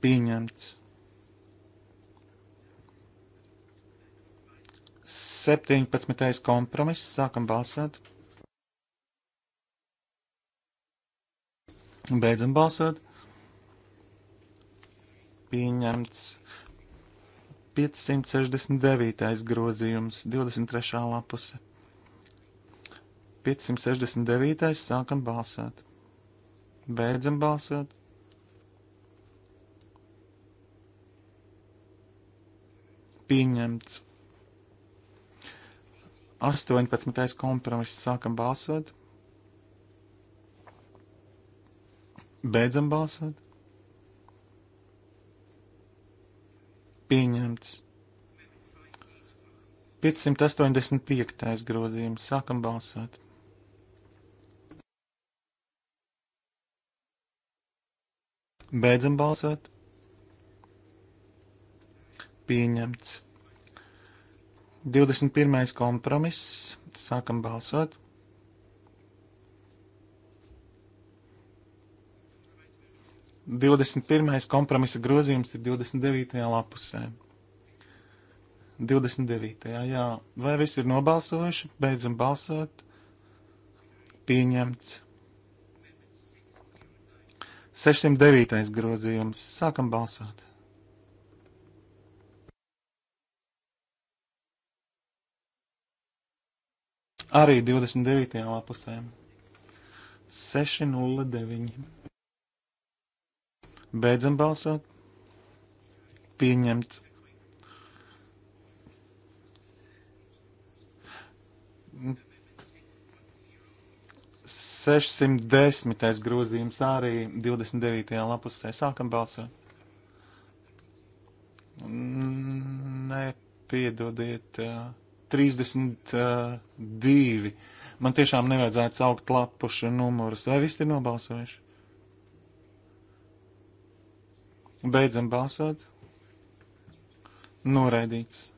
Pieņemts. 17. kompromiss. Sākam balsot. Beidzam balsot. Pieņemts. 569. grozījums, 23. lapuse. 569. sākam balsot. Beidzam balsot. Pieņemts. 18. kompromiss. Sākam balsot. Beidzam balsot. Pieņemts. 585. grozījums. Sākam balsot. Beidzam balsot. Pieņemts. 21. kompromiss. Sākam balsot. Divdesmit pirmais kompromisa grozījums ir 29. lapusē. 29. jā. Vai visi ir nobalsojuši? Beidzam balsot. Pieņemts. 609. grozījums. Sākam balsot. Arī 29. lapusē. 609. Beidzam balsot. Pieņemts. 610. grozījums arī 29. lapusē. Sākam balsot. Nepiedodiet. 32. Man tiešām nevajadzētu saukt lapušu numurus. Vai viss ir nobalsojuši? Beidzam balsot. Noraidīts.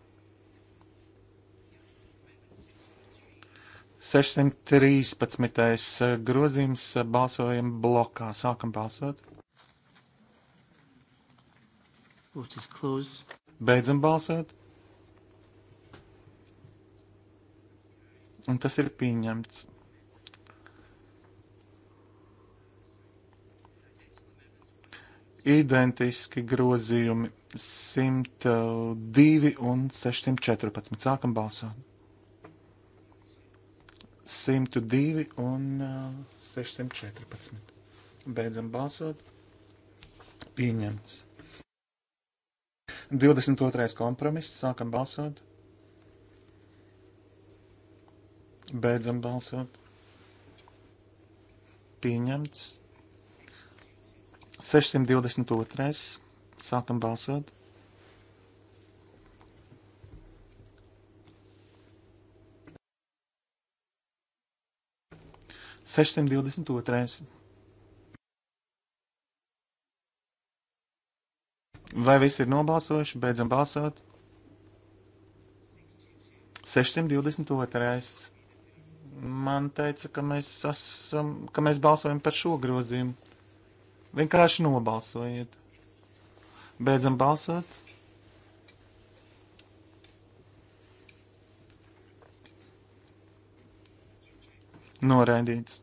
613. Eh, grozījums eh, balsojam blokā. Sākam balsot. Beidzam balsot. Un tas ir pieņemts. Identiski grozījumi 102 eh, un 614. Sākam balsot. 102 un uh, eh, 614. Beidzam balsot. Pieņemts. 22. kompromiss. Sākam balsot. Beidzam balsot. Pieņemts. 622. Sākam balsot. 622. Vai visi ir nobalsojuši? Beidzam balsot. 622. Man teica, ka mēs, esam, ka mēs balsojam par šo grozījumu. Vienkārši nobalsojiet. Beidzam balsot. Noraidīts.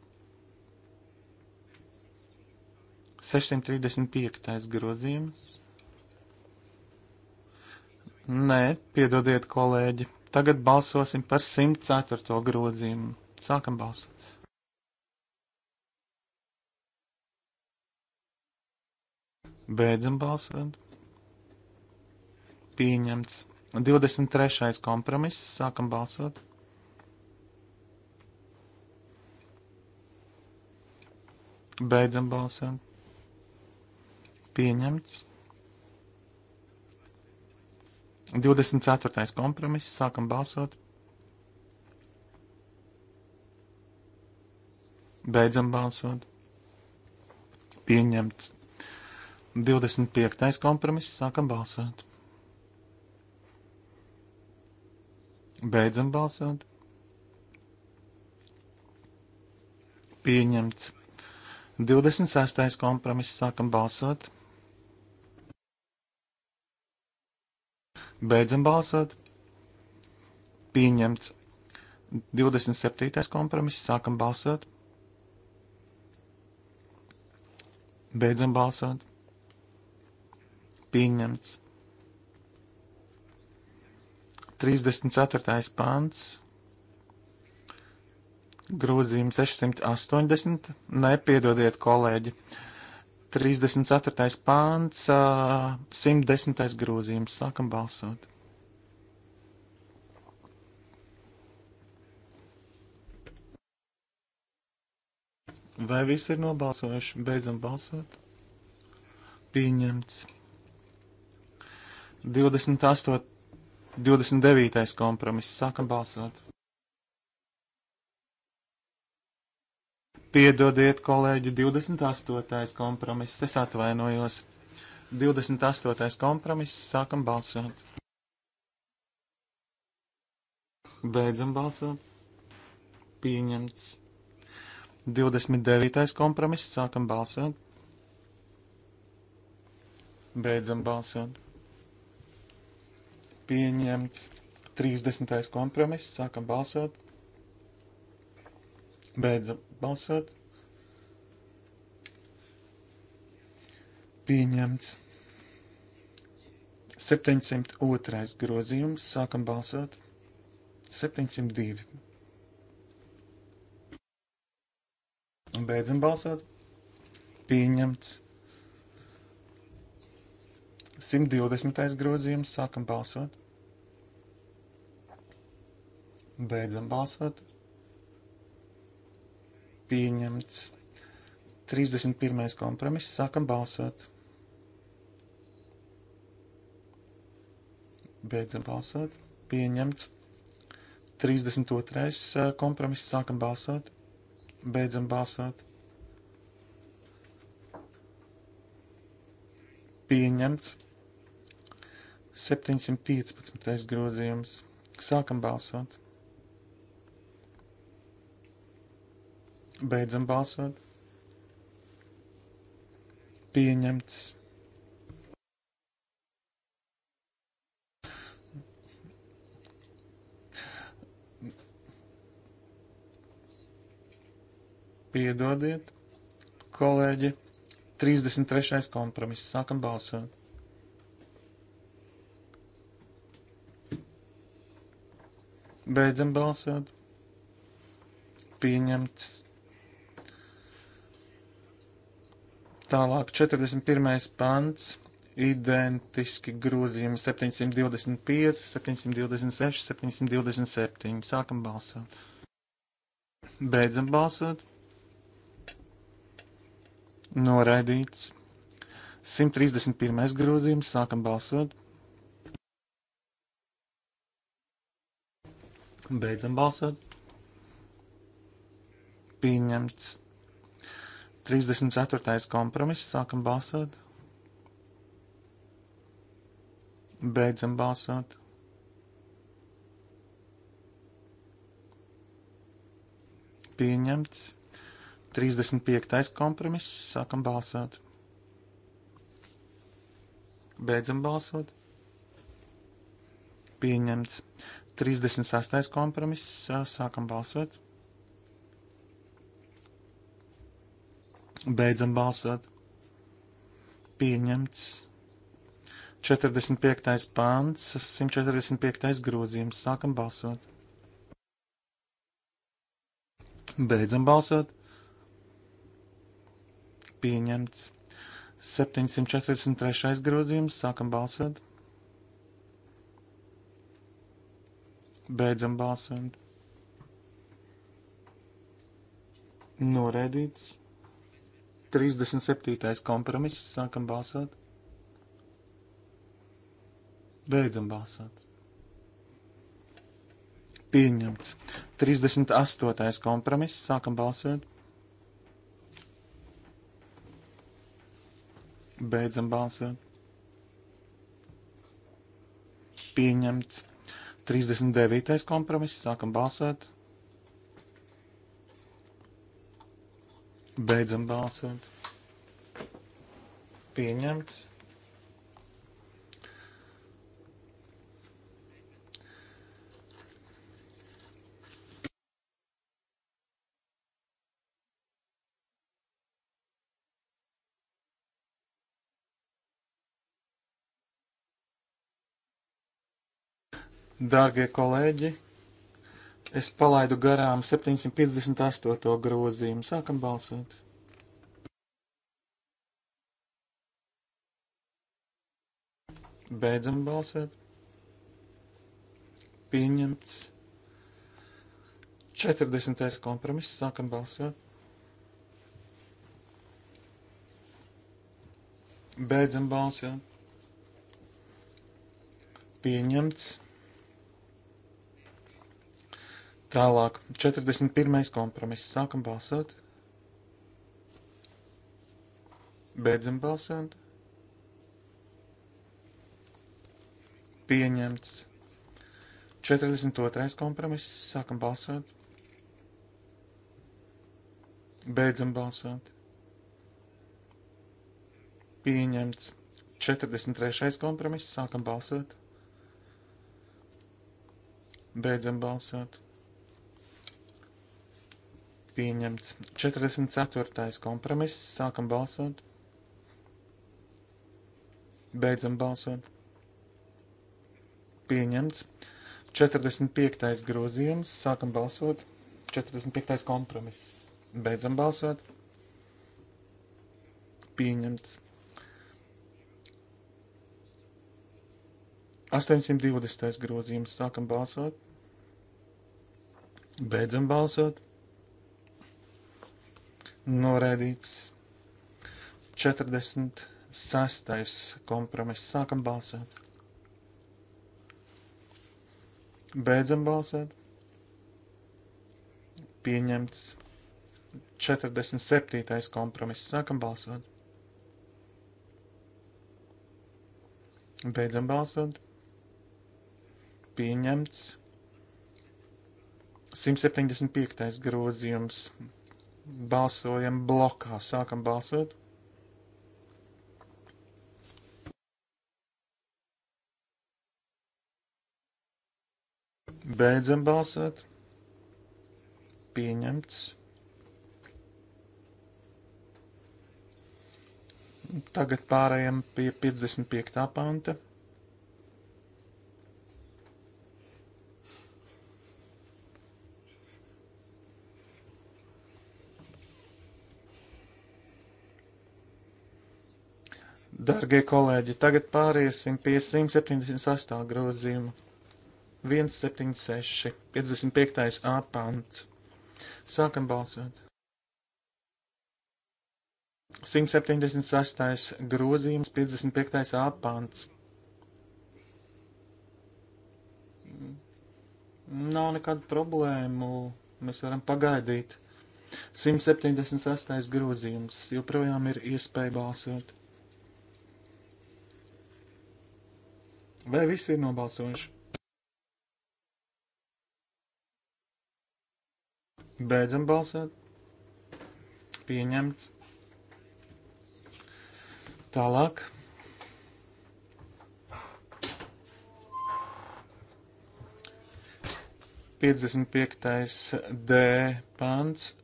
635. grozījums. Nē, piedodiet, kolēģi. Tagad balsosim par 104. grozījumu. Sākam balsot. Beidzam balsot. Pieņemts. 23. kompromiss. Sākam balsot. Beidzam balsot. Pieņemts. 24. kompromiss. Sākam balsot. Beidzam balsot. Pieņemts. 25. kompromiss. Sākam balsot. Beidzam balsot. Pieņemts. 26. kompromiss. Sākam balsot. Beidzam balsot. Pieņemts 27. kompromiss. Sākam balsot. Beidzam balsot. Pieņemts 34. pāns. Grozījums 680. Nepiedodiet, kolēģi. 34. pāns, 110. grozījums. Sākam balsot. Vai visi ir nobalsojuši? Beidzam balsot. Pieņemts. 28. 29. kompromiss. Sākam balsot. Piedodiet, kolēģi, 28. kompromiss, es atvainojos. 28. kompromiss, sākam balsot. Beidzam balsot. Pieņemts. 29. kompromiss, sākam balsot. Beidzam balsot. Pieņemts. 30. kompromiss, sākam balsot. Beidzam balsot. Pieņemts. 702. grozījums. Sākam balsot. 702. Un beidzam balsot. Pieņemts. 120. grozījums. Sākam balsot. Beidzam balsot pieņemts. 31. kompromiss. Sākam balsot. Beidzam balsot. Pieņemts. 32. Eh, kompromiss. Sākam balsot. Beidzam balsot. Pieņemts. 715. grozījums. Sākam balsot. Beidzam balsot. Pieņemts. Piedodiet, kolēģi, 33. kompromiss. Sākam balsot. Beidzam balsot. Pieņemts. Tālāk 41. pants, identiski grozījumi 725, 726, 727. Sākam balsot. Beidzam balsot. Noraidīts. 131. grozījums. Sākam balsot. Beidzam balsot. Pieņemts. 34. kompromiss. Sākam balsot. Beidzam balsot. Pieņemts. 35. kompromiss. Sākam balsot. Beidzam balsot. Pieņemts. 36. kompromiss. Sākam balsot. Beidzam balsot. Pieņemts. 45. pāns, 145. grozījums. Sākam balsot. Beidzam balsot. Pieņemts. 743. grozījums. Sākam balsot. Beidzam balsot. Noraidīts. 37. kompromiss. Sākam balsot. Beidzam balsot. Pieņemts. 38. kompromiss. Sākam balsot. Beidzam balsot. Pieņemts. 39. kompromiss. Sākam balsot. Beidzam balsot. Pieņemts. Dārgie kolēģi, Es palaidu garām 758. grozījumu. Sākam balsot. Beidzam balsot. Pieņemts 40. kompromiss. Sākam balsot. Beidzam balsot. Pieņemts Tālāk, 41. kompromiss. Sākam balsot. Beidzam balsot. Pieņemts. 42. kompromiss. Sākam balsot. Beidzam balsot. Pieņemts. 43. kompromiss. Sākam balsot. Beidzam balsot pieņemts. 44. kompromiss. Sākam balsot. Beidzam balsot. Pieņemts. 45. grozījums. Sākam balsot. 45. kompromiss. Beidzam balsot. Pieņemts. 820. grozījums. Sākam balsot. Beidzam balsot noraidīts. 46. kompromiss. Sākam balsot. Beidzam balsot. Pieņemts. 47. kompromiss. Sākam balsot. Beidzam balsot. Pieņemts. 175. grozījums. Balsojam blokā. Sākam balsot. Beidzam balsot. Pieņemts. Tagad pārējām pie 55. panta. Dargie kolēģi, tagad pāriesim pie 178 grozījuma. 176, 55. A pants. Sākam balsot. 178. grozījums, 55. A pants. Nav nekādu problēmu, mēs varam pagaidīt. 178. grozījums, joprojām ir iespēja balsot. Vai visi ir nobalsojuši? Beidzam balsot. Pieņemts. Tālāk. Piecdesmit piektais D pants,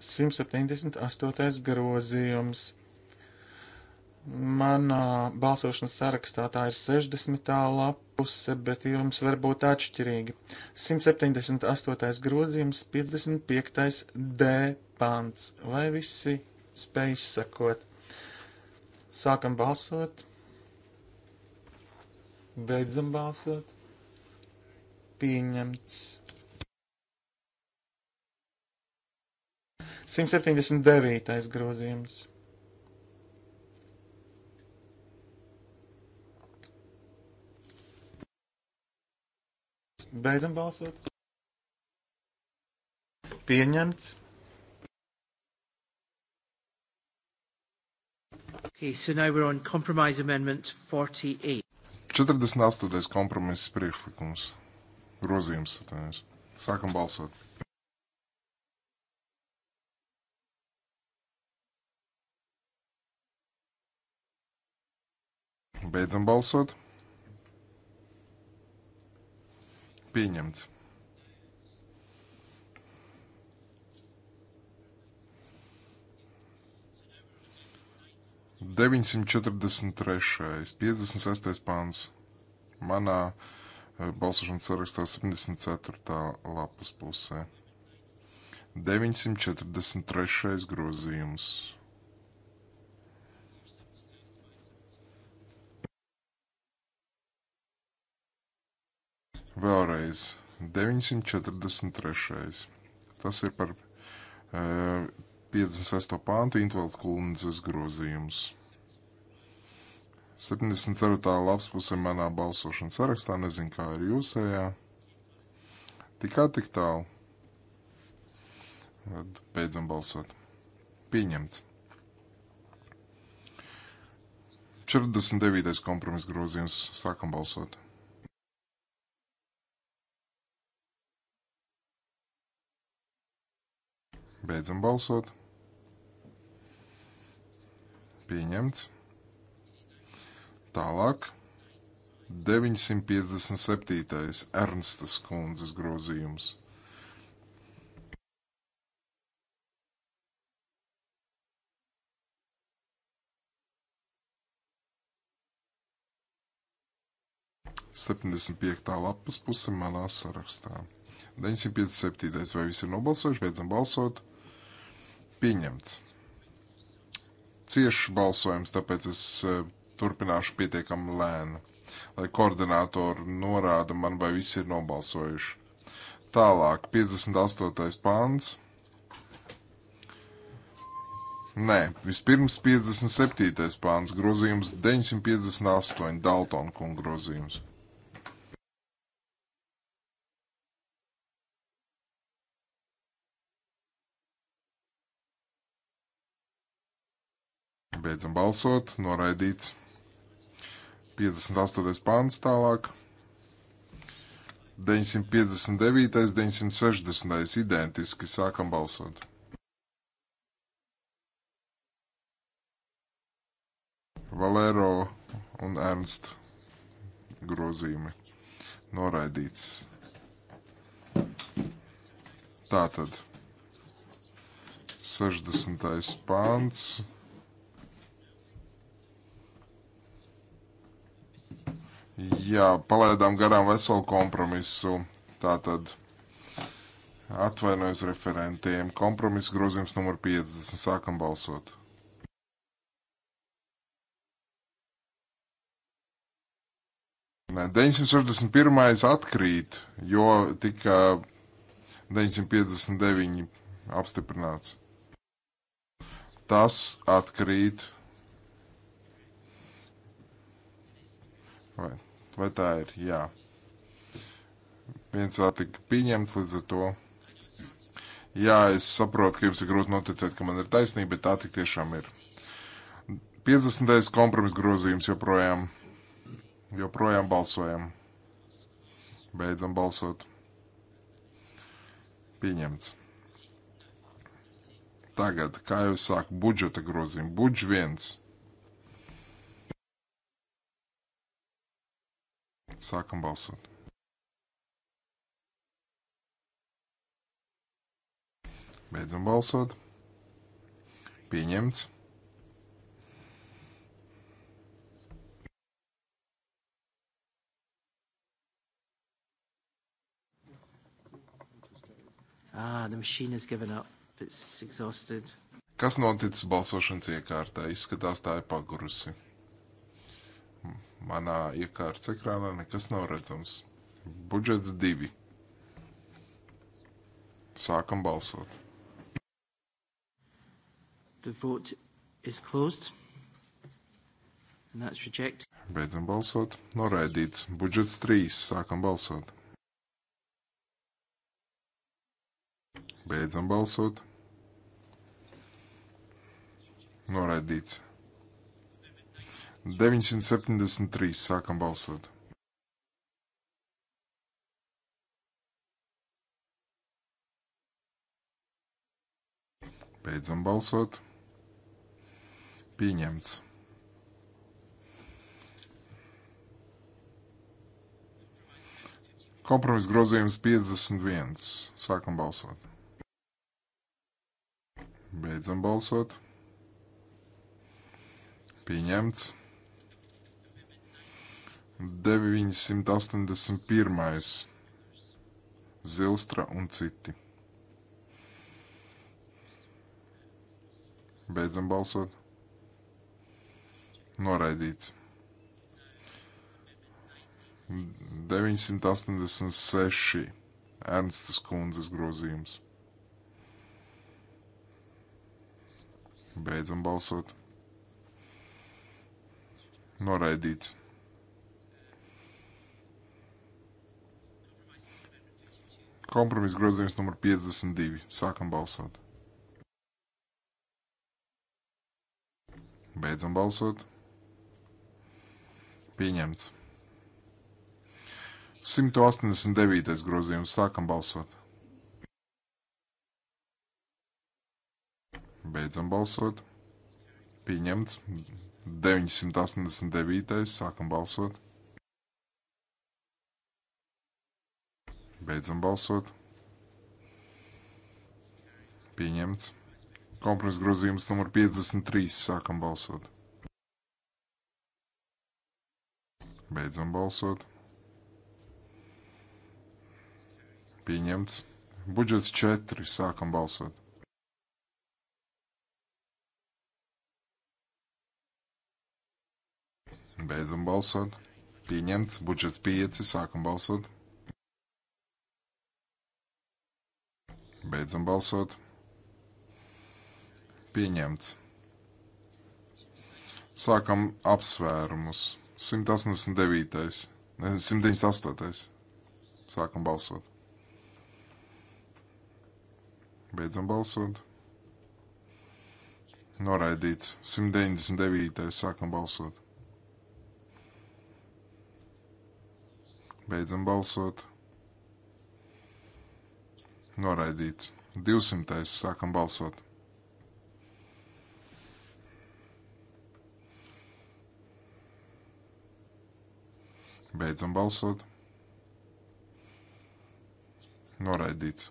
178. grozījums. Manā balsošanas sarakstā tā ir 60. lapuse, bet jums var būt atšķirīgi. 178. grozījums, 55. D pants. Vai visi spēj izsakot? Sākam balsot. Beidzam balsot. Pieņemts. 179. grozījums. Beidzam balsot. Pieņemts. Okay, so now we're on compromise amendment 48. 48. kompromiss priekšlikums. Grozījums. Tātad. Sākam balsot. Beidzam balsot. pieņemts. Deviņsimt četrdesmit trešais, piecdesmit sestais pāns. Manā eh, balsošanas sarakstā 74. lapas pusē. 943. grozījums. Vēlreiz 943. Tas ir par e, 56. pāntu Intvalds kundzes grozījums. 74. lapspuse manā balsošanas sarakstā, nezinu, kā ir jūsējā. Tikā tik tālu. Tad beidzam balsot. Pieņemts. 49. kompromis grozījums. Sākam balsot. Beidzam balsot. Pieņemts. Tālāk. 957. Ernstas kundzes grozījums. Septiņdesmit piektā lapas puse manā sarakstā. 957. vai visi ir nobalsojuši, beidzam balsot. Pieņemts. Cieši balsojums, tāpēc es e, turpināšu pietiekami lēni, lai koordinātori norāda man, vai visi ir nobalsojuši. Tālāk, 58. pāns. Nē, vispirms 57. pāns grozījums 958 Daltona kunga grozījums. Beidzam balsot, noraidīts. 58. pāns tālāk. 959. 960. identiski sākam balsot. Valero un Ernst grozījumi noraidīts. Tātad 60. pāns Jā, palaidām garām veselu kompromisu. Tātad atvainojos referentiem. Kompromiss grozījums numur 50. Sākam balsot. Nē, 961. atkrīt, jo tika 959 apstiprināts. Tas atkrīt. Right. Vai tā ir? Jā. Viens vēl tika pieņemts līdz ar to. Jā, es saprotu, ka jums ir grūti noticēt, ka man ir taisnība, bet tā tik tiešām ir. 50. kompromis grozījums joprojām. Joprojām balsojam. Beidzam balsot. Pieņemts. Tagad, kā jau es saku, budžeta grozījumi. Budž viens. Sākam balsot. Beidzam balsot. Pieņemts. Ah, the machine has given up. It's exhausted. Kas noticis balsošanas iekārtā? Izskatās, tā ir pagurusi. Manā iekārtas ekrānā nekas nav redzams. Budžets divi. Sākam balsot. The vote is closed. And that's rejected. Beidzam balsot. Noraidīts. Budžets 3. Sākam balsot. Beidzam balsot. Noraidīts. 973. Sākam balsot. Beidzam balsot. Pieņemts. Kompromiss grozījums 51. Sākam balsot. Beidzam balsot. Pieņemts. 981. Zilstra un citi. Beidzam balsot. Noraidīts. 986. Ernstas kundzes grozījums. Beidzam balsot. Noraidīts. Kompromisa grozījums numur 52. Sākam balsot. Beidzam balsot. Pieņemts. 189. grozījums. Sākam balsot. Beidzam balsot. Pieņemts. 989. Sākam balsot. Beidzam balsot. Pieņemts. Kompromisa grozījums numur 53. Sākam balsot. Beidzam balsot. Pieņemts. Budžets 4. Sākam balsot. Beidzam balsot. Pieņemts. Budžets 5. Sākam balsot. Beidzam balsot. Pieņemts. Sākam apsvērumus. 189. Ne, 198. Sākam balsot. Beidzam balsot. Noraidīts. 199. Sākam balsot. Beidzam balsot. Noraidīts. 200. Sākam balsot. Beidzam balsot. Noraidīts.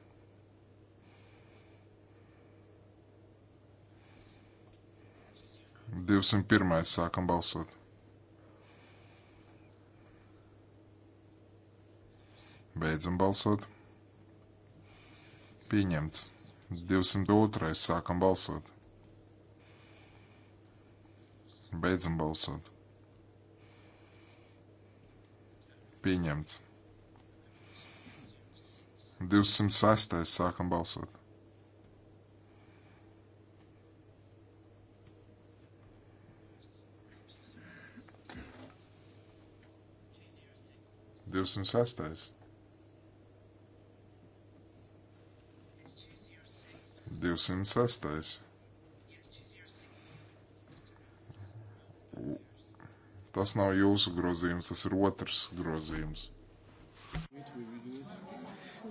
Divsimt pirmais sākam balsot. Beidzam balsot. Pieņemts. 202. Sākam balsot. Beidzam balsot. Pieņemts. 206. Sākam balsot. Divsimt sestais. 206. Tas nav jūsu grozījums, tas ir otrs grozījums.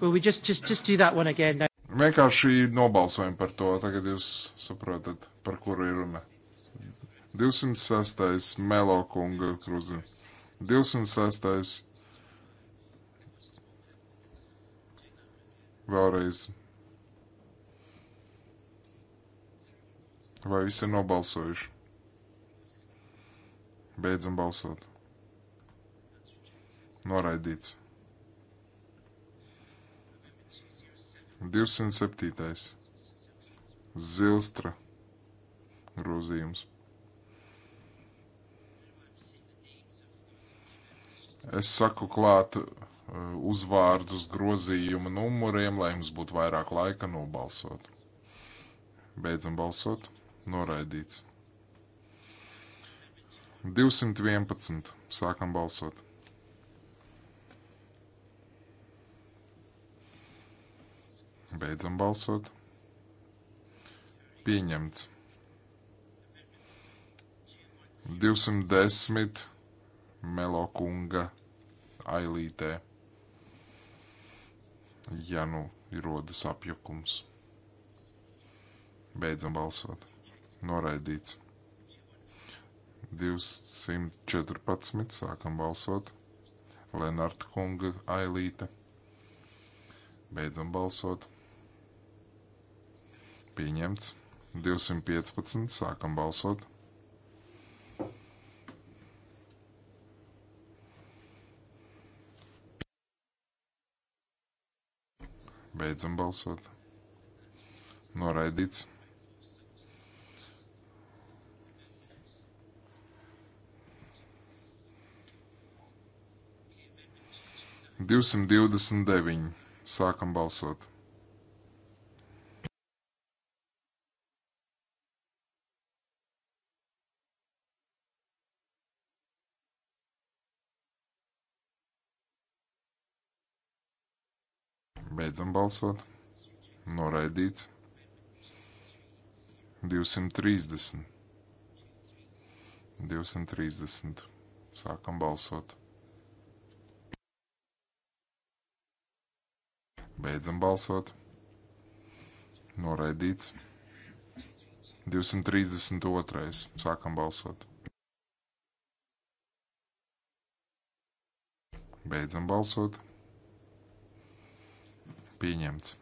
Well, we just, just, just do that one again now. Vienkārši nobalsojam par to, tagad jūs saprotat, par kuru ir runa. 206. Melo kunga grozījums. 206. Vēlreiz Vai visi ir nobalsojuši? Beidzam balsot. Noraidīts. 207. Zilstra grozījums. Es saku klāt uh, uzvārdus grozījuma numuriem, lai jums būtu vairāk laika nobalsot. Beidzam balsot. Noraidīts. 211. Sākam balsot. Beidzam balsot. Pieņemts. 210 Melokunga ailītē. Ja nu rodas apjukums. Beidzam balsot. Noraidīts. 214. Sākam balsot. Lenārta kunga ailīte. Beidzam balsot. Pieņemts. 215. Sākam balsot. Beidzam balsot. Noraidīts. 229. Sākam balsot. Beidzam balsot. Noraidīts. 230. 230. Sākam balsot. Beidzam balsot. Noraidīts. 232. Sākam balsot. Beidzam balsot. Pieņemts.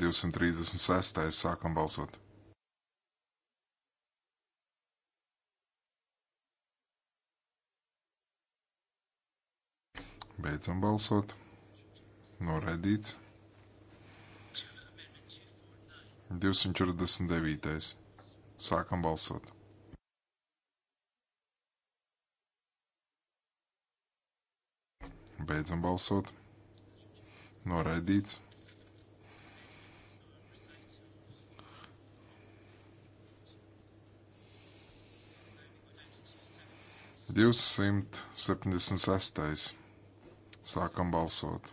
236. Sākam balsot. Beidzam balsot noraidīts. 249. Sākam balsot. Beidzam balsot. Noraidīts. Divsimt septiņdesmit sestais. Sākam balsot.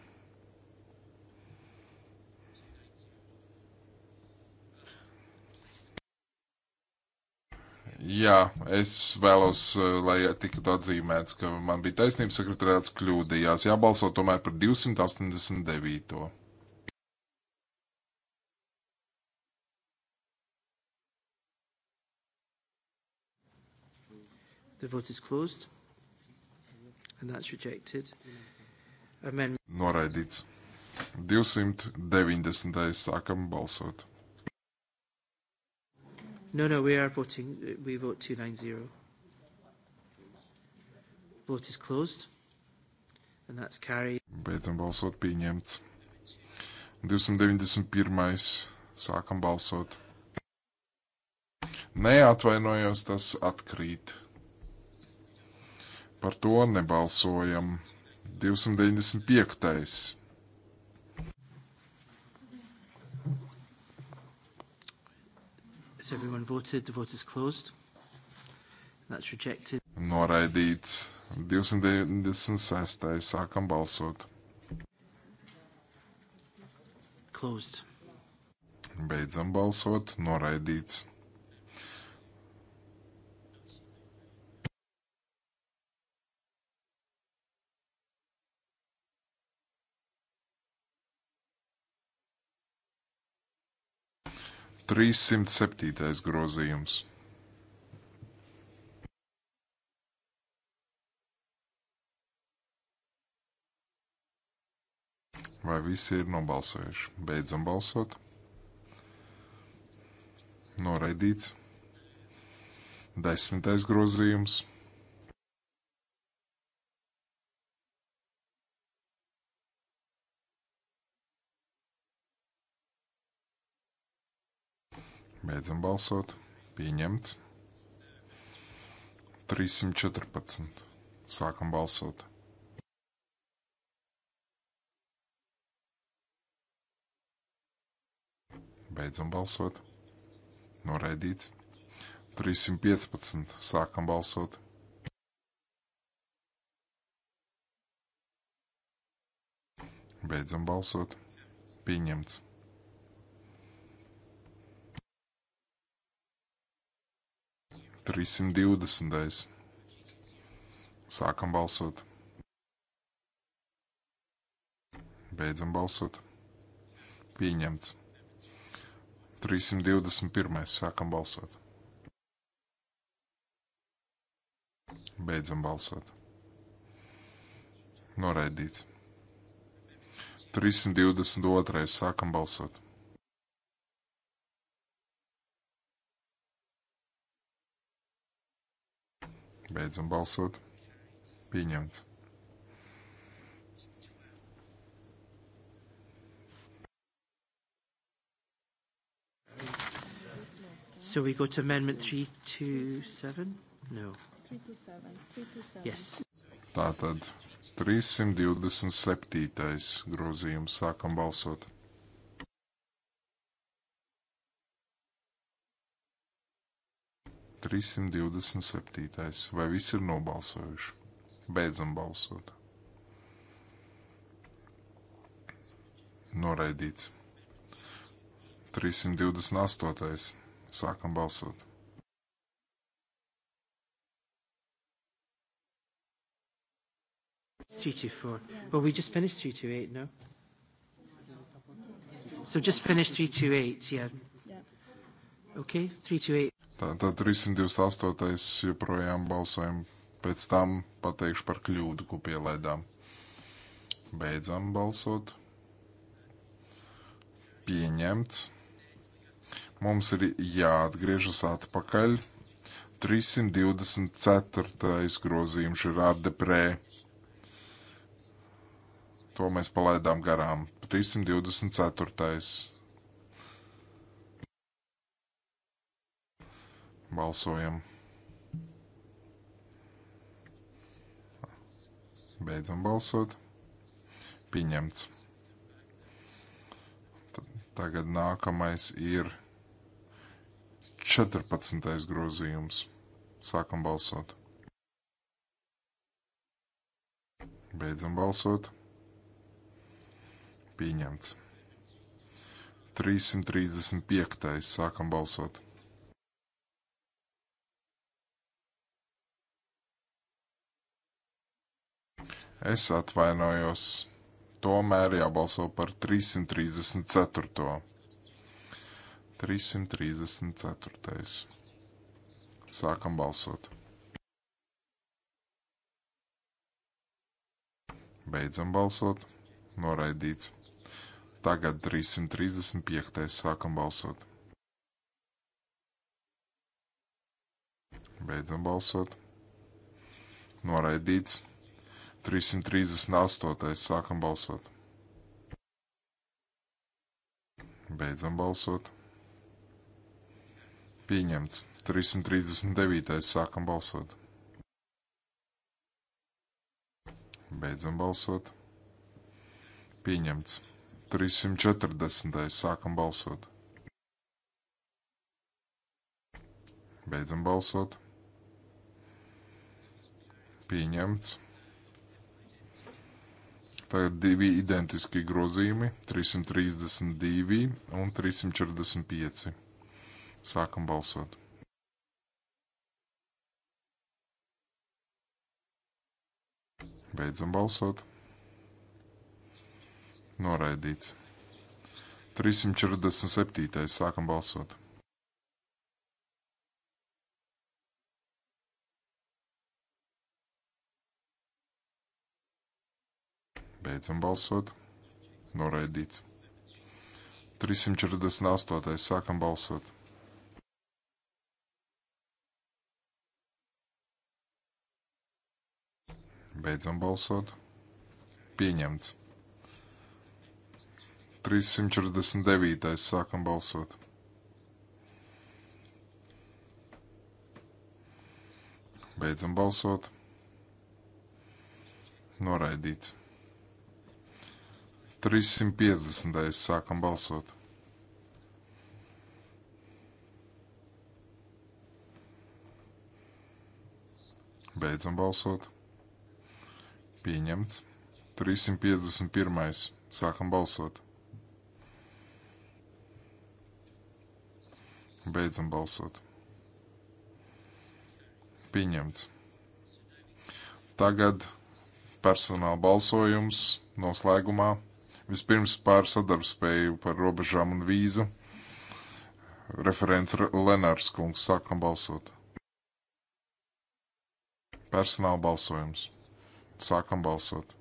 Jā, es vēlos, eh, lai tiktu atzīmēts, ka man bija taisnība, sekretariāts kļūdījās. Jābalso tomēr par 289. The vote is closed. And that's rejected. Amendment. Noraidīts. 290. sākam balsot. No, no, we are voting. We vote 290. Vote is closed. And that's carried. Beidzam balsot pieņemts. 291. Sākam balsot. Neatvainojos, tas atkrīt. Par to nebalsojam. 295. Has everyone voted? The vote is closed. That's rejected. Noraidīts. 296. Sākam balsot. Closed. Beidzam balsot. Noraidīts. 307. grozījums. Vai visi ir nobalsojuši? Beidzam balsot. Noraidīts. Desmitais grozījums. Beidzam balsot. Pieņemts. 314. Sākam balsot. Beidzam balsot. Noraidīts. 315. Sākam balsot. Beidzam balsot. Pieņemts. 320. Sākam balsot. Beidzam balsot. Pieņemts. 321. Sākam balsot. Beidzam balsot. Noraidīts. 322. Sākam balsot. Beidzam balsot. Pieņemts. So we go to amendment 327? No. 327. 327. Yes. Tātad 327. grozījums sākam balsot. 327. Vai viss ir nobalsojuši? Beidzam balsot. Noraidīts. 328. Sākam balsot. It's 324. Well, we just finished 328, no? So just finish 328, yeah. Okay, 328. Tātad 328. joprojām balsojam. Pēc tam pateikšu par kļūdu, ko pielaidām. Beidzam balsot. Pieņemts. Mums ir jāatgriežas atpakaļ. 324. grozījums ir atdeprē. To mēs palaidām garām. 324. Balsojam. Beidzam balsot. Pieņemts. Tagad nākamais ir 14. grozījums. Sākam balsot. Beidzam balsot. Pieņemts. 335. Sākam balsot. Es atvainojos. Tomēr jābalso par 334. 334. Sākam balsot. Beidzam balsot. Noraidīts. Tagad 335. sākam balsot. Beidzam balsot. Noraidīts. 338. Sākam balsot. Beidzam balsot. Pieņemts. 339. Sākam balsot. Beidzam balsot. Pieņemts. 340. Sākam balsot. Beidzam balsot. Pieņemts. Tagad divi identiski grozījumi - 332 un 345. Sākam balsot. Beidzam balsot. Noraidīts. 347. Sākam balsot. Beidzam balsot. Noraidīts. 348. Sākam balsot. Beidzam balsot. Pieņemts. 349. Sākam balsot. Beidzam balsot. Noraidīts. 350. Sākam balsot. Beidzam balsot. Pieņemts. 351. Sākam balsot. Beidzam balsot. Pieņemts. Tagad personāla balsojums noslēgumā. Vispirms pār sadarbspēju par robežām un vīzu. Referents Lenārs kungs sākam balsot. Personāla balsojums. Sākam balsot.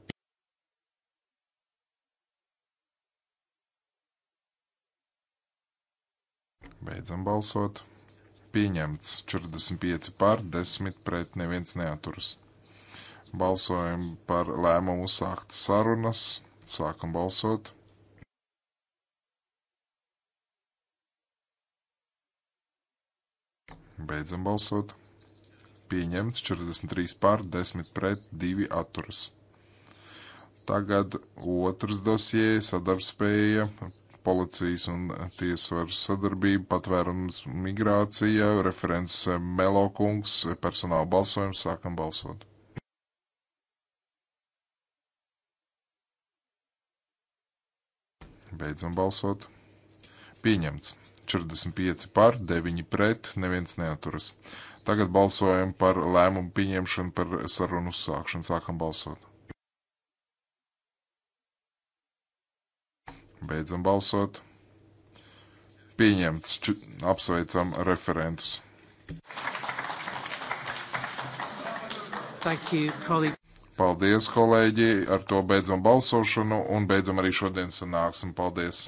Beidzam balsot. Pieņemts 45 pār 10 pret neviens neaturas. Balsojam par lēmumu uzsākt sarunas Sākam balsot. Beidzam balsot. Pieņemts 43 pār 10 pret 2 atturas. Tagad otrs dosie sadarbspēja policijas un tiesvaras sadarbība, patvērums migrācija, referents Melokungs, personāla balsojums, sākam balsot. Beidzam balsot. Pieņemts. 45 par, 9 pret, neviens neaturas. Tagad balsojam par lēmumu pieņemšanu par sarunu uzsākšanu. Sākam balsot. Beidzam balsot. Pieņemts. Č apsveicam referentus. Thank you, colleague. Paldies, kolēģi! Ar to beidzam balsošanu un beidzam arī šodienas sanāksmi. Paldies!